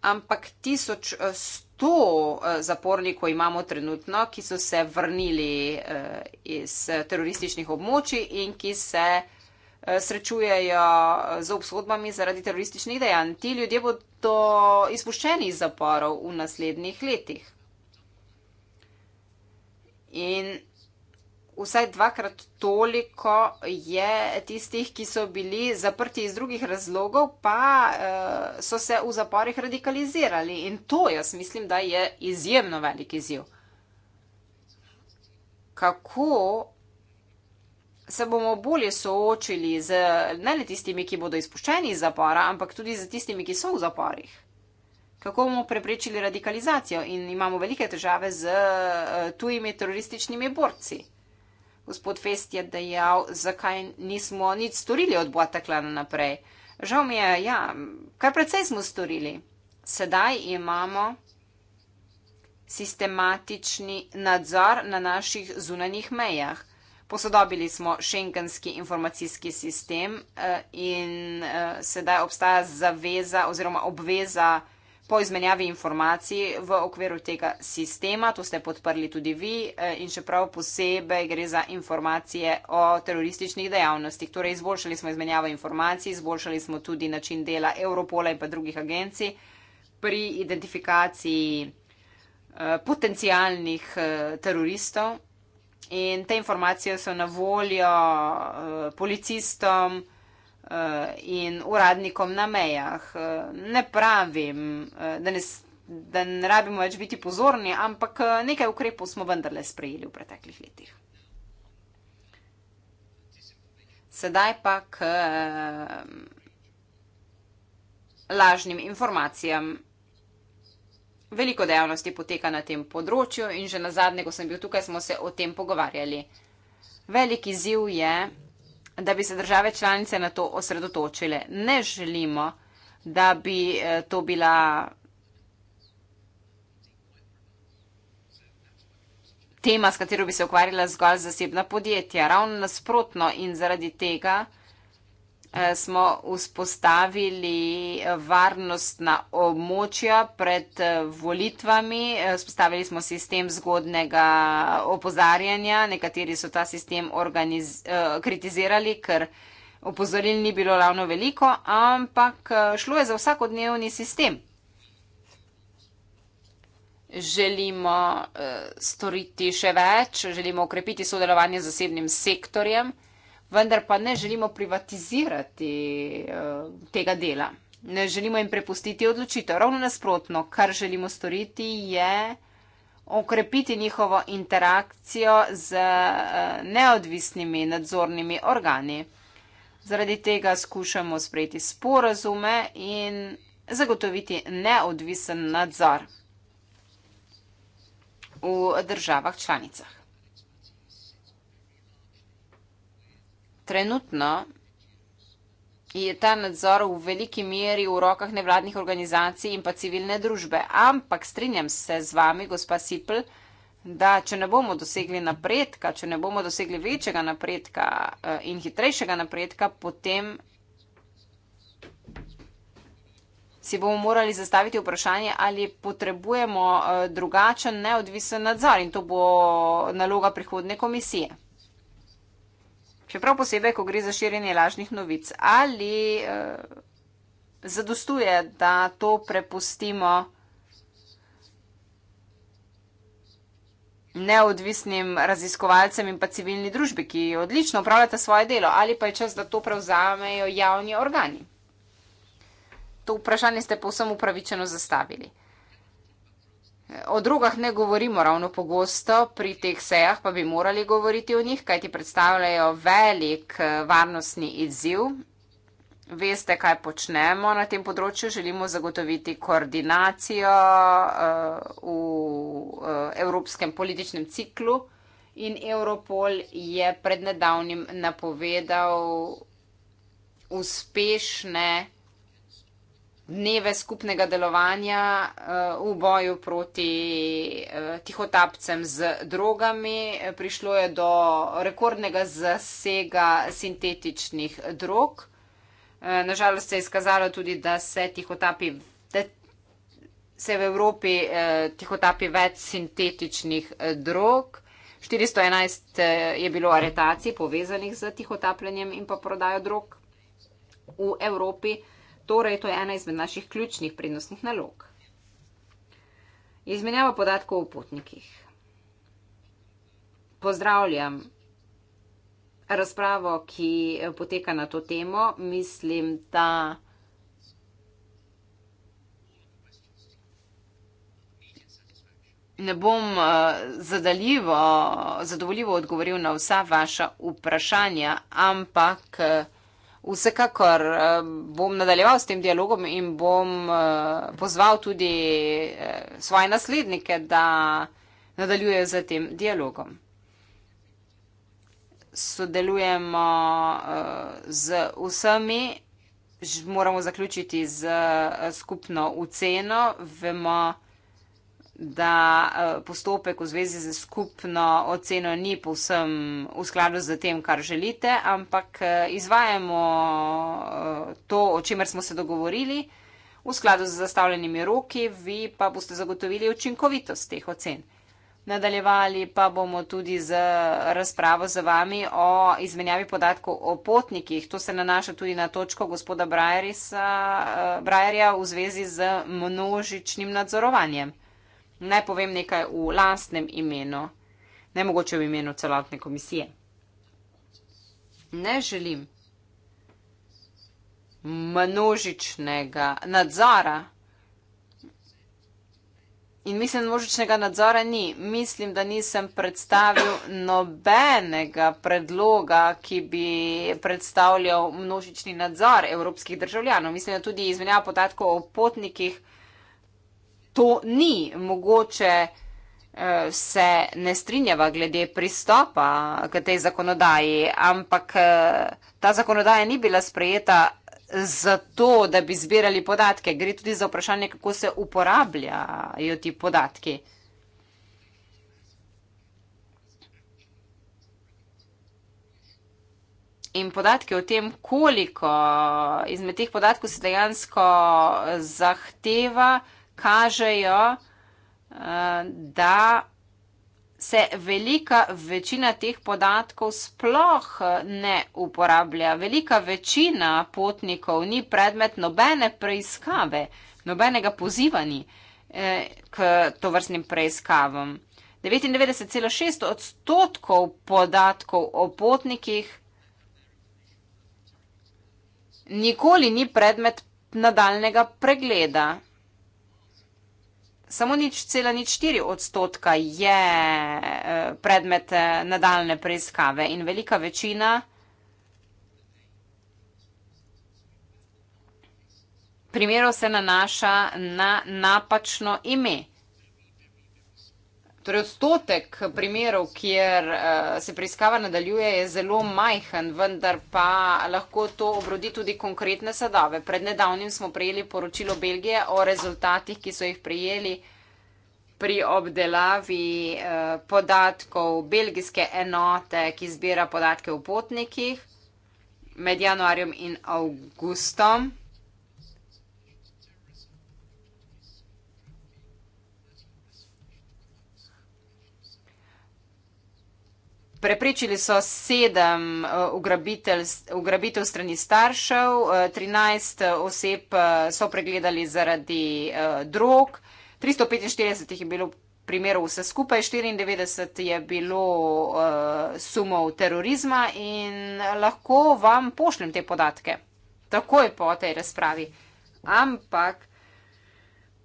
ampak 1100 eh, eh, zapornikov imamo trenutno, ki so se vrnili eh, iz terorističnih območij in ki se srečujejo z obsodbami zaradi terorističnih dejanj. Ti ljudje bodo izpuščeni iz zaporov v naslednjih letih. In vsaj dvakrat toliko je tistih, ki so bili zaprti iz drugih razlogov, pa uh, so se v zaporih radikalizirali. In to jaz mislim, da je izjemno velik izziv. Kako se bomo bolje soočili z ne le tistimi, ki bodo izpuščeni iz zapora, ampak tudi z tistimi, ki so v zaporih. Kako bomo preprečili radikalizacijo in imamo velike težave z uh, tujimi terorističnimi borci. Gospod Fest je dejal, zakaj nismo nič storili od Bataklana naprej. Žal mi je, ja, kar precej smo storili. Sedaj imamo sistematični nadzor na naših zunanjih mejah. Posodobili smo šengenski informacijski sistem eh, in eh, sedaj obstaja zaveza oziroma obveza, po izmenjavi informacij v okviru tega sistema. To ste podprli tudi vi eh, in še prav posebej gre za informacije o terorističnih dejavnostih. Torej, izboljšali smo izmenjavo informacij, izboljšali smo tudi način dela Europola in pa drugih agencij pri identifikaciji eh, potencijalnih eh, teroristov. In te informacije so na voljo policistom, Eh, in uradnikom na mejah. Eh, ne pravim, eh, da ne, da ne rabimo več biti pozorni, ampak nekaj ukrepov smo vendarle sprejeli v preteklih letih. Sedaj pa k lažnim informacijam. Veliko dejavnosti poteka na tem področju in že na zadnje, ko sem bil tukaj, smo se o tem pogovarjali. Veliki ziv je, da bi se države članice na to osredotočile. Ne želimo, da bi eh, to bila tema, s katero bi se ukvarjala zgolj zasebna podjetja. Ravno nasprotno in zaradi tega, Eh, smo vzpostavili eh, varnostna območja pred eh, volitvami, vzpostavili smo sistem zgodnega opozarjanja, nekateri so ta sistem kritizirali, ker opozoril ni bilo ravno veliko, ampak šlo je za vsakodnevni sistem. Želimo storiti še več, želimo ukrepiti sodelovanje z zasebnim sektorjem vendar pa ne želimo privatizirati eh, tega dela. Ne želimo jim prepustiti odločitev. Ravno nasprotno, kar želimo storiti, je okrepiti njihovo interakcijo z eh, neodvisnimi nadzornimi organi. Zaradi tega skušamo sprejeti sporazume in zagotoviti neodvisen nadzor v državah članicah. Trenutno je ta nadzor v veliki meri v rokah nevladnih organizacij in pa civilne družbe. Ampak strinjam se z vami, gospa Sipl, da če ne bomo dosegli napredka, če ne bomo dosegli večjega napredka eh, in hitrejšega napredka, potem si bomo morali zastaviti vprašanje, ali potrebujemo eh, drugačen neodvisen nadzor in to bo naloga prihodne komisije. Še prav posebej, ko gre za širjenje lažnih novic. Ali uh, zadostuje, da to prepustimo neodvisnim raziskovalcem in pa civilni družbi, ki odlično upravljata svoje delo, ali pa je čas, da to prevzamejo javni organi? To vprašanje ste povsem upravičeno zastavili. O drogah ne govorimo ravno pogosto, pri teh sejah pa bi morali govoriti o njih, kajti predstavljajo velik eh, varnostni izziv. Veste, kaj počnemo na tem področju. Želimo zagotoviti koordinacijo uh, v uh, evropskem političnem ciklu in Europol je pred nedavnim napovedal uspešne dneve skupnega delovanja uh, v boju proti uh, tihotapcem z drogami. Prišlo je do rekordnega zasega sintetičnih drog. Uh, eh, nažalost se je izkazalo tudi, da se tihotapi. Se v Evropi eh, tihotapi več sintetičnih eh, drog, 411 eh, je bilo aretacij povezanih z tihotapljenjem in pa prodajo drog v Evropi. Eh, Torej, to je ena izmed naših ključnih prednostnih nalog. Izmenjava podatkov o potnikih. Pozdravljam razpravo, ki poteka na to temo. Mislim, da ne bom eh, zadovoljivo odgovoril na vsa vaša vprašanja, ampak... Eh, Vsekakor eh, bom nadaljeval s tem dialogom in bom eh, pozval tudi eh, svoje naslednike, da nadaljujejo z tem dialogom. Sodelujemo z vsemi, moramo zaključiti z skupno oceno, vemo, da eh, postopek v zvezi z skupno oceno ni povsem v skladu z tem, kar želite, ampak eh, izvajamo eh, to, o čemer smo se dogovorili, v skladu z zastavljenimi roki, vi pa boste zagotovili učinkovitost teh ocen. Nadaljevali pa bomo tudi z razpravo z vami o izmenjavi podatkov o potnikih. To se nanaša tudi na točko gospoda Brajerja v zvezi z množičnim nadzorovanjem. Naj povem nekaj v lastnem imenu, ne mogoče v imenu celotne komisije. Ne želim množičnega nadzora. In mislim, da množičnega nadzora ni. Mislim, da nisem predstavil nobenega predloga, ki bi predstavljal množični nadzor evropskih državljanov. Mislim, da tudi izmenjava podatkov o potnikih to ni. Mogoče eh, se ne strinjava glede pristopa k tej zakonodaji, ampak eh, ta zakonodaja ni bila sprejeta zato, da bi zbirali podatke. Gre tudi za vprašanje, kako se uporabljajo ti podatki. In podatke o tem, koliko izmed teh podatkov se dejansko zahteva, uh, kažejo, eh, da se velika večina teh podatkov sploh eh, ne uporablja. Velika večina potnikov ni predmet nobene preiskave, nobenega pozivanja eh, k tovrstnim preiskavam. 99,6 odstotkov podatkov o potnikih nikoli ni predmet nadaljnega pregleda samo nič cela nič štiri odstotka je eh, predmet eh, nadaljne preiskave in velika večina primerov se nanaša na napačno ime. Torej, odstotek primerov, kjer uh, se preiskava nadaljuje, je zelo majhen, vendar pa lahko to obrodi tudi konkretne sadove. Pred nedavnim smo prejeli poročilo Belgije o rezultatih, ki so jih prejeli pri obdelavi uh, podatkov belgijske enote, ki zbira podatke o potnikih med januarjem in avgustom Preprečili so sedem eh, ugrabitev strani staršev, 13 eh, eh, oseb so pregledali zaradi drog, 345 jih je bilo primerov vse skupaj, 94 je bilo sumov terorizma in lahko vam pošljem te podatke takoj po tej razpravi. Ampak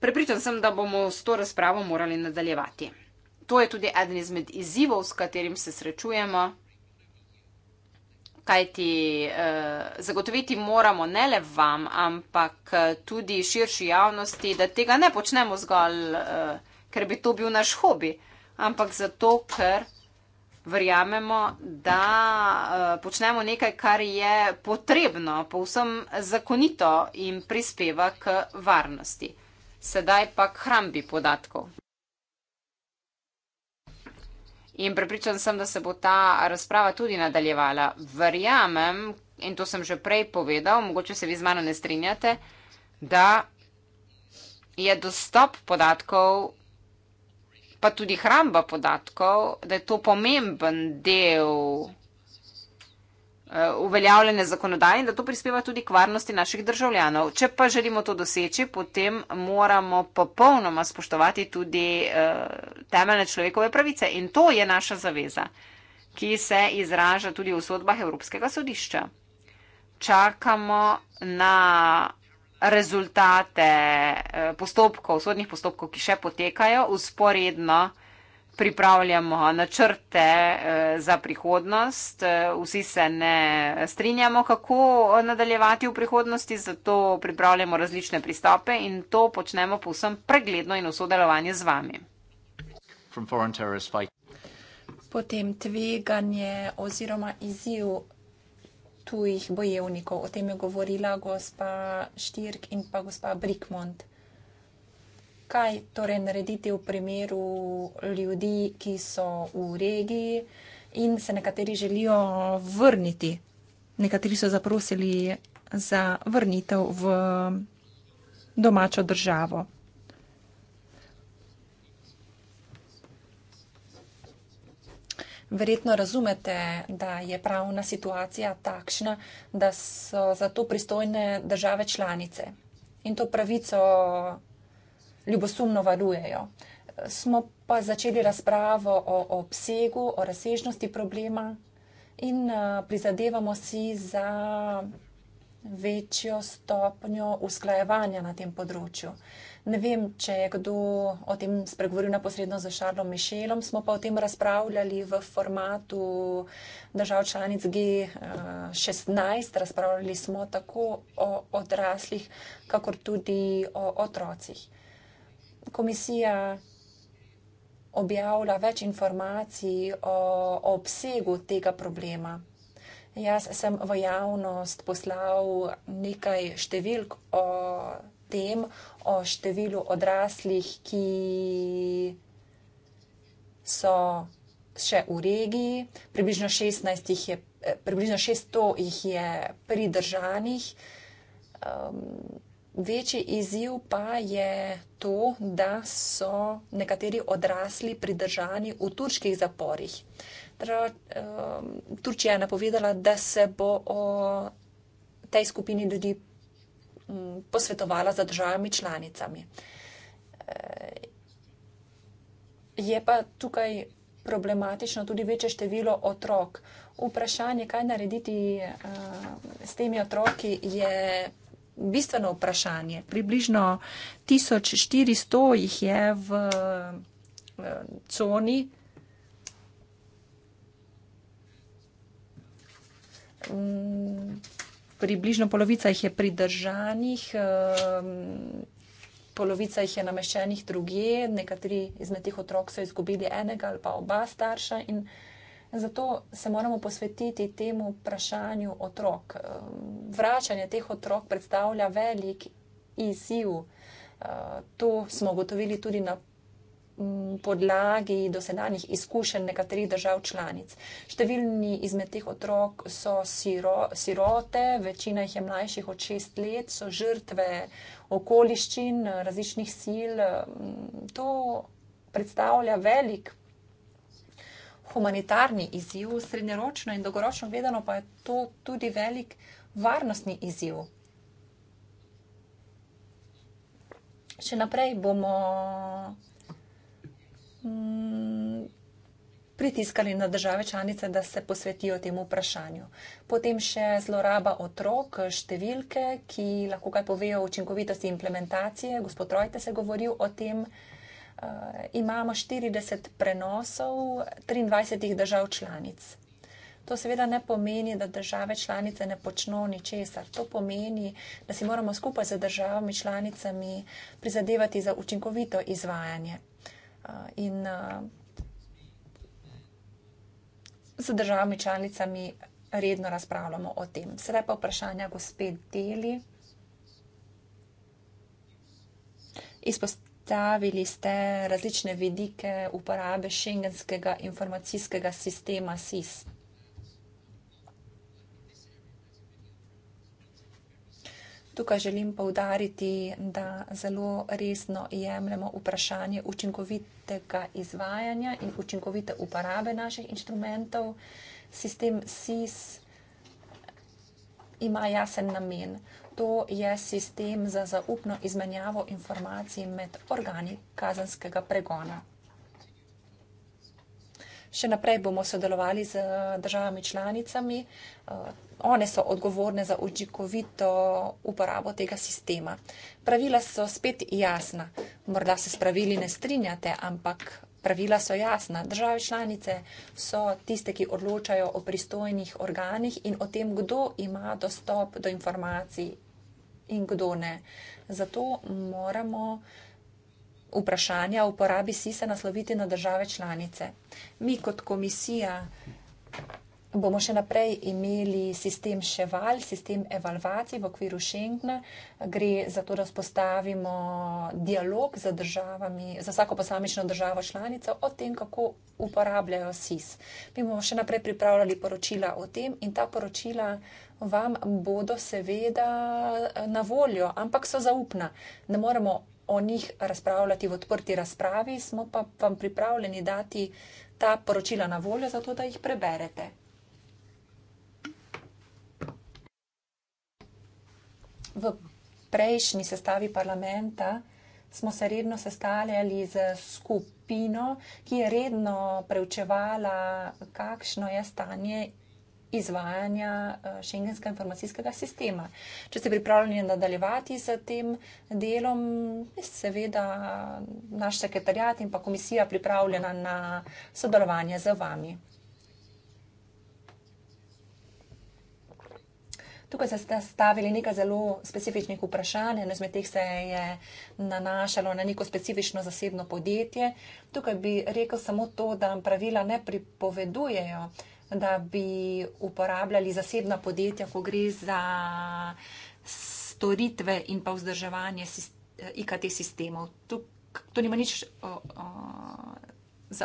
prepričan sem, da bomo s to razpravo morali nadaljevati to je tudi eden izmed izzivov, s katerim se srečujemo. Kajti eh, zagotoviti moramo ne le vam, ampak eh, tudi širši javnosti, da tega ne počnemo zgolj, eh, ker bi to bil naš hobi, ampak zato, ker verjamemo, da eh, počnemo nekaj, kar je potrebno, povsem zakonito in prispeva k varnosti. Sedaj pa k hrambi podatkov in prepričan sem, da se bo ta razprava tudi nadaljevala. Verjamem, in to sem že prej povedal, mogoče se vi z mano ne strinjate, da je dostop podatkov, pa tudi hramba podatkov, da je to pomemben del Eh, uveljavljene zakonodaje in da to prispeva tudi k varnosti naših državljanov. Če pa želimo to doseči, potem moramo popolnoma spoštovati tudi eh, temeljne človekove pravice in to je naša zaveza, ki se izraža tudi v sodbah Evropskega sodišča. Čakamo na rezultate eh, postopkov, sodnih postopkov, ki še potekajo usporedno pripravljamo načrte eh, za prihodnost. Eh, vsi se ne strinjamo, kako nadaljevati v prihodnosti, zato pripravljamo različne pristope in to počnemo povsem pregledno in v sodelovanju z vami. Potem tveganje oziroma izziv tujih bojevnikov. O tem je govorila gospa Štirk in pa gospa Brikmont kaj torej narediti v primeru ljudi, ki so v regiji in se nekateri želijo vrniti. Nekateri so zaprosili za vrnitev v domačo državo. Verjetno razumete, da je pravna situacija takšna, da so za to pristojne države članice in to pravico ljubosumno varujejo. Smo pa začeli razpravo o, o obsegu, o razsežnosti problema in eh, prizadevamo si za večjo stopnjo usklajevanja na tem področju. Ne vem, če je kdo o tem spregovoril neposredno z Šarlom Mišelom, smo pa o tem razpravljali v formatu držav članic G16. Eh, razpravljali smo tako o odraslih, kakor tudi o otrocih komisija objavila več informacij o, o obsegu tega problema. Jaz sem v javnost poslal nekaj številk o tem, o številu odraslih, ki so še v regiji. Približno, jih je, eh, približno 600 jih je pridržanih. Um, Večji izziv pa je to, da so nekateri odrasli pridržani v turških zaporih. Um, Turčija je napovedala, da se bo o tej skupini ljudi mm, posvetovala z državami članicami. Eh, je pa tukaj problematično tudi večje število otrok. Vprašanje, kaj narediti uh, s temi otroki, je bistveno vprašanje. Približno 1400 jih je v eh, coni. Mm, približno polovica jih je pridržanih, eh, polovica jih je nameščenih drugje, nekateri izmed teh otrok so izgubili enega ali pa oba starša in Zato se moramo posvetiti temu vprašanju otrok. Eh, vračanje teh otrok predstavlja velik izziv. Eh, to smo gotovili tudi na mm, podlagi dosedanjih izkušenj nekaterih držav članic. Številni izmed teh otrok so siro, sirote, večina jih je mlajših od šest let, so žrtve okoliščin, različnih sil. Eh, to predstavlja velik humanitarni izziv, srednjeročno in dolgoročno gledano pa je to tudi velik varnostni izziv. Še naprej bomo mm, pritiskali na države članice, da se posvetijo temu vprašanju. Potem še zloraba otrok, številke, ki lahko kaj povejo o učinkovitosti implementacije. Gospod Trojte se je govoril o tem, da Eh, imamo 40 prenosov 23 držav članic. To seveda ne pomeni, da države članice ne počno ničesar. To pomeni, da si moramo skupaj z državami članicami prizadevati za učinkovito izvajanje. Eh, in eh, z državami članicami redno razpravljamo o tem. Sedaj pa vprašanja gospod Deli. Izpost predstavili ste različne vidike uporabe šengenskega informacijskega sistema SIS. Tukaj želim povdariti, da zelo resno jemljamo vprašanje učinkovitega izvajanja in učinkovite uporabe naših inštrumentov. Sistem SIS ima jasen namen to je sistem za zaupno izmenjavo informacij med organi kazanskega pregona. Še naprej bomo sodelovali z državami članicami. Eh, one so odgovorne za učinkovito uporabo tega sistema. Pravila so spet jasna. Morda se s pravili ne strinjate, ampak pravila so jasna. Države članice so tiste, ki odločajo o pristojnih organih in o tem, kdo ima dostop do informacij in kdo ne. Zato moramo vprašanja o uporabi SIS-a nasloviti na države članice. Mi kot komisija bomo še naprej imeli sistem ševal, sistem evalvacij v okviru Schengna. Gre za to, da spostavimo dialog z državami, za vsako posamično državo članico o tem, kako uporabljajo SIS. Mi bomo še naprej pripravljali poročila o tem in ta poročila vam bodo seveda eh, na voljo, ampak so zaupna. Ne moremo o njih razpravljati v odprti razpravi, smo pa vam pripravljeni dati ta poročila na voljo, zato da jih preberete. v prejšnji sestavi parlamenta smo se redno sestavljali z skupino, ki je redno preučevala, kakšno je stanje izvajanja eh, šengenska informacijskega sistema. Če ste pripravljeni nadaljevati z tem delom, je seveda naš sekretarjat in pa komisija pripravljena na sodelovanje z vami. Tukaj ste stavili nekaj zelo specifičnih vprašanj, eno izmed teh se je nanašalo na neko specifično zasebno podjetje. Tukaj bi rekel samo to, da pravila ne pripovedujejo, da bi uporabljali zasebna podjetja, ko gre za storitve in pa vzdrževanje IKT sistemov. To nima nič. Za,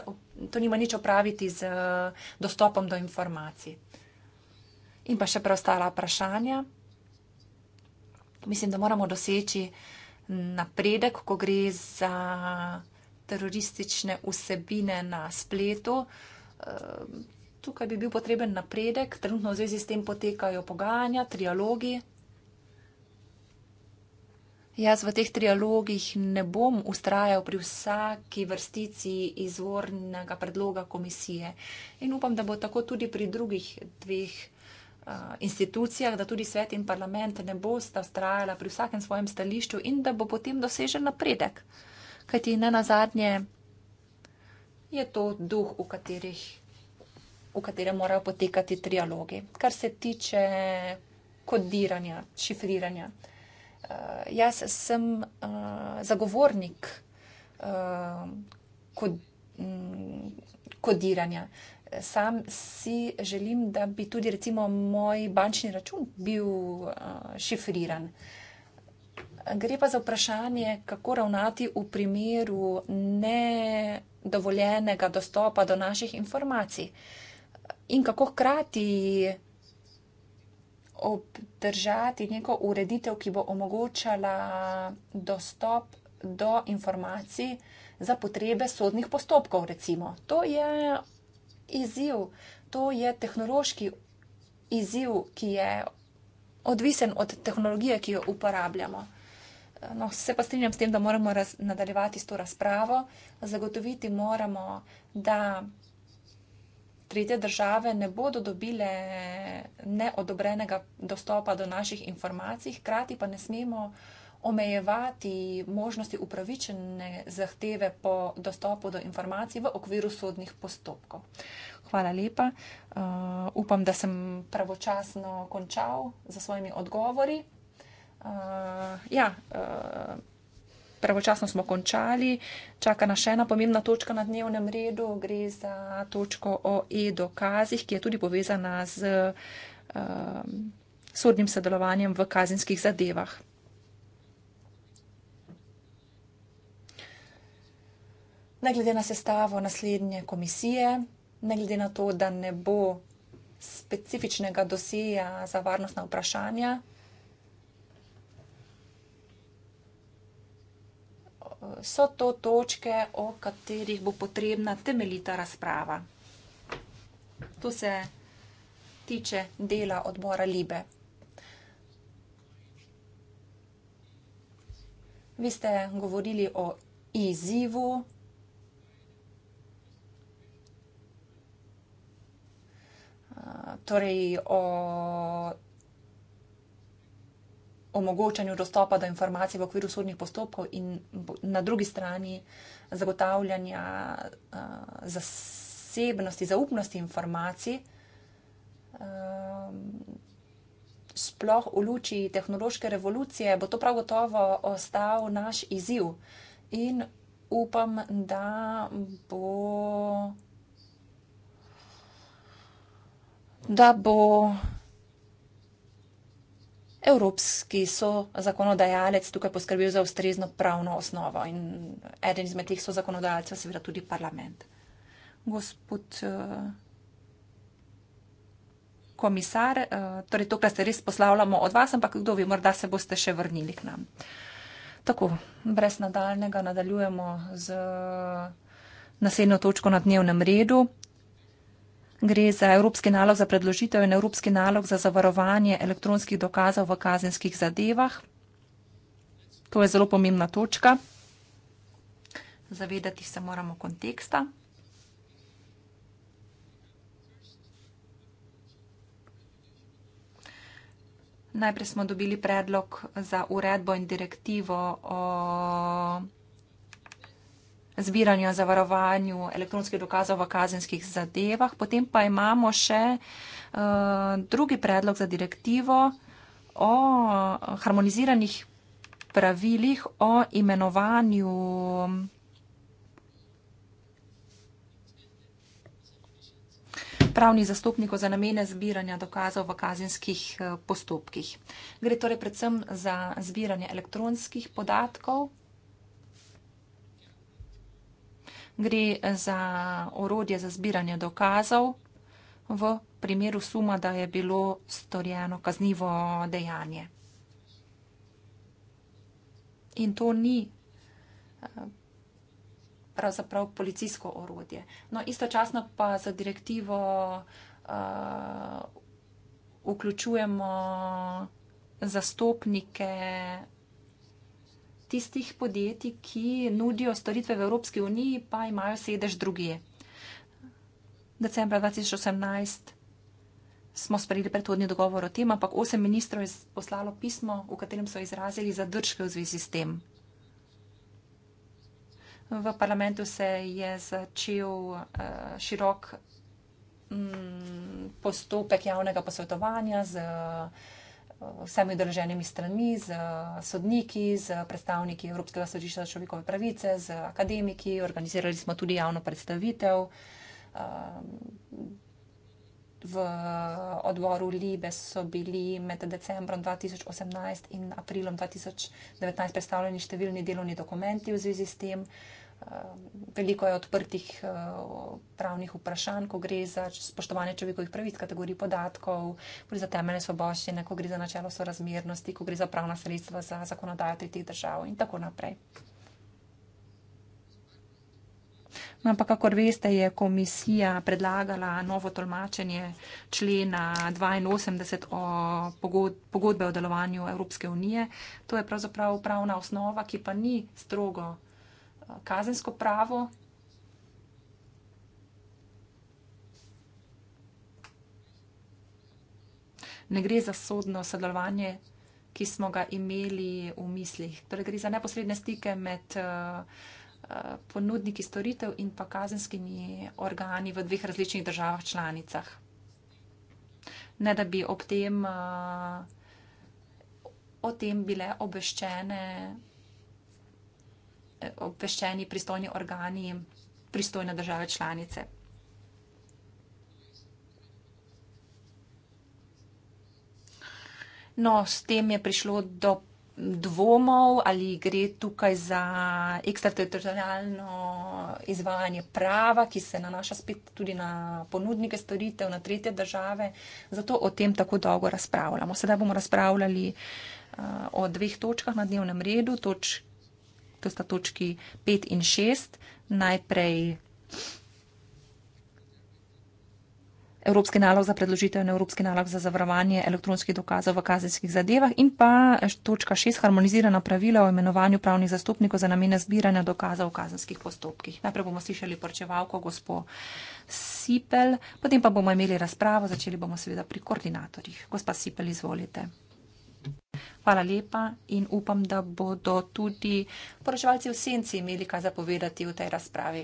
to nima nič opraviti z dostopom do informacij in pa še preostala vprašanja. Mislim, da moramo doseči napredek, ko gre za teroristične vsebine na spletu. Eh, tukaj bi bil potreben napredek, trenutno v zvezi s tem potekajo pogajanja, trialogi. Jaz v teh trialogih ne bom ustrajal pri vsaki vrstici izvornega predloga komisije in upam, da bo tako tudi pri drugih dveh Eh, institucijah, da tudi svet in parlament ne bosta ustrajala pri vsakem svojem stališču in da bo potem dosežen napredek. Kajti ne na zadnje je to duh, v, katerih, v katerem morajo potekati trialogi. Kar se tiče kodiranja, šifriranja. Uh, jaz sem uh, zagovornik uh, kod, um, kodiranja sam si želim, da bi tudi recimo moj bančni račun bil eh, šifriran. Gre pa za vprašanje, kako ravnati v primeru nedovoljenega dostopa do naših informacij in kako hkrati obdržati neko ureditev, ki bo omogočala dostop do informacij za potrebe sodnih postopkov, recimo. To je izziv, to je tehnološki izziv, ki je odvisen od tehnologije, ki jo uporabljamo. No, se pa strinjam s tem, da moramo nadaljevati s to razpravo. Zagotoviti moramo, da tretje države ne bodo dobile neodobrenega dostopa do naših informacij, hkrati pa ne smemo omejevati možnosti upravičene zahteve po dostopu do informacij v okviru sodnih postopkov. Hvala lepa. Uh, upam, da sem pravočasno končal za svojimi odgovori. Uh, ja, uh, pravočasno smo končali. Čaka nas še ena pomembna točka na dnevnem redu. Gre za točko o e-dokazih, ki je tudi povezana z uh, sodnim sodelovanjem v kazenskih zadevah. ne glede na sestavo naslednje komisije, ne glede na to, da ne bo specifičnega dosija za varnostna vprašanja. So to točke, o katerih bo potrebna temeljita razprava. To se tiče dela odbora Libe. Vi ste govorili o izzivu, torej o omogočanju dostopa do informacij v okviru sodnih postopkov in na drugi strani zagotavljanja zasebnosti, zaupnosti informacij, sploh v luči tehnološke revolucije, bo to prav gotovo ostal naš izziv. In upam, da bo. da bo evropski so zakonodajalec tukaj poskrbel za ustrezno pravno osnovo in eden izmed teh so zakonodajalcev seveda tudi parlament. Gospod eh, komisar, eh, torej tokrat se res poslavljamo od vas, ampak kdo ve, morda se boste še vrnili k nam. Tako, brez nadaljnega nadaljujemo z eh, naslednjo točko na dnevnem redu. Gre za evropski nalog za predložitev in evropski nalog za zavarovanje elektronskih dokazov v kazenskih zadevah. To je zelo pomembna točka. Zavedati se moramo konteksta. Najprej smo dobili predlog za uredbo in direktivo o zbiranju, zavarovanju elektronskih dokazov v kazenskih zadevah. Potem pa imamo še uh, drugi predlog za direktivo o harmoniziranih pravilih o imenovanju. pravnih zastopnikov za namene zbiranja dokazov v kazenskih eh, postopkih. Gre torej predvsem za zbiranje elektronskih podatkov gre za orodje za zbiranje dokazov v primeru suma, da je bilo storjeno kaznivo dejanje. In to ni eh, pravzaprav policijsko orodje. No, istočasno pa za direktivo uh, vključujemo zastopnike tistih podjetij, ki nudijo storitve v Evropski uniji, pa imajo sedež druge. Decembra 2018 smo sprejeli predhodni dogovor o tem, ampak osem ministrov je poslalo pismo, v katerem so izrazili zadržke v zvezi s tem. V parlamentu se je začel uh, širok um, postopek javnega posvetovanja z. Uh, vsemi udeleženimi stranmi, z eh, sodniki, z predstavniki Evropskega sodišča za človekove pravice, z akademiki. Organizirali smo tudi javno predstavitev. Eh, v odboru Libe so bili med decembrom 2018 in aprilom 2019 predstavljeni številni delovni dokumenti v zvezi s tem. Uh, veliko je odprtih eh, pravnih vprašanj, ko gre za spoštovanje človekovih pravic, kategorij podatkov, tudi za temeljne svoboščine, ko gre za načelo sorazmernosti, ko gre za pravna sredstva, za zakonodajo tretjih držav in tako naprej. No, ampak, kakor veste, je komisija predlagala novo tolmačenje člena 82 o pogodbe o delovanju Evropske unije. To je pravzaprav pravna osnova, ki pa ni strogo kazensko pravo. Ne gre za sodno sodelovanje, ki smo ga imeli v mislih. Torej gre za neposredne stike med eh, eh, ponudniki storitev in pa kazenskimi organi v dveh različnih državah članicah. Ne da bi ob tem, eh, o tem bile obveščene obveščeni pristojni organi in pristojne države članice. No, s tem je prišlo do dvomov, ali gre tukaj za ekstrateritorijalno izvajanje prava, ki se nanaša spet tudi na ponudnike storitev, na tretje države. Zato o tem tako dolgo razpravljamo. Sedaj bomo razpravljali uh, o dveh točkah na dnevnem redu. Točk to sta točki 5 in 6. Najprej Evropski nalog za predložitev in Evropski nalog za zavarovanje elektronskih dokazov v kazenskih zadevah in pa točka 6 harmonizirana pravila o imenovanju pravnih zastopnikov za namene zbiranja dokazov v kazenskih postopkih. Najprej bomo slišali porčevalko gospo Sipel, potem pa bomo imeli razpravo, začeli bomo seveda pri koordinatorjih. Gospa Sipel, izvolite. Hvala lepa in upam, da bodo tudi poročevalci v senci imeli kaj zapovedati v tej razpravi.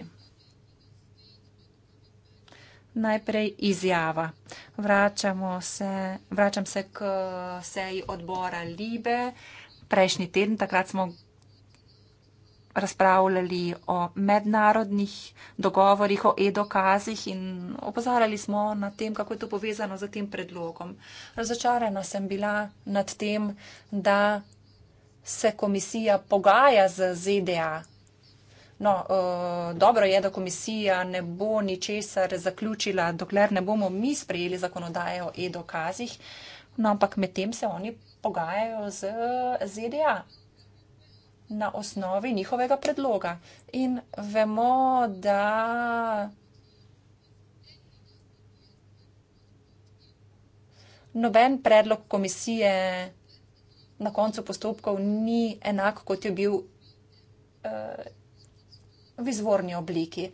Najprej izjava. Vračamo se, vračam se k seji odbora Libe. Prejšnji teden, takrat smo razpravljali o mednarodnih dogovorih, o e-dokazih in opozarjali smo na tem, kako je to povezano z tem predlogom. Razočarana sem bila nad tem, da se komisija pogaja z ZDA. No, eh, dobro je, da komisija ne bo ničesar zaključila, dokler ne bomo mi sprejeli zakonodaje o e-dokazih, no, ampak medtem se oni pogajajo z ZDA na osnovi njihovega predloga. In vemo, da noben predlog komisije na koncu postopkov ni enak, kot je bil eh, v izvorni obliki.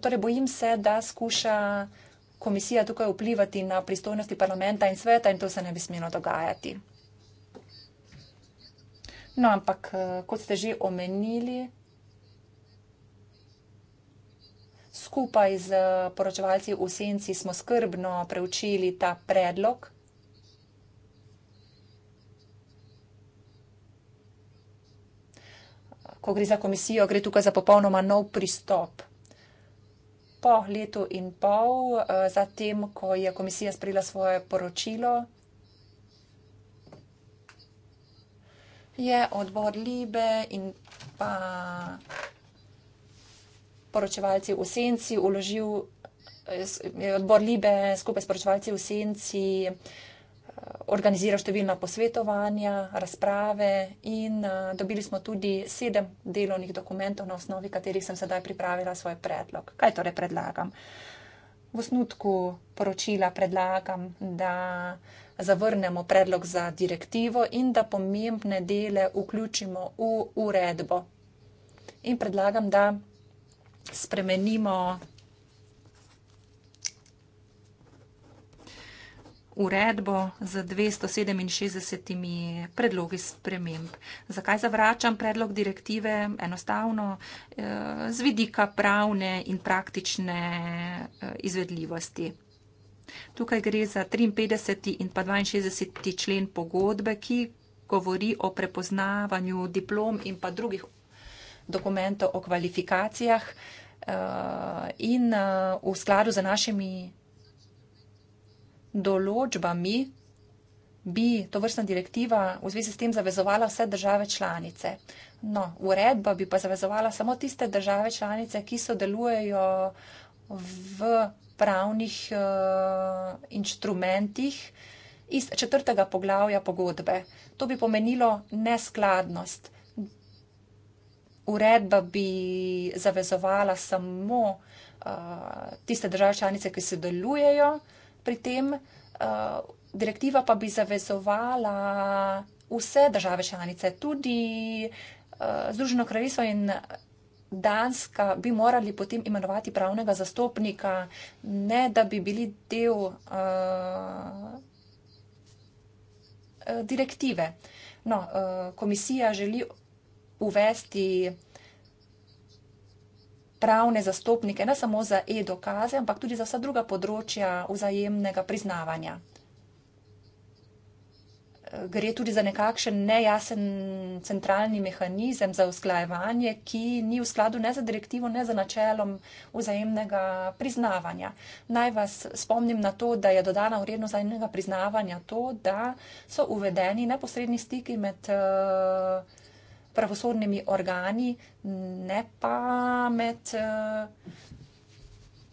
Torej, bojim se, da skuša komisija tukaj vplivati na pristojnosti parlamenta in sveta in to se ne bi smelo dogajati. No, ampak eh, kot ste že omenili, skupaj z eh, poročevalci v senci smo skrbno preučili ta predlog. Ko gre za komisijo, gre tukaj za popolnoma nov pristop. Po letu in pol, eh, zatem, ko je komisija sprejela svoje poročilo, je odbor Libe in pa poročevalci v Senci uložil, je odbor Libe skupaj s poročevalci v Senci eh, organiziral številna posvetovanja, razprave in eh, dobili smo tudi sedem delovnih dokumentov, na osnovi katerih sem sedaj pripravila svoj predlog. Kaj torej predlagam? V osnutku poročila predlagam, da zavrnemo predlog za direktivo in da pomembne dele vključimo v uredbo. In predlagam, da spremenimo uredbo z 267 predlogi sprememb. Zakaj zavračam predlog direktive? Enostavno eh, z vidika pravne in praktične eh, izvedljivosti. Tukaj gre za 53. in pa 62. člen pogodbe, ki govori o prepoznavanju diplom in pa drugih dokumentov o kvalifikacijah eh, in eh, v skladu z našimi določbami bi to vrstna direktiva v zvezi s tem zavezovala vse države članice. No, uredba bi pa zavezovala samo tiste države članice, ki sodelujejo v pravnih uh, inštrumentih iz četrtega poglavja pogodbe. To bi pomenilo neskladnost. Uredba bi zavezovala samo uh, tiste države članice, ki sodelujejo pri tem, uh, direktiva pa bi zavezovala vse države članice, tudi uh, Združeno kraljestvo in Danska bi morali potem imenovati pravnega zastopnika, ne da bi bili del uh, direktive. No, uh, komisija želi uvesti pravne zastopnike ne samo za e-dokaze, ampak tudi za vsa druga področja vzajemnega priznavanja gre tudi za nekakšen nejasen centralni mehanizem za usklajevanje, ki ni v skladu ne za direktivo, ne za načelom vzajemnega priznavanja. Naj vas spomnim na to, da je dodana vrednost vzajemnega priznavanja to, da so uvedeni neposredni stiki med eh, pravosodnimi organi, ne pa med eh,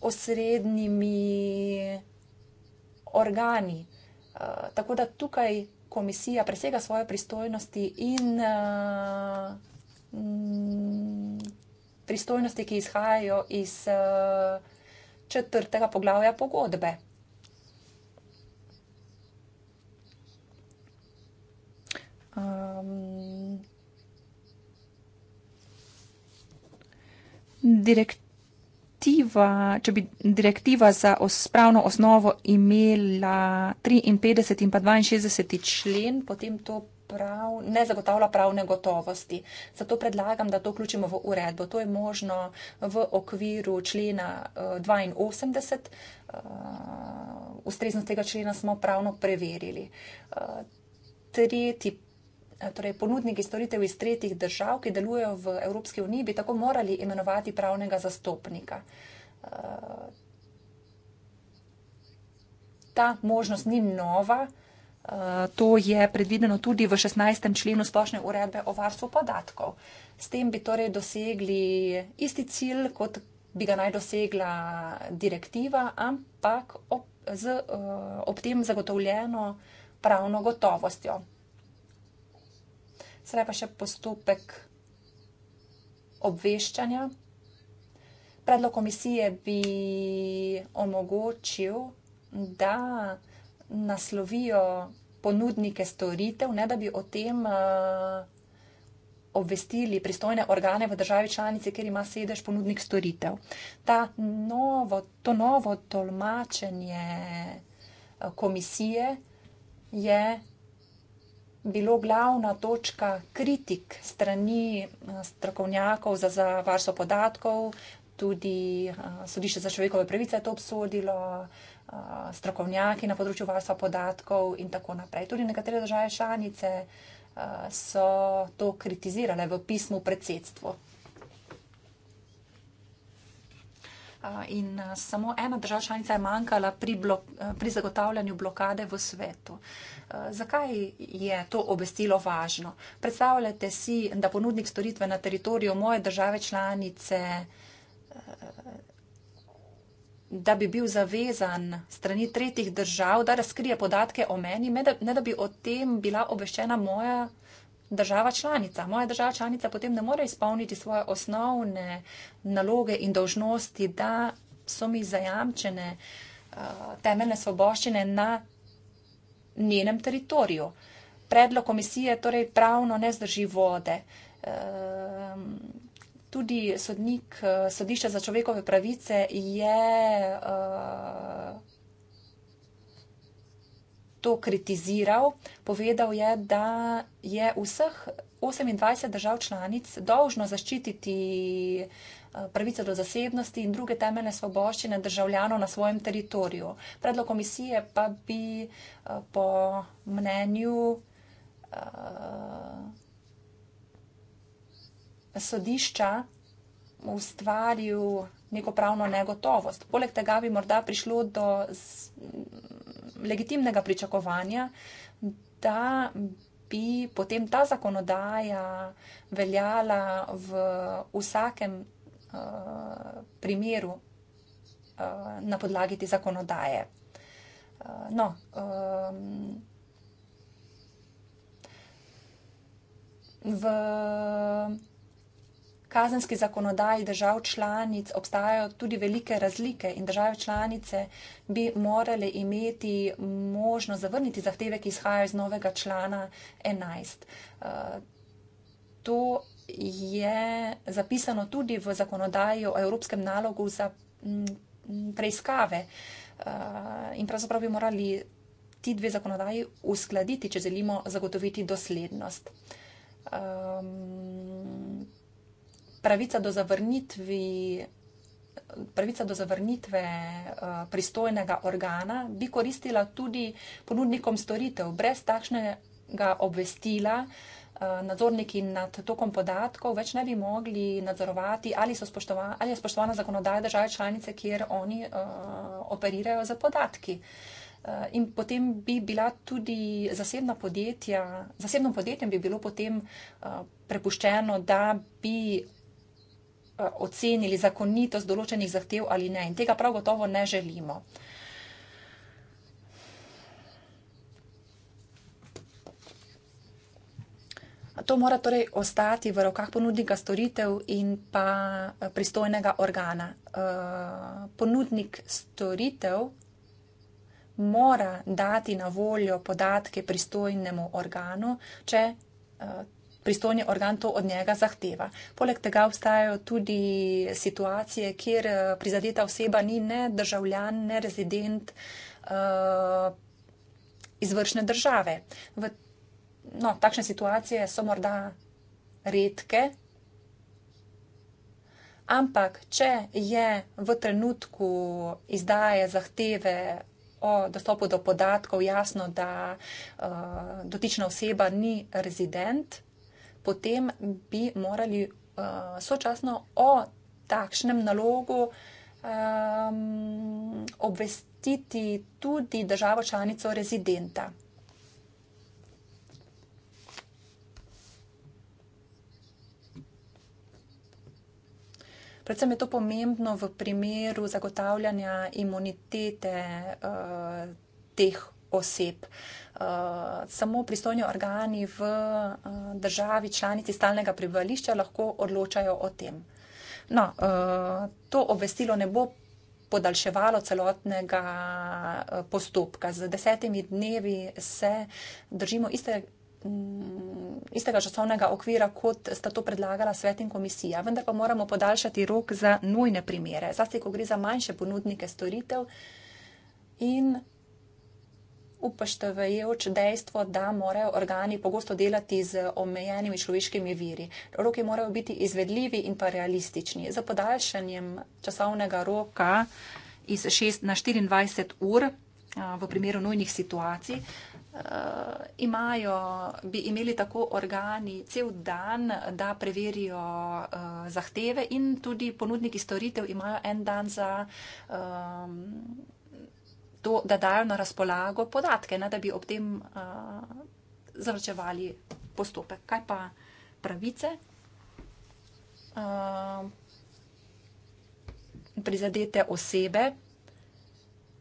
osrednjimi organi. Eh, tako da tukaj komisija presega svoje pristojnosti in uh, pristojnosti, ki izhajajo iz uh, četrtega poglavja pogodbe. Um, direkt, direktiva, če bi direktiva za spravno osnovo imela 53 in pa 62 člen, potem to prav, ne zagotavlja pravne gotovosti. Zato predlagam, da to vključimo v uredbo. To je možno v okviru člena 82. Eh, eh, ustreznost tega člena smo pravno preverili. Eh, tretji Eh, torej ponudniki storitev iz tretjih držav, ki delujejo v Evropski uniji, bi tako morali imenovati pravnega zastopnika. Eh, ta možnost ni nova, eh, to je predvideno tudi v 16. členu splošne uredbe o varstvu podatkov. S tem bi torej dosegli isti cilj, kot bi ga naj dosegla direktiva, ampak ob, z, ob tem zagotovljeno pravno gotovostjo. Sedaj pa še postopek obveščanja. Predlog komisije bi omogočil, da naslovijo ponudnike storitev, ne da bi o tem eh, obvestili pristojne organe v državi članici, kjer ima sedež ponudnik storitev. Novo, to novo tolmačenje eh, komisije je bilo glavna točka kritik strani eh, strokovnjakov za, za varstvo podatkov, tudi eh, sodišče za človekove pravice je to obsodilo, eh, strokovnjaki na področju varstva podatkov in tako naprej. Tudi nekatere države članice so to kritizirale v pismu predsedstvu. in samo ena država članica je manjkala pri, blok, pri zagotavljanju blokade v svetu. Zakaj je to obvestilo važno? Predstavljate si, da ponudnik storitve na teritoriju moje države članice, da bi bil zavezan strani tretjih držav, da razkrije podatke o meni, ne da, ne da bi o tem bila obveščena moja država članica. Moja država članica potem ne more izpolniti svoje osnovne naloge in dožnosti, da so mi zajamčene temeljne svoboščine na njenem teritoriju. Predlog komisije torej pravno ne zdrži vode. Tudi sodnik sodišča za človekove pravice je to kritiziral. Povedal je, da je vseh 28 držav članic dolžno zaščititi eh, pravice do zasebnosti in druge temeljne svoboščine državljanov na svojem teritoriju. Predlog komisije pa bi eh, po mnenju eh, sodišča ustvaril neko pravno negotovost. Poleg tega bi morda prišlo do legitimnega pričakovanja, da bi potem ta zakonodaja veljala v vsakem uh, primeru uh, na podlagi te zakonodaje. Uh, no, um, V kazenski zakonodaji držav članic obstajajo tudi velike razlike in države članice bi morale imeti možnost zavrniti zahteve, ki izhajajo iz novega člana 11. Eh, to je zapisano tudi v zakonodaji o evropskem nalogu za preiskave eh, in pravzaprav bi morali ti dve zakonodaji uskladiti, če želimo zagotoviti doslednost. Ehm, pravica do zavrnitvi. Pravica do zavrnitve uh, pristojnega organa bi koristila tudi ponudnikom storitev. Brez takšnega obvestila uh, nadzorniki nad tokom podatkov več ne bi mogli nadzorovati, ali, ali je spoštovana zakonodaja države članice, kjer oni uh, operirajo z podatki. In potem bi bila tudi zasebna podjetja, zasebnom podjetjem bi bilo potem uh, prepuščeno, da bi Eh, ocenili zakonitost določenih zahtev ali ne. In tega prav gotovo ne želimo. To mora torej ostati v rokah ponudnika storitev in pa eh, pristojnega organa. Eh, ponudnik storitev mora dati na voljo podatke pristojnemu organu, če pristojni organ to od njega zahteva. Poleg tega obstajajo tudi situacije, kjer eh, prizadeta oseba ni ne državljan, ne rezident eh, izvršne države. V, no, takšne situacije so morda redke. Ampak, če je v trenutku izdaje zahteve o dostopu do podatkov jasno, da uh, dotična oseba ni rezident, potem bi morali uh, sočasno o takšnem nalogu um, obvestiti tudi državo članico rezidenta. Predvsem je to pomembno v primeru zagotavljanja imunitete uh, teh oseb. Uh, uh, samo pristojni organi v uh, državi članici stalnega prebivališča lahko odločajo o tem. No, uh, to obvestilo ne bo. Podaljševalo celotnega postopka. Z desetimi dnevi se držimo iste, mm, istega časovnega okvira, kot sta to predlagala svet in komisija. Vendar pa moramo podaljšati rok za nujne primere, zlasti, ko gre za manjše ponudnike storitev in upoštevajoč dejstvo, da morajo organi pogosto delati z omejenimi človeškimi viri. Roki morajo biti izvedljivi in pa realistični. Za podaljšanjem časovnega roka iz 6 na 24 ur v primeru nujnih situacij imajo, bi imeli tako organi cel dan, da preverijo zahteve in tudi ponudniki storitev imajo en dan za to, da dajo na razpolago podatke, ne, da bi ob tem uh, zavrčevali postopek. Kaj pa pravice uh, prizadete osebe?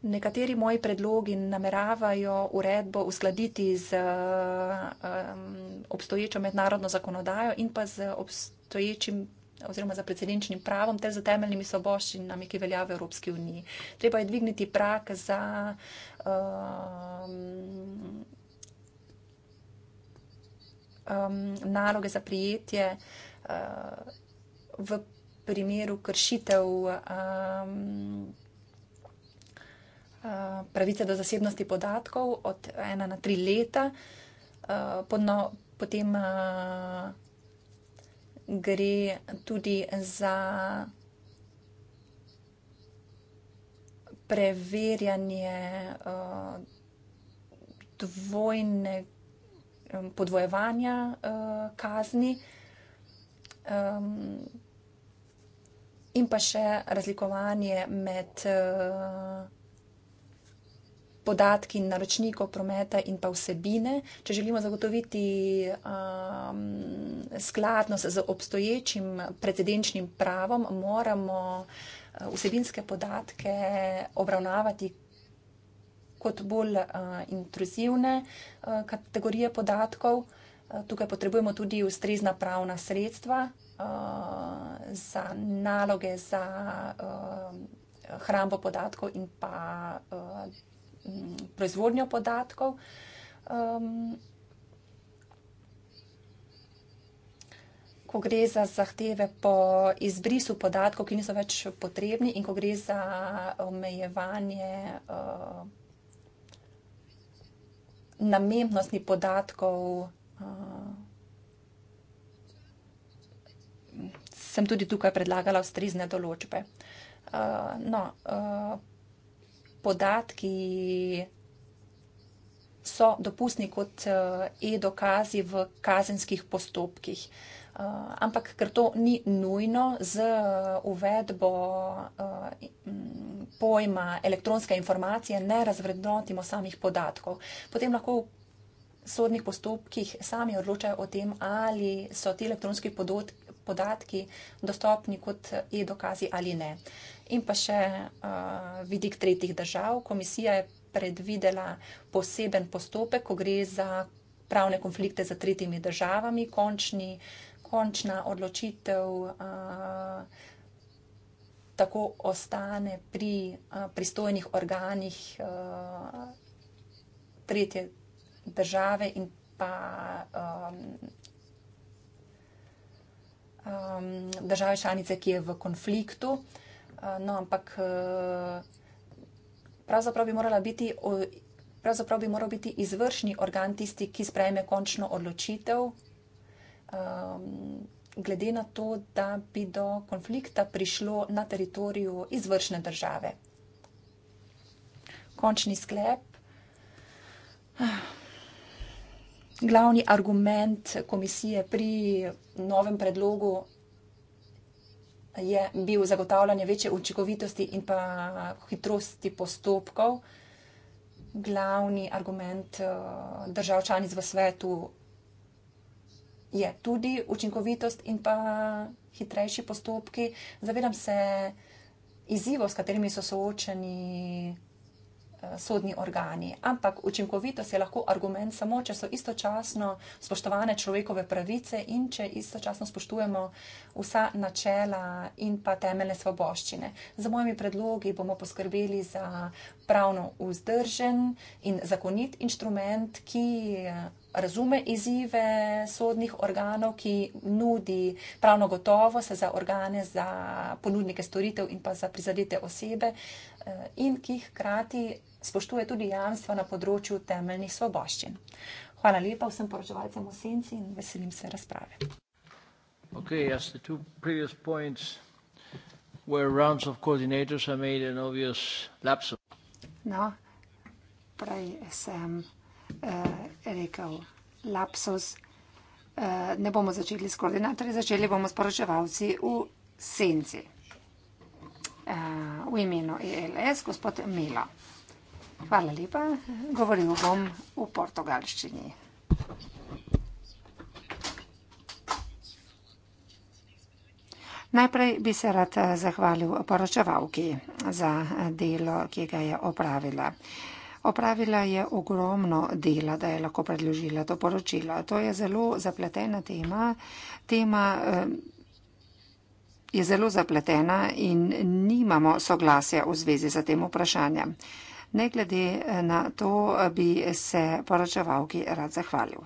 Nekateri moji predlogi nameravajo uredbo uskladiti z uh, um, obstoječo mednarodno zakonodajo in pa z obstoječim oziroma za predsedničnim pravom ter za temeljnimi svoboščinami, ki velja v Evropski uniji. Treba je dvigniti prak za. Um, Um, naloge za prijetje uh, v primeru kršitev um, uh, pravice do zasebnosti podatkov od ena na tri leta, uh, podno, potem uh, gre tudi za preverjanje eh, dvojne, eh, podvojevanja eh, kazni ehm, in pa še razlikovanje med podatki naročnikov prometa in pa vsebine, če želimo zagotoviti um, skladnost z obstoječim precedenčnim pravom, moramo uh, vsebinske podatke obravnavati kot bolj uh, intruzivne uh, kategorije podatkov. Uh, tukaj potrebujemo tudi ustrezna pravna sredstva uh, za naloge za uh, hrambo podatkov in pa uh, proizvodnjo podatkov. Um, ko gre za zahteve po izbrisu podatkov, ki niso več potrebni, in ko gre za omejevanje uh, eh, namennosti podatkov. Uh, Sem tudi tukaj predlagala ustrezne določbe. Uh, no, uh, podatki so dopustni kot eh, e-dokazi v kazenskih postopkih. Eh, ampak, ker to ni nujno z eh, uvedbo pojma elektronska informacija, ne razvrednotimo samih podatkov. Potem lahko v sodnih postopkih sami odločajo o tem, ali so ti elektronski podatki podatki dostopni kot e-dokazi ali ne. In pa še uh, vidik tretjih držav. Komisija je predvidela poseben postopek, ko gre za pravne konflikte z tretjimi državami, končni, končna odločitev. Uh, Tako ostane pri a, eh, pristojnih organih a, tretje države in pa a, um, države članice, ki je v konfliktu. Uh, no, ampak uh, pravzaprav bi morala biti. O, Pravzaprav bi moral biti izvršni organ tisti, ki sprejme končno odločitev, um, glede na to, da bi do konflikta prišlo na teritoriju izvršne države. Končni sklep. Uh glavni argument komisije pri novem predlogu je bil zagotavljanje večje učinkovitosti in pa hitrosti postopkov. Glavni argument eh, držav članic v svetu je tudi učinkovitost in pa hitrejši postopki. Zavedam se izzivo, s katerimi so soočeni Eh, sodni organi. Ampak učinkovitost je lahko argument samo, če so istočasno spoštovane človekove pravice in če istočasno spoštujemo vsa načela in pa temeljne svoboščine. Za mojimi predlogi bomo poskrbeli za pravno vzdržen in zakonit inštrument, ki eh, razume izzive sodnih organov, ki nudi pravno gotovost za organe, za ponudnike storitev in pa za prizadete osebe eh, in ki hkrati spoštuje tudi jamstva na področju temeljnih svoboščin. Hvala lepa vsem poročevalcem v senci in veselim se razprave. Okay, yes, the two previous points were rounds of coordinators. I made an obvious lapse. No, prej sem eh, rekel lapsus. Eh, ne bomo začeli s koordinatorji, začeli bomo s poročevalci v senci. Eh, v imenu ELS, gospod Milo. Hvala lepa, govoril bom v portugalščini. Najprej bi se rad eh, zahvalil poročevalki za eh, delo, ki ga je opravila. Opravila je ogromno dela, da je lahko predložila to poročilo. To je zelo zapletena tema. Tema eh, je zelo zapletena in nimamo soglasja v zvezi z tem vprašanjem. Ne glede na to, bi se poročevalki rad zahvalil.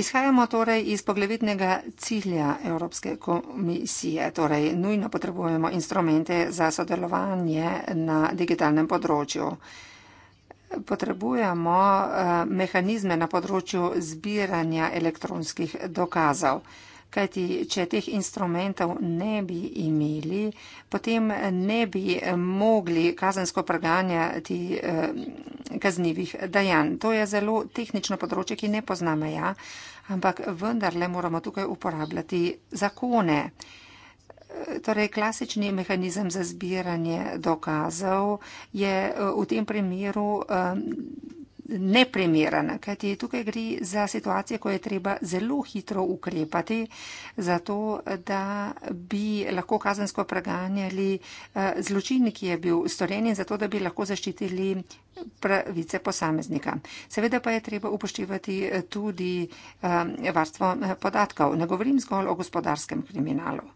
Izhajamo torej iz poglavitnega cilja Evropske komisije, torej nujno potrebujemo instrumente za sodelovanje na digitalnem področju. Potrebujemo eh, mehanizme na področju zbiranja elektronskih dokazov kajti če teh instrumentov ne bi imeli, potem ne bi mogli kazensko preganjati eh, kaznivih dejanj. To je zelo tehnično področje, ki ne pozna meja, ampak vendarle moramo tukaj uporabljati zakone. Eh, torej, klasični mehanizem za zbiranje dokazov je eh, v tem primeru. Um, neprimeren, kajti tukaj gre za situacije, ko je treba zelo hitro ukrepati, zato da bi lahko kazensko preganjali eh, zločin, ki je bil storjen in zato da bi lahko zaščitili pravice posameznika. Seveda pa je treba upoštevati eh, tudi eh, varstvo podatkov. Ne govorim zgolj o gospodarskem kriminalu.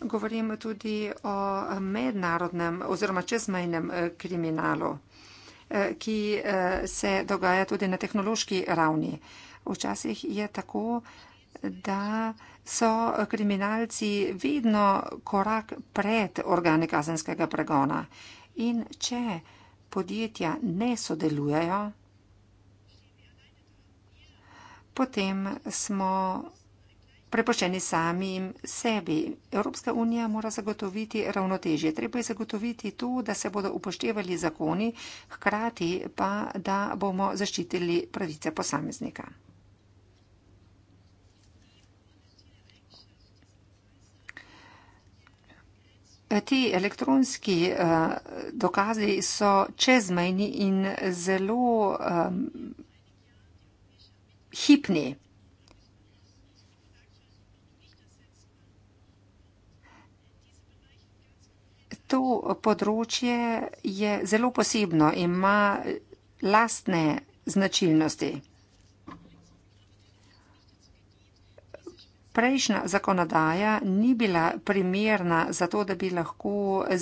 Govorim tudi o mednarodnem oziroma čezmejnem kriminalu. Eh, ki eh, se dogaja tudi na tehnološki ravni. Včasih je tako, da so kriminalci vedno korak pred organi kazenskega pregona. In če podjetja ne sodelujejo, potem smo prepoščeni samim sebi. Evropska unija mora zagotoviti ravnotežje. Treba je zagotoviti to, da se bodo upoštevali zakoni, hkrati pa, da bomo zaščitili pravice posameznika. Ti elektronski eh, dokazi so čezmejni in zelo eh, hipni. to področje je zelo posebno in ima lastne značilnosti. Prejšnja zakonodaja ni bila primerna za to, da bi lahko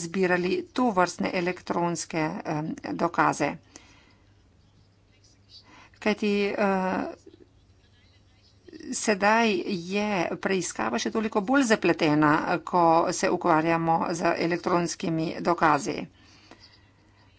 zbirali to vrstne elektronske eh, dokaze. Kajti, eh, sedaj je preiskava še toliko bolj zapletena, ko se ukvarjamo z elektronskimi dokazi.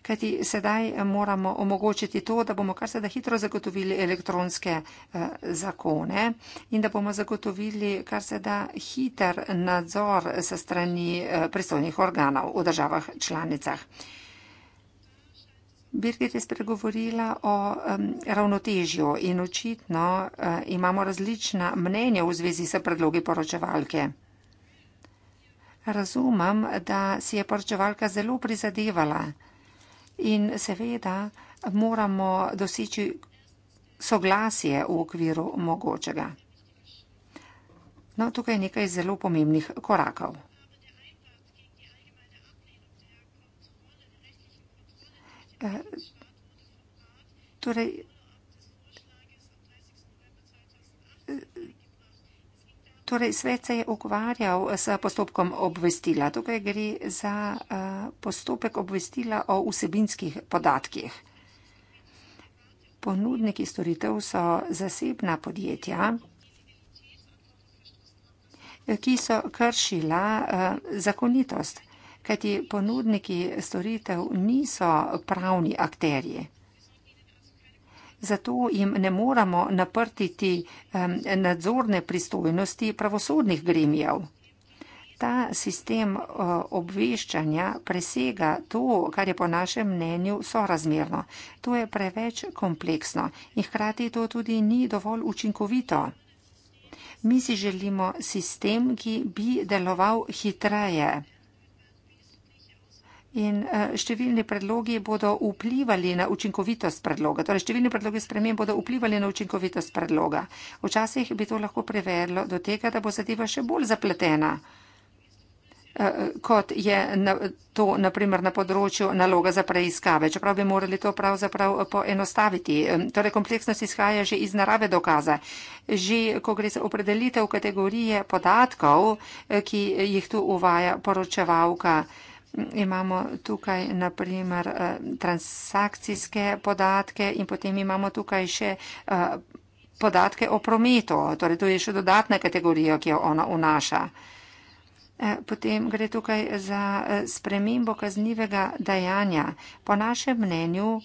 Kajti sedaj moramo omogočiti to, da bomo kar se da hitro zagotovili elektronske eh, zakone in da bomo zagotovili kar se da hiter nadzor sa strani eh, pristojnih organov v državah članicah. Birgit je spregovorila o um, ravnotežju in očitno uh, imamo različna mnenja v zvezi s predlogi poročevalke. Razumem, da si je poročevalka zelo prizadevala in seveda moramo doseči soglasje v okviru mogočega. No, tukaj je nekaj zelo pomembnih korakov. Eh, torej, eh, torej svet se je ukvarjal s postopkom obvestila. Tukaj gre za eh, postopek obvestila o vsebinskih podatkih. Ponudniki storitev so zasebna podjetja, ki so kršila zakonitost kajti ponudniki storitev niso pravni akterji. Zato jim ne moramo naprtiti nadzorne pristojnosti pravosodnih gremijev. Ta sistem e, obveščanja presega to, kar je po našem mnenju sorazmerno. To je preveč kompleksno in hkrati to tudi ni dovolj učinkovito. Mi si želimo sistem, ki bi deloval hitreje. In eh, številni predlogi bodo vplivali na učinkovitost predloga. Torej, številni predlogi sprememb bodo vplivali na učinkovitost predloga. Včasih bi to lahko privedlo do tega, da bo zadeva še bolj zapletena, eh, kot je to naprimer na področju naloga za preiskave. Čeprav bi morali to pravzaprav eh, poenostaviti. Torej, kompleksnost izhaja že iz narave dokaza. Že, ko gre za opredelitev kategorije podatkov, ki jih tu uvaja poročevalka imamo tukaj naprimer eh, transakcijske podatke in potem imamo tukaj še eh, podatke o prometu. Torej, to je še dodatna kategorija, ki jo ona vnaša. Eh, potem gre tukaj za spremembo kaznivega dajanja. Po našem mnenju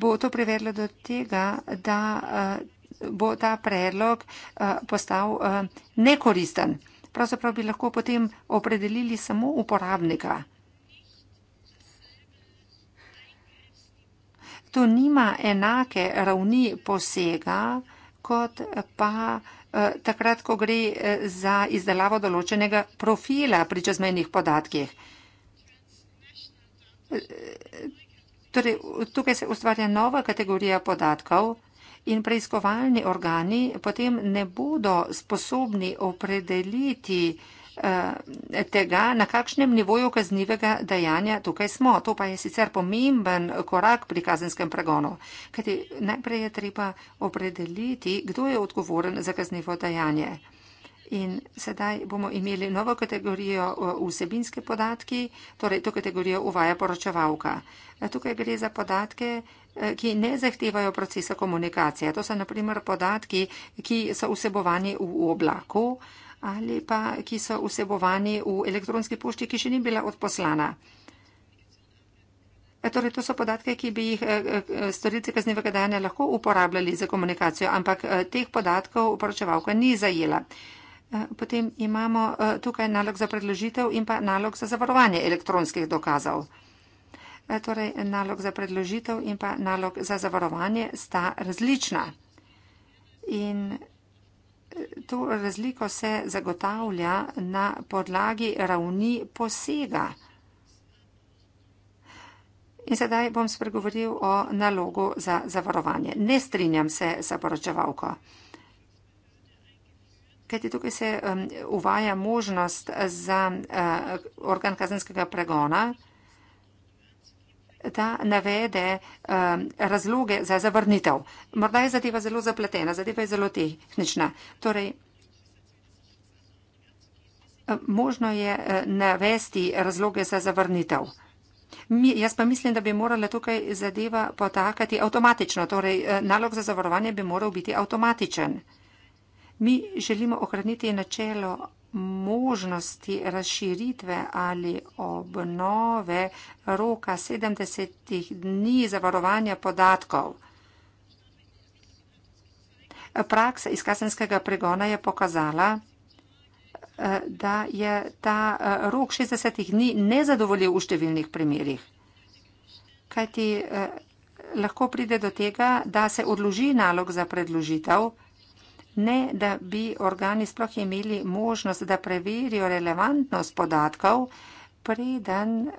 bo to privedlo do tega, da bo ta predlog postal nekoristen pravzaprav bi lahko potem opredelili samo uporabnika. To nima enake ravni posega, kot pa eh, takrat, ko gre eh, za izdelavo določenega profila pri čezmejnih podatkih. Eh, torej, tukaj se ustvarja nova kategorija podatkov in preiskovalni organi potem ne bodo sposobni opredeliti eh, tega, na kakšnem nivoju kaznivega dejanja tukaj smo. To pa je sicer pomemben korak pri kazenskem pregonu. Kajti najprej je treba opredeliti, kdo je odgovoren za kaznivo dejanje. In sedaj bomo imeli novo kategorijo eh, vsebinske podatki, torej to kategorijo uvaja poročevalka. Tukaj gre za podatke, Eh, ki ne zahtevajo procesa komunikacije. To so naprimer podatki, ki so vsebovani v oblaku ali pa ki so vsebovani v elektronski pošti, ki še ni bila odposlana. E, torej, to so podatke, ki bi jih eh, eh, storice kaznevega dejanja lahko uporabljali za komunikacijo, ampak teh podatkov uporočevalka ni zajela. Potem imamo tukaj nalog za predložitev in pa nalog za zavarovanje elektronskih dokazov. E, torej nalog za predložitev in pa nalog za zavarovanje sta različna. In e, to razliko se zagotavlja na podlagi ravni posega. In sedaj bom spregovoril o nalogu za zavarovanje. Ne strinjam se s poročevalko. Kajti tukaj se um, uvaja možnost za uh, organ kazenskega pregona, uh, ta navede um, razloge za zavrnitev. Morda je zadeva zelo zapletena, zadeva je zelo tehnična. Torej, um, možno je uh, navesti razloge za zavrnitev. Mi, jaz pa mislim, da bi morala tukaj zadeva potakati avtomatično. Torej, uh, nalog za zavarovanje bi moral biti avtomatičen. Mi želimo ohraniti načelo možnosti razširitve ali obnove roka 70 dni zavarovanja podatkov. Praksa iz kazenskega pregona je pokazala, eh, da je ta eh, rok 60 dni nezadovoljiv v številnih primerjih. Kajti eh, lahko pride do tega, da se odloži nalog za predložitev, ne da bi organi sploh imeli možnost, da preverijo relevantnost podatkov, preden eh,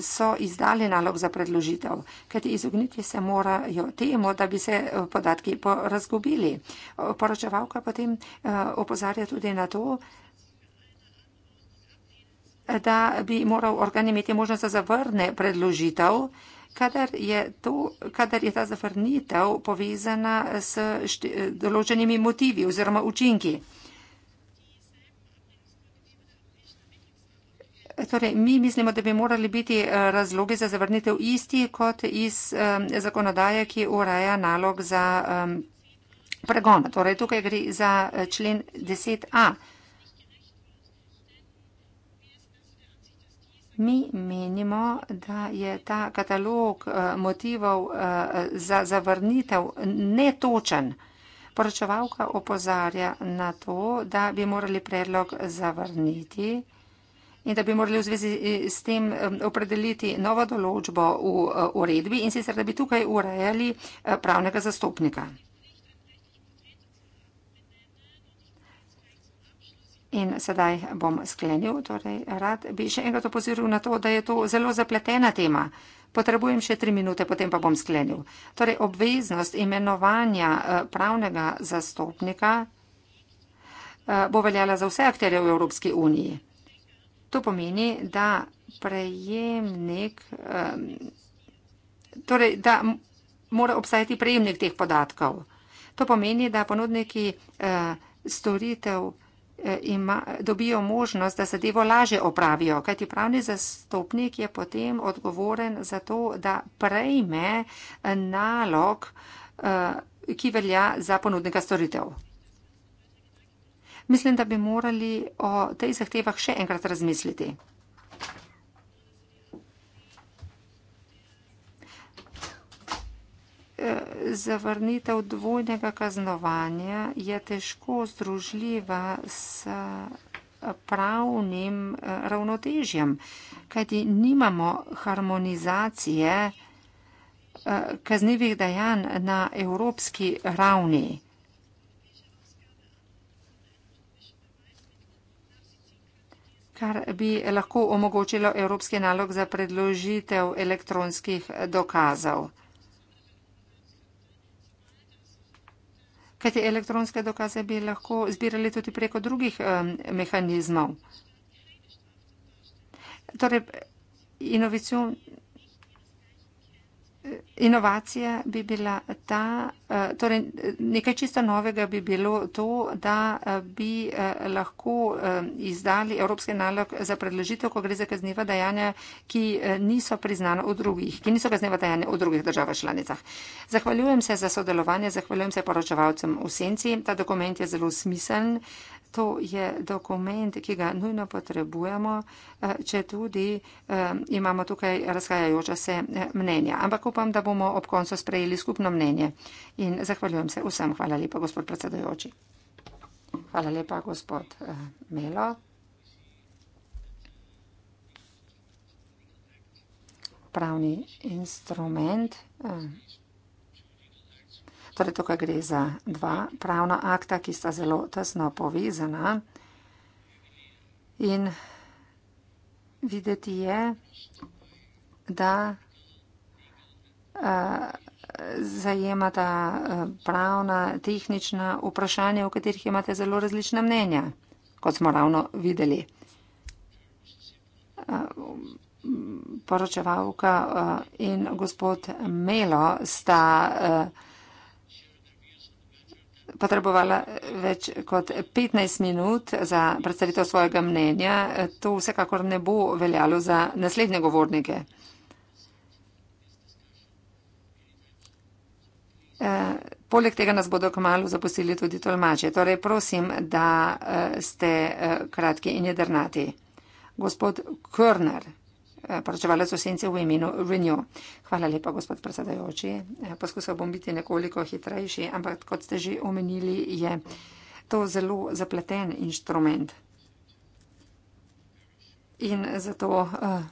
so izdali nalog za predložitev, kajti izogniti se morajo temu, da bi se eh, podatki porazgubili. Poročevalka potem eh, opozarja tudi na to, da bi moral organ imeti možnost za zavrne predložitev, kadar je, to, kadar je ta zavrnitev povezana s šti, določenimi motivi oziroma učinki. Torej, mi mislimo, da bi morali biti eh, razlogi za zavrnitev isti kot iz um, zakonodaje, ki ureja nalog za um, pregon. Torej, tukaj gre za člen 10a. Mi menimo, da je ta katalog eh, motivov eh, za zavrnitev netočen. Poročevalka opozarja na to, da bi morali predlog zavrniti in da bi morali v zvezi eh, s tem opredeliti novo določbo v uredbi in sicer, da bi tukaj urejali pravnega zastopnika. In sedaj bom sklenil, torej rad bi še enkrat opozoril na to, da je to zelo zapletena tema. Potrebujem še tri minute, potem pa bom sklenil. Torej, obveznost imenovanja eh, pravnega zastopnika eh, bo veljala za vse akterje v Evropski uniji. To pomeni, da prejemnik, eh, torej, da mora obstajati prejemnik teh podatkov. To pomeni, da ponudniki storitev. Eh, ima, dobijo možnost, da zadevo laže opravijo, kajti pravni zastopnik je potem odgovoren za to, da prejme eh, nalog, eh, ki velja za ponudnika storitev. Mislim, da bi morali o tej zahtevah še enkrat razmisliti. zavrnitev dvojnega kaznovanja je težko združljiva s eh, pravnim eh, ravnotežjem, kajti nimamo harmonizacije eh, kaznivih dejanj na evropski ravni. kar bi lahko omogočilo evropski nalog za predložitev elektronskih dokazov. kajte elektronske dokaze bi lahko zbirali tudi preko drugih um, mehanizmov. Torej, inovacijo inovacija bi bila ta, eh, torej nekaj čisto novega bi bilo to, da eh, bi eh, lahko izdali evropski nalog za predložitev, ko gre za kazniva dajanja, ki niso priznana v drugih, ki niso kazniva dajanja v drugih državah članicah. Zahvaljujem se za sodelovanje, zahvaljujem se poročevalcem v senci. Ta dokument je zelo smiseln. To je dokument, ki ga nujno potrebujemo, eh, če tudi eh, imamo tukaj razhajajoča se eh, mnenja. Ampak upam, da bomo ob koncu sprejeli skupno mnenje. In zahvaljujem se vsem. Hvala lepa, gospod predsedojoči. Hvala lepa, gospod Melo. Pravni instrument. Torej, tukaj gre za dva pravna akta, ki sta zelo tesno povezana in videti je, da eh, zajemata eh, pravna, tehnična vprašanja, v katerih imate zelo različna mnenja, kot smo ravno videli. Eh, poročevalka in gospod Melo sta vprašanja, potrebovala več kot 15 minut za predstavitev svojega mnenja. To vsekakor ne bo veljalo za naslednje govornike. Eh, poleg tega nas bodo kmalo zapustili tudi tolmače. Torej, prosim, da eh, ste eh, kratki in jedrnati. Gospod Körner. Eh, poročevalec osence v imenu Renew. Hvala lepa, gospod predsedajoči. Eh, poskusil bom biti nekoliko hitrejši, ampak kot ste že omenili, je to zelo zapleten inštrument. In zato uh,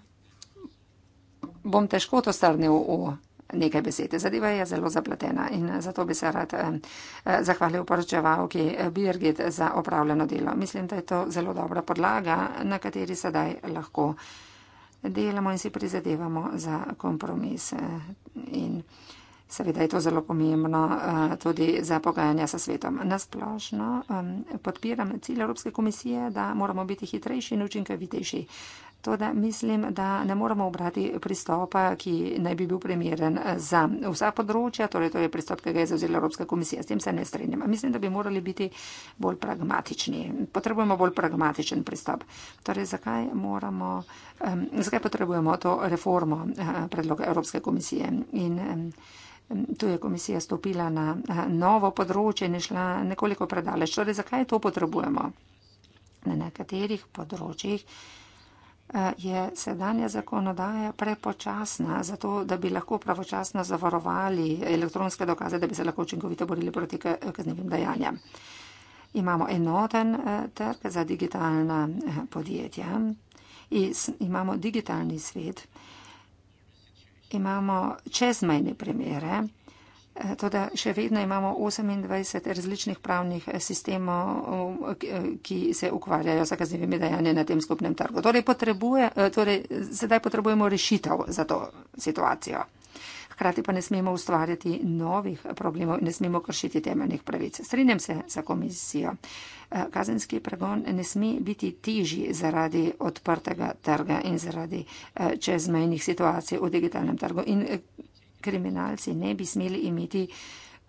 bom težko to strnil v nekaj besed. Zadeva je zelo zapletena in zato bi se rad zahvalil poročevalki Birgit za opravljeno delo. Mislim, da je to zelo dobra podlaga, na kateri sedaj lahko. Uh, delamo in si prizadevamo za kompromis. In seveda je to zelo pomembno eh, tudi za pogajanja s svetom. Nasplošno podpiram cilj Evropske komisije, da moramo biti hitrejši in učinkovitejši. Toda mislim, da ne moramo obrati pristopa, ki naj bi bil primeren za vsa področja, torej to je pristop, ki ga je zauzela Evropska komisija. S tem se ne strinjam. Mislim, da bi morali biti bolj pragmatični. Potrebujemo bolj pragmatičen pristop. Torej, zakaj, moramo, um, zakaj potrebujemo to reformo uh, predloga Evropske komisije? In, um, Tu je komisija stopila na eh, novo področje in je šla nekoliko predaleč. Torej, zakaj to potrebujemo? Na nekaterih področjih Eh, je sedanja zakonodaja prepočasna, zato da bi lahko pravočasno zavarovali elektronske dokaze, da bi se lahko učinkovito borili proti kaznivim dejanjem. Imamo enoten eh, trg za digitalna eh, podjetja, imamo digitalni svet, imamo čezmejne primere. Eh, toda še vedno imamo 28 različnih pravnih eh, sistemov, eh, ki se ukvarjajo z kaznivimi dejanji na tem skupnem trgu. Torej, potrebuje, torej, sedaj potrebujemo rešitev za to situacijo. Hkrati pa ne smemo ustvarjati novih problemov in ne smemo kršiti temeljnih pravic. Strinjam se za komisijo. Kazenski pregon ne sme biti težji zaradi odprtega trga in zaradi čezmejnih situacij v digitalnem trgu. In kriminalci ne bi smeli imeti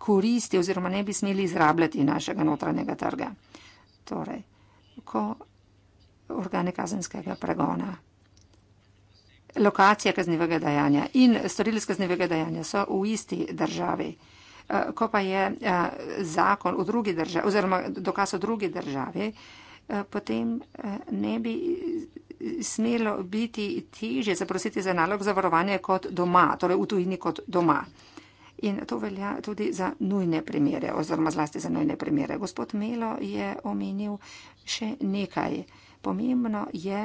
koristi oziroma ne bi smeli izrabljati našega notranjega trga. Torej, ko organe kazenskega pregona, lokacija kaznivega dejanja in storilec kaznivega dejanja so v isti državi, eh, ko pa je eh, zakon v drugi državi oziroma dokaz v drugi državi, eh, potem ne bi smelo biti težje zaprositi za nalog zavarovanja kot doma, torej v tujini kot doma. In to velja tudi za nujne primere, oziroma zlasti za nujne primere. Gospod Melo je omenil še nekaj. Pomembno je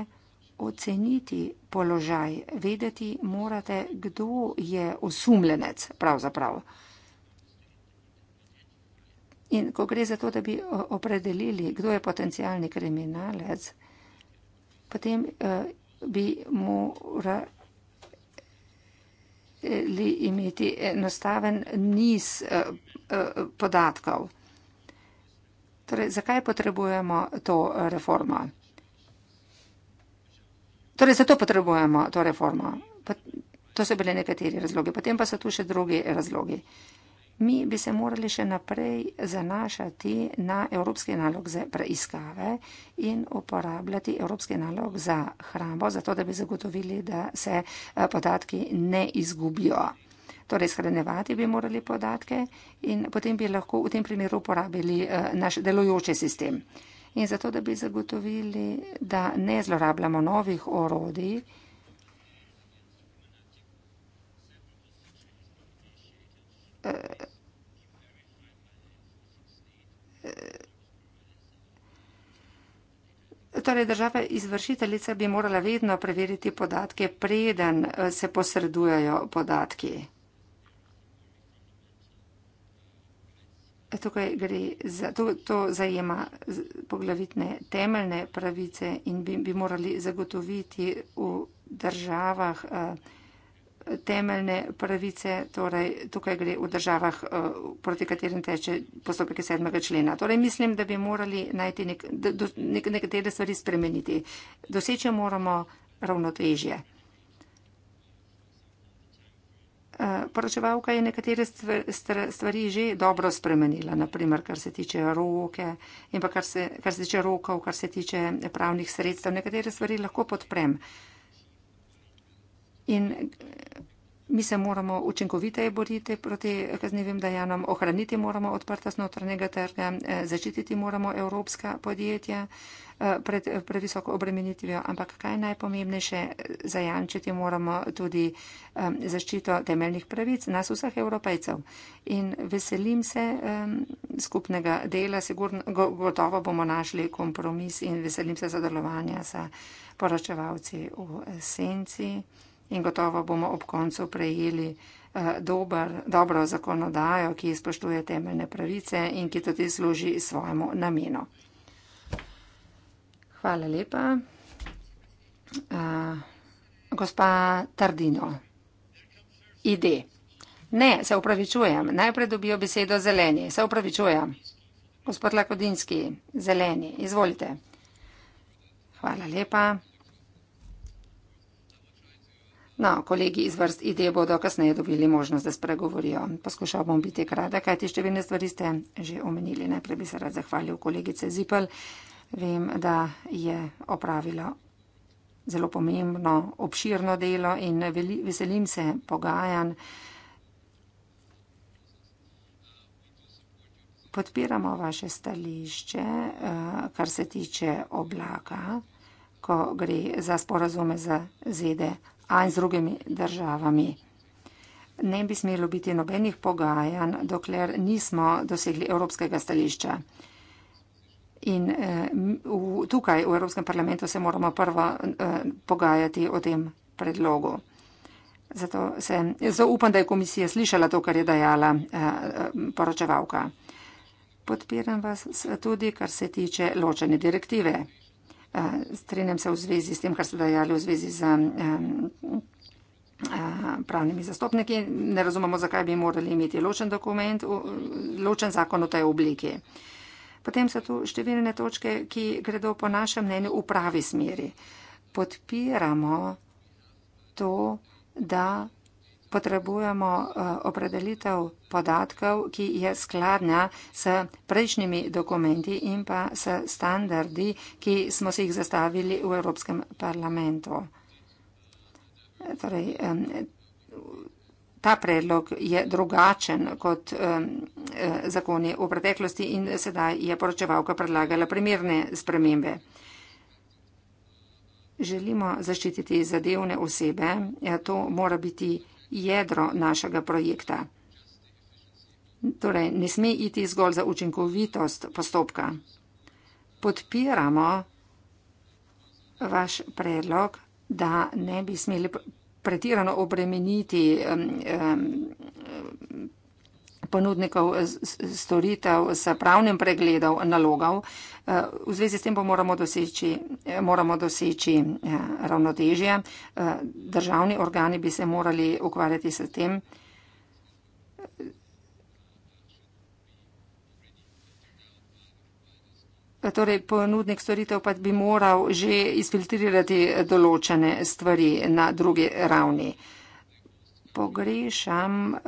oceniti položaj, vedeti morate, kdo je osumljenec pravzaprav. In ko gre za to, da bi opredelili, kdo je potencijalni kriminalec, potem uh, bi morali imeti enostaven niz uh, uh, podatkov. Torej, zakaj potrebujemo to reformo? Torej, zato potrebujemo to reformo. Pa, to so bile nekateri razlogi, potem pa so tu še drugi razlogi. Uh, Mi bi se morali še naprej zanašati na Evropski nalog za preiskave in uporabljati Evropski nalog za hrambo, zato da bi zagotovili, da se eh, podatki ne izgubijo. Torej, shranjevati bi morali podatke in potem bi lahko v tem primeru uporabili eh, naš delujoči sistem. In zato, da bi zagotovili, da ne zlorabljamo novih orodij. Eh, eh, torej, država izvršiteljica bi morala vedno preveriti podatke, preden eh, se posredujejo podatki. Tukaj gre za, to, to zajema poglavitne temeljne pravice in bi, bi morali zagotoviti v državah. Eh, temeljne pravice, torej tukaj gre v državah, eh, proti katerim teče postopek sedmega člena. Torej mislim, da bi morali najti nek, do, nek, nekatere stvari spremeniti. Doseče moramo ravnotežje. Eh, poročevalka je nekatere stvari že dobro spremenila, naprimer, kar se tiče roke in pa kar se, kar se tiče rokov, kar se tiče pravnih sredstev. Nekatere stvari lahko podprem. Uh, In eh, mi se moramo učinkoviteje boriti proti kaznivim dejanjem, ohraniti moramo odprtost notranjega trga, eh, zaščititi moramo evropska podjetja eh, pred previsoko obremenitvijo, ampak kaj najpomembnejše, zajančiti moramo tudi um, zaščito temeljnih pravic nas vseh evropejcev. In veselim se um, skupnega dela, sigurno, go, gotovo bomo našli kompromis in veselim se zadalovanja za poročevalci v senci in gotovo bomo ob koncu prejeli eh, dober, dobro zakonodajo, ki spoštuje temeljne pravice in ki tudi služi svojemu namenu. Hvala lepa. Uh, gospa Tardino, ide. Ne, se upravičujem. Najprej dobijo besedo zeleni. Se upravičujem. Gospod Lakodinski, zeleni, izvolite. Hvala lepa. No, kolegi iz vrst ID bodo kasneje dobili možnost, da spregovorijo. Poskušal bom biti kratek, kajti številne stvari ste že omenili. Najprej bi se rad zahvalil kolegice Zipel. Vem, da je opravila zelo pomembno, obširno delo in veli, veselim se pogajan. Podpiramo vaše stališče, eh, kar se tiče oblaka, ko gre za sporazume za ZDA in z drugimi državami. Ne bi smelo biti nobenih pogajanj, dokler nismo dosegli evropskega stališča. In eh, v, tukaj v Evropskem parlamentu se moramo prvo eh, pogajati o tem predlogu. Zato se zaupam, da je komisija slišala to, kar je dajala eh, poročevalka. Podpiram vas tudi, kar se tiče ločene direktive. Eh, strinjam se v zvezi s tem, kar so dajali v zvezi z eh, eh, pravnimi zastopniki. Ne razumemo, zakaj bi morali imeti ločen dokument, ločen zakon v tej obliki. Potem so tu številne točke, ki gredo po našem mnenju v pravi smeri. Podpiramo to, da potrebujemo eh, opredelitev podatkov, ki je skladna s prejšnjimi dokumenti in pa s standardi, ki smo si jih zastavili v Evropskem parlamentu. Torej, ta predlog je drugačen kot eh, zakoni v preteklosti in sedaj je poročevalka predlagala primerne spremembe. Želimo zaščititi zadevne osebe, ja, to mora biti jedro našega projekta. Torej, ne sme iti zgolj za učinkovitost postopka. Podpiramo vaš predlog, da ne bi smeli pretirano obremeniti um, um, ponudnikov storitev s pravnim pregledom nalogov. Eh, v zvezi s tem pa moramo doseči, eh, moramo doseči eh, ravnotežje. Državni organi bi se morali ukvarjati s tem, Torej, ponudnik storitev pa bi moral že izfiltrirati določene stvari na drugi ravni pogrešam eh,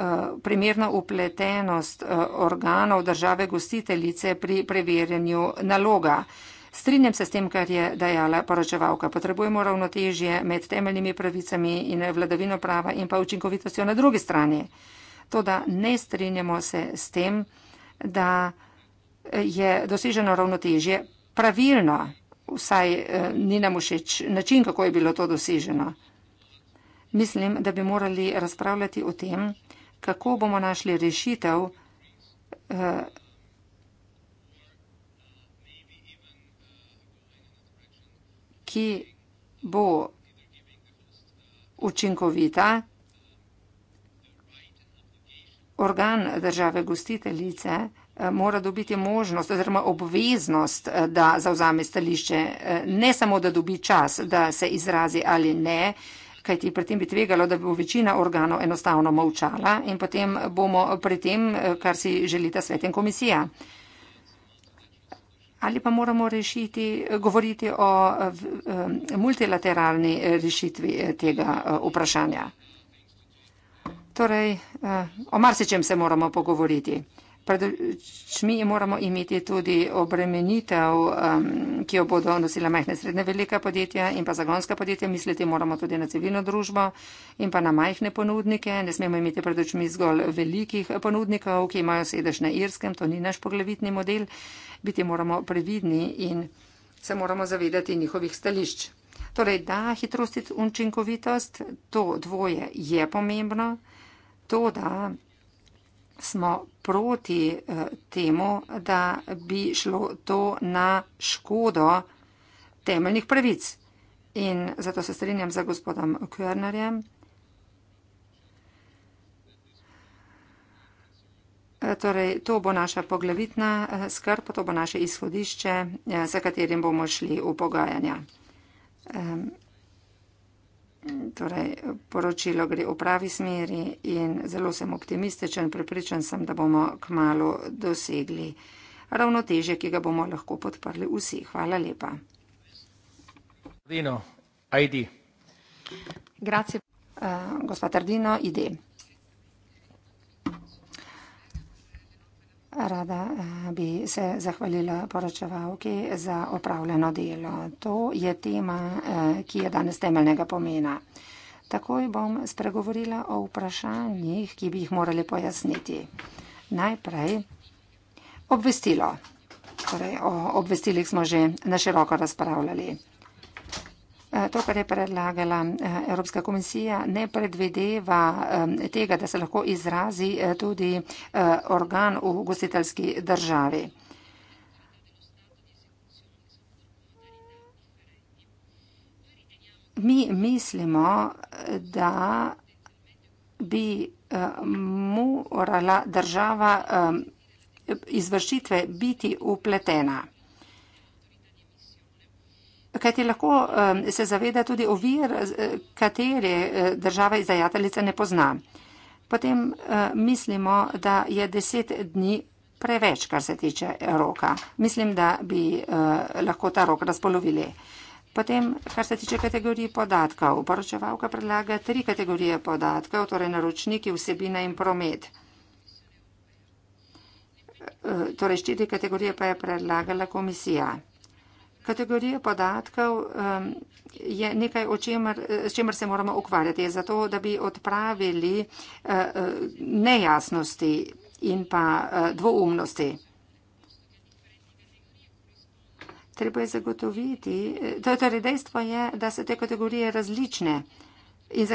primerno upletenost eh, organov države gostiteljice pri preverjanju naloga. Strinjam se s tem, kar je dejala poročevalka. Potrebujemo ravnotežje med temeljnimi pravicami in vladavino prava in pa učinkovitostjo na drugi strani. Toda ne strinjamo se s tem, da eh, je doseženo ravnotežje pravilno, vsaj ni nam všeč način, kako je bilo to doseženo mislim, da bi morali razpravljati o tem, kako bomo našli rešitev, eh, ki bo učinkovita. Organ države gostiteljice eh, mora dobiti možnost oziroma obveznost, eh, da zauzame stališče, ne samo, da dobi čas, da se izrazi ali ne, kajti pri tem bi tvegalo, da bo večina organov enostavno molčala in potem bomo pri tem, kar si želita svet in komisija. Ali pa moramo rešiti, govoriti o multilateralni rešitvi eh, tega eh, vprašanja. Torej, eh, o marsičem se moramo pogovoriti. Pred očmi moramo imeti tudi obremenitev, um, ki jo bodo nosila majhne srednje velika podjetja in pa zagonska podjetja. Misliti moramo tudi na civilno družbo in pa na majhne ponudnike. Ne smemo imeti pred očmi zgolj velikih ponudnikov, ki imajo sedež na Irskem. To ni naš poglavitni model. Biti moramo previdni in se moramo zavedati njihovih stališč. Torej, da, hitrost in učinkovitost, to dvoje je pomembno. To, da smo proti eh, temu, da bi šlo to na škodo temeljnih pravic. In zato se strinjam za gospodom Körnerjem. Eh, torej, to bo naša poglavitna eh, skrb, to bo naše izhodišče, za katerim bomo šli v pogajanja. Torej, poročilo gre v pravi smeri in zelo sem optimističen, prepričan sem, da bomo k malu dosegli ravnoteže, ki ga bomo lahko podprli vsi. Hvala lepa. Tardino, ID. Grazie. Uh, gospa Tardino, ID. Rada eh, bi se zahvalila poročevalki za opravljeno delo. To je tema, eh, ki je danes temeljnega pomena. Takoj bom spregovorila o vprašanjih, ki bi jih morali pojasniti. Najprej obvestilo. Torej, o obvestilih smo že na široko razpravljali. Eh, to, kar je predlagala eh, Evropska komisija, ne predvideva tega, da se lahko izrazi eh, tudi organ v gostiteljski državi. Mi mislimo, da bi morala država izvršitve biti upletena kajti lahko um, se zaveda tudi ovir, eh, katere eh, država izdajateljica ne pozna. Potem eh, mislimo, da je deset dni preveč, kar se tiče roka. Mislim, da bi lahko ta rok razpolovili. Potem, kar se tiče kategorij podatkov, poročevalka predlaga tri kategorije podatkov, torej naročniki, vsebina in promet. Torej, štiri kategorije pa je predlagala komisija. Kategorija podatkov je nekaj, čemer, s čemer se moramo ukvarjati, zato da bi odpravili eh, eh, nejasnosti in pa eh, dvoumnosti. Treba je zagotoviti, torej dejstvo je, da so te kategorije različne in,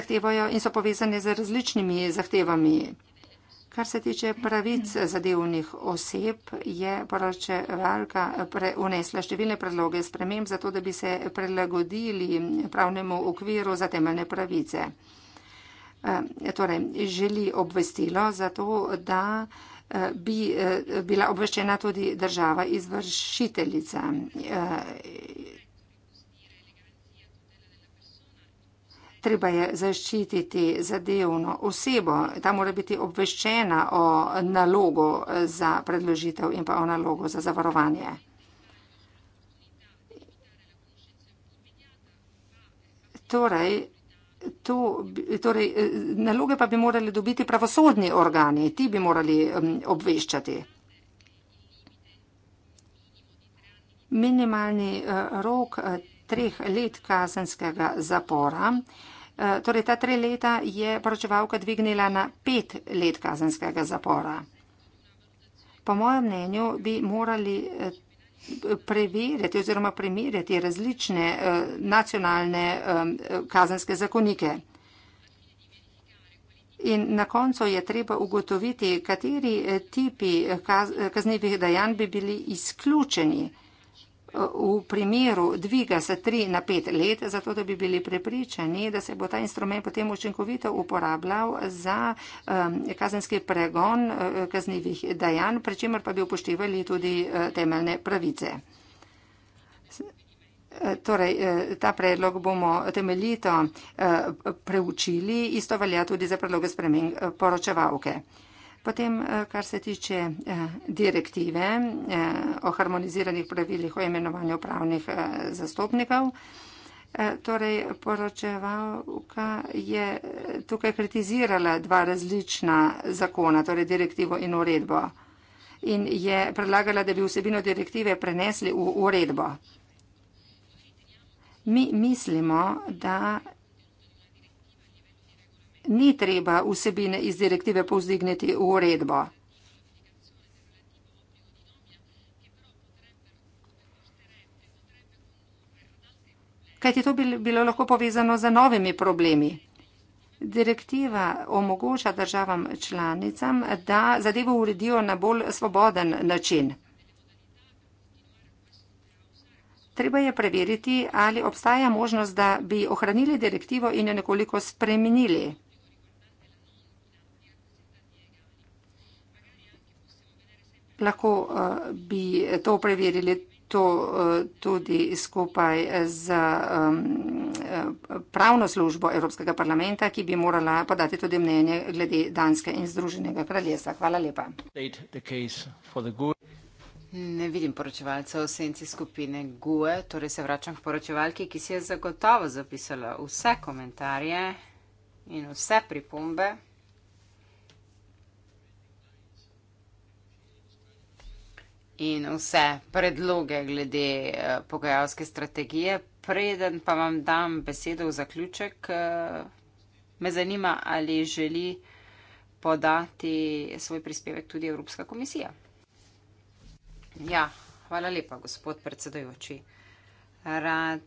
in so povezane z različnimi zahtevami. Kar se tiče pravic zadevnih oseb, je poročevalka unesla številne predloge sprememb za to, da bi se prilagodili pravnemu okviru za temeljne pravice. Eh, torej, želi obvestilo za to, da eh, bi eh, bila obveščena tudi država izvršiteljica. treba je zaščititi zadevno osebo, ta mora biti obveščena o nalogu za predložitev in pa o nalogu za zavarovanje. Torej, to, torej, naloge pa bi morali dobiti pravosodni organi, ti bi morali obveščati. Minimalni eh, rok eh, treh let kazenskega zapora. Eh, torej ta tri leta je poročevalka dvignila na pet let kazenskega zapora. Po mojem mnenju bi morali eh, preverjati oziroma primerjati različne eh, nacionalne kazenske zakonike. In na koncu je treba ugotoviti, kateri tipi kaznivih dejanj bi bili izključeni v primeru dviga za tri na pet let, zato da bi bili prepričani, da se bo ta instrument potem učinkovito uporabljal za um, kazenski pregon uh, kaznivih dajanj, pri čemer pa bi upoštevali tudi uh, temeljne pravice. Eh, torej, eh, ta predlog bomo temeljito eh, preučili, isto velja tudi za predloge spremenj poročevalke. Potem, eh, kar se tiče eh, direktive eh, o harmoniziranih pravilih o imenovanju pravnih zastopnikov, torej poročevalka je tukaj kritizirala dva različna zakona, torej direktivo in uredbo in je predlagala, da bi vsebino direktive prenesli v uredbo. Mi mislimo, da ni treba vsebine iz direktive povzdigniti v uredbo. Kajti to bi bilo lahko povezano z novimi problemi. Direktiva omogoča državam članicam, da zadevo uredijo na bolj svoboden način. Treba je preveriti, ali obstaja možnost, da bi ohranili direktivo in jo nekoliko spremenili. Lahko eh, bi to preverili to, eh, tudi skupaj z eh, pravno službo Evropskega parlamenta, ki bi morala podati tudi mnenje glede Danske in Združenega kraljestva. Hvala lepa. Ne vidim poročevalcev v senci skupine GUE, torej se vračam k poročevalki, ki si je zagotovo zapisala vse komentarje in vse pripombe. in vse predloge glede eh, pogajalske strategije. Preden pa vam dam besedo v zaključek, eh, me zanima, ali želi podati svoj prispevek tudi Evropska komisija. Ja, hvala lepa, gospod predsedojoči. Rad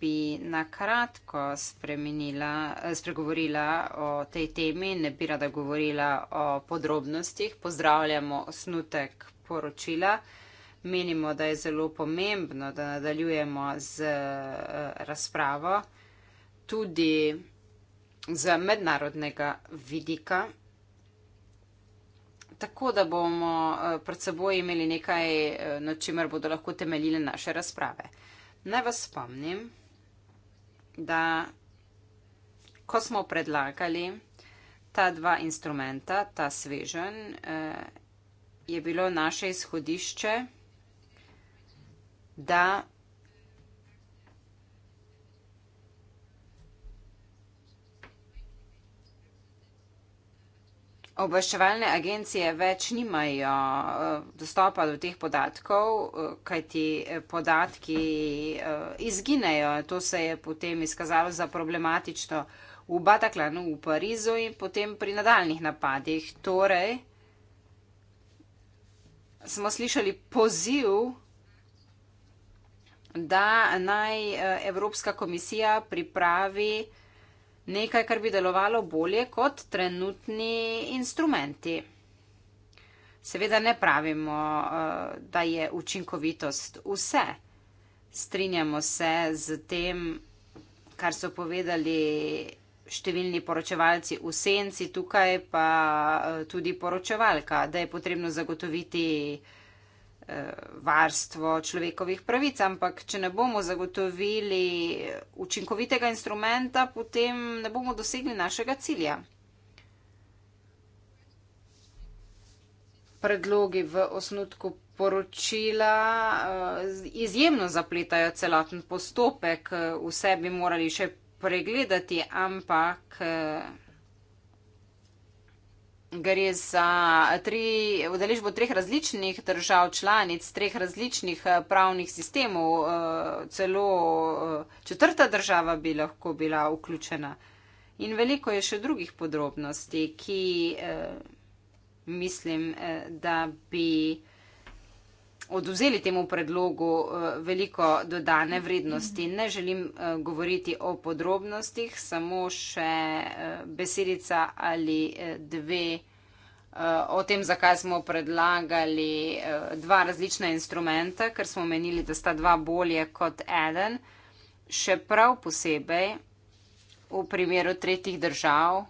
bi na kratko eh, spregovorila o tej temi, ne bi rada govorila o podrobnostih. Pozdravljamo osnutek poročila. Menimo, da je zelo pomembno, da nadaljujemo z eh, razpravo tudi z mednarodnega vidika, tako da bomo eh, pred seboj imeli nekaj, eh, na čemer bodo lahko temeljile naše razprave. Naj vas spomnim, da ko smo predlagali ta dva instrumenta, ta svežen je bilo naše izhodišče, da obveščevalne agencije več nimajo eh, dostopa do teh podatkov, eh, kajti eh, podatki izginejo. To se je potem izkazalo za problematično v Bataklanu, v Parizu in potem pri nadaljnih napadih. Torej, smo slišali poziv, da naj eh, Evropska komisija pripravi nekaj, kar bi delovalo bolje kot trenutni instrumenti. Seveda ne pravimo, eh, da je učinkovitost vse. Strinjamo se z tem, kar so povedali številni poročevalci v senci, tukaj pa eh, tudi poročevalka, da je potrebno zagotoviti eh, varstvo človekovih pravic, ampak če ne bomo zagotovili učinkovitega instrumenta, potem ne bomo dosegli našega cilja. Predlogi v osnutku poročila eh, izjemno zapletajo celoten postopek, vse bi morali še pregledati, ampak eh, gre za tri, vdeležbo treh različnih držav članic, treh različnih eh, pravnih sistemov, eh, celo četrta država bi lahko bila vključena. In veliko je še drugih podrobnosti, ki eh, mislim, eh, da bi eh, oduzeli temu predlogu eh, veliko dodane vrednosti. Ne želim eh, govoriti o podrobnostih, samo še eh, besedica ali dve o tem, zakaj smo predlagali dva različna instrumenta, ker smo menili, da sta dva bolje kot eden. Še prav posebej v primeru tretjih držav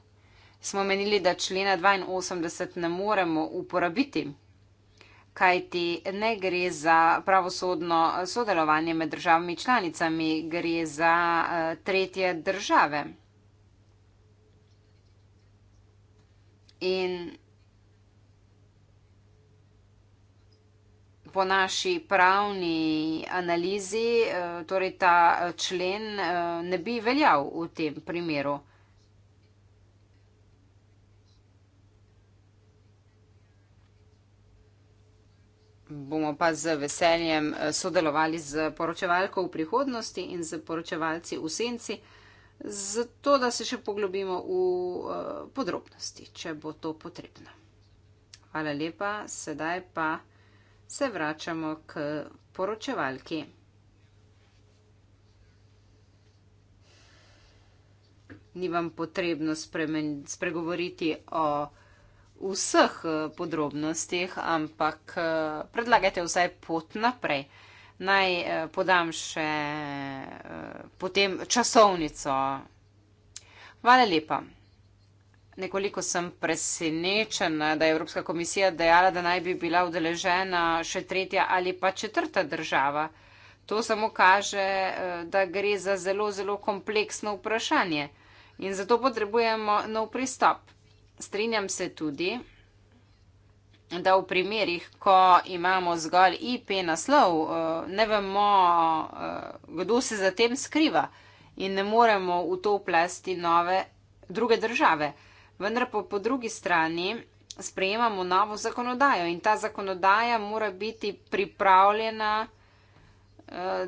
smo menili, da člena 82 ne moremo uporabiti kajti ne gre za pravosodno sodelovanje med državami članicami, gre za eh, tretje države. In po naši pravni analizi, eh, torej ta eh, člen ne bi veljal v tem primeru. bomo pa z veseljem eh, sodelovali z poročevalko v prihodnosti in z poročevalci v senci, zato da se še poglobimo v eh, podrobnosti, če bo to potrebno. Hvala lepa, sedaj pa se vračamo k poročevalki. Ni vam potrebno spremen, spregovoriti o vseh eh, podrobnostih, ampak eh, predlagajte vsaj pot naprej. Naj eh, podam še potem časovnico. Hvala lepa. Nekoliko sem presenečena, da je Evropska komisija dejala, da naj bi bila udeležena še tretja ali pa četrta država. To samo kaže, da gre za zelo, zelo kompleksno vprašanje in zato potrebujemo nov pristop strinjam se tudi, da v primerih, ko imamo zgolj IP naslov, eh, ne vemo, eh, kdo se za tem skriva in ne moremo v to plesti nove druge države. Vendar pa po drugi strani sprejemamo novo zakonodajo in ta zakonodaja mora biti pripravljena eh,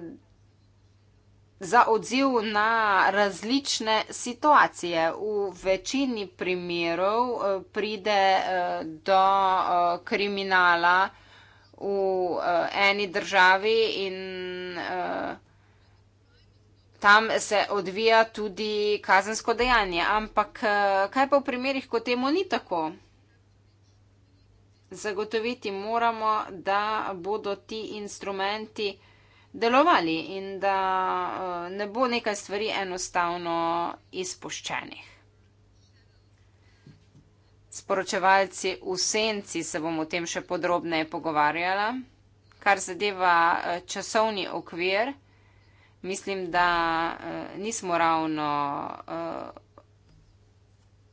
za odziv na različne situacije. V večini primerov eh, pride eh, do eh, kriminala v eni državi in tam se odvija tudi kazensko dejanje. Ampak kaj pa v primerih, ko temu ni tako? Zagotoviti moramo, da bodo ti instrumenti delovali in da eh, ne bo nekaj stvari enostavno izpuščenih. Sporočevalci v senci se bomo o tem še podrobneje pogovarjali. Kar zadeva eh, časovni okvir, mislim, da eh, nismo ravno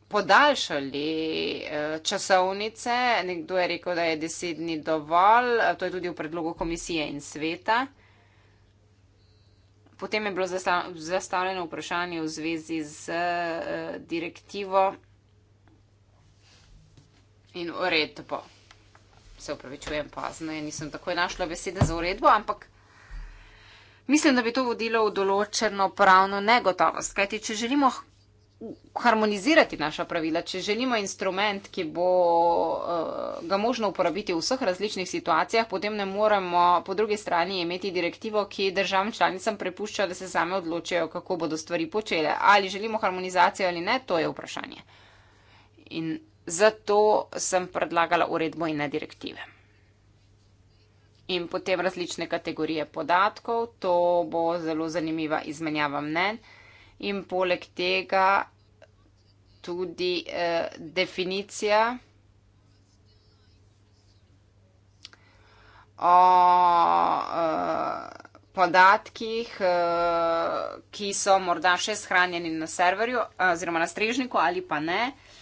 podaljšali časovnice. Nekdo je rekel, da je deset dni dovolj, to je tudi v predlogu komisije in sveta. Potem je bilo zastavljeno vprašanje v zvezi z uh, direktivo in uredbo. Se upravičujem, pazno je, nisem takoj našla besede za uredbo, ampak mislim, da bi to vodilo v določeno pravno negotovost. Kajti, če želimo harmonizirati naša pravila, če želimo instrument, ki bo uh, ga možno uporabiti v vseh različnih situacijah, potem ne moremo po drugi strani imeti direktivo, ki državam članicam prepušča, da se same odločijo, kako bodo stvari počele. Ali želimo harmonizacijo ali ne, to je vprašanje. In zato sem predlagala uredbo in ne direktive. In potem različne kategorije podatkov, to bo zelo zanimiva izmenjava mnenj in poleg tega tudi eh, definicija o eh, podatkih, eh, ki so morda še shranjeni na serverju eh, oziroma na strežniku ali pa ne. Eh,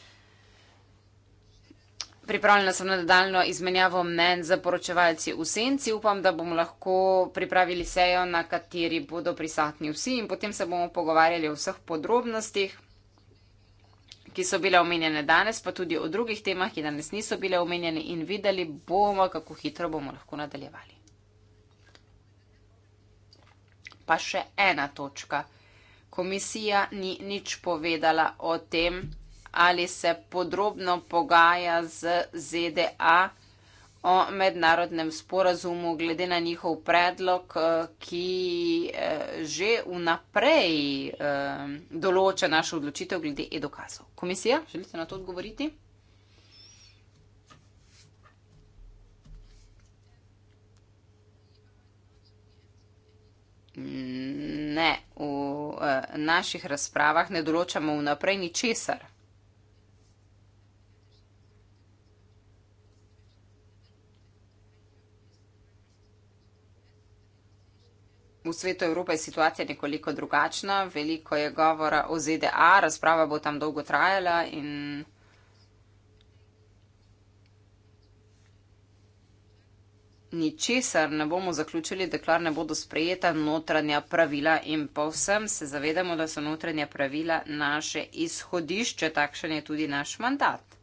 Pripravljena sem na nadaljno izmenjavo mnen za poročevalci v senci. Upam, da bomo lahko pripravili sejo, na kateri bodo prisotni vsi in potem se bomo pogovarjali o vseh podrobnostih, ki so bile omenjene danes, pa tudi o drugih temah, ki danes niso bile omenjene in videli bomo, kako hitro bomo lahko nadaljevali. Pa še ena točka. Komisija ni nič povedala o tem, ali se podrobno pogaja z ZDA o mednarodnem sporazumu glede na njihov predlog, eh, ki eh, že vnaprej eh, določa našo odločitev glede e-dokazov. Komisija, želite na to odgovoriti? Ne, v naših razpravah ne določamo vnaprej ni česar. V svetu Evrope je situacija nekoliko drugačna, veliko je govora o ZDA, razprava bo tam dolgo trajala in. Ničesar ne bomo zaključili, dokler ne bodo sprejeta notranja pravila in povsem se zavedamo, da so notranja pravila naše izhodišče, takšen je tudi naš mandat.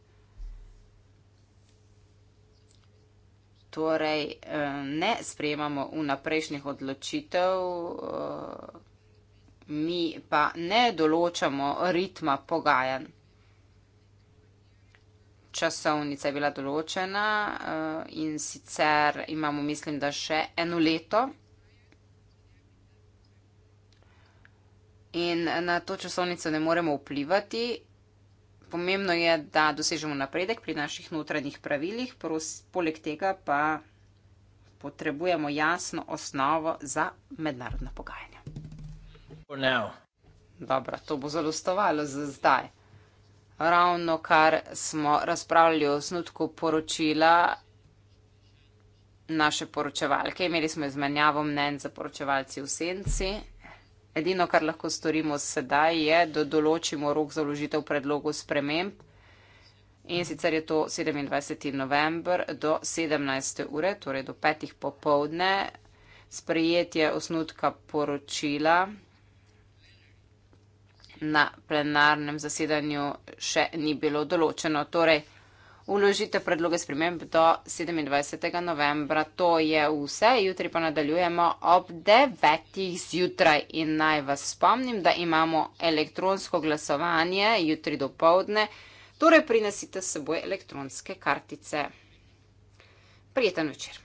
torej eh, ne sprejemamo vnaprejšnjih odločitev, eh, mi pa ne določamo ritma pogajanj. Časovnica je bila določena eh, in sicer imamo, mislim, da še eno leto. In na to časovnico ne moremo vplivati, pomembno je, da dosežemo napredek pri naših notranjih pravilih, pros, poleg tega pa potrebujemo jasno osnovo za mednarodna pogajanja. Dobro, to bo zadostovalo za zdaj. Ravno kar smo razpravljali o snutku poročila naše poročevalke, imeli smo izmenjavo mnen za poročevalci v senci. Edino, kar lahko storimo sedaj, je, da določimo rok za vložitev predlogov sprememb in sicer je to 27. november do 17. ure, torej do 5. popovdne, sprejetje osnutka poročila na plenarnem zasedanju še ni bilo določeno. Torej, vložite predloge sprememb do 27. novembra. To je vse, jutri pa nadaljujemo ob 9. zjutraj in naj vas spomnim, da imamo elektronsko glasovanje jutri do povdne, torej prinesite s seboj elektronske kartice. Prijeten večer.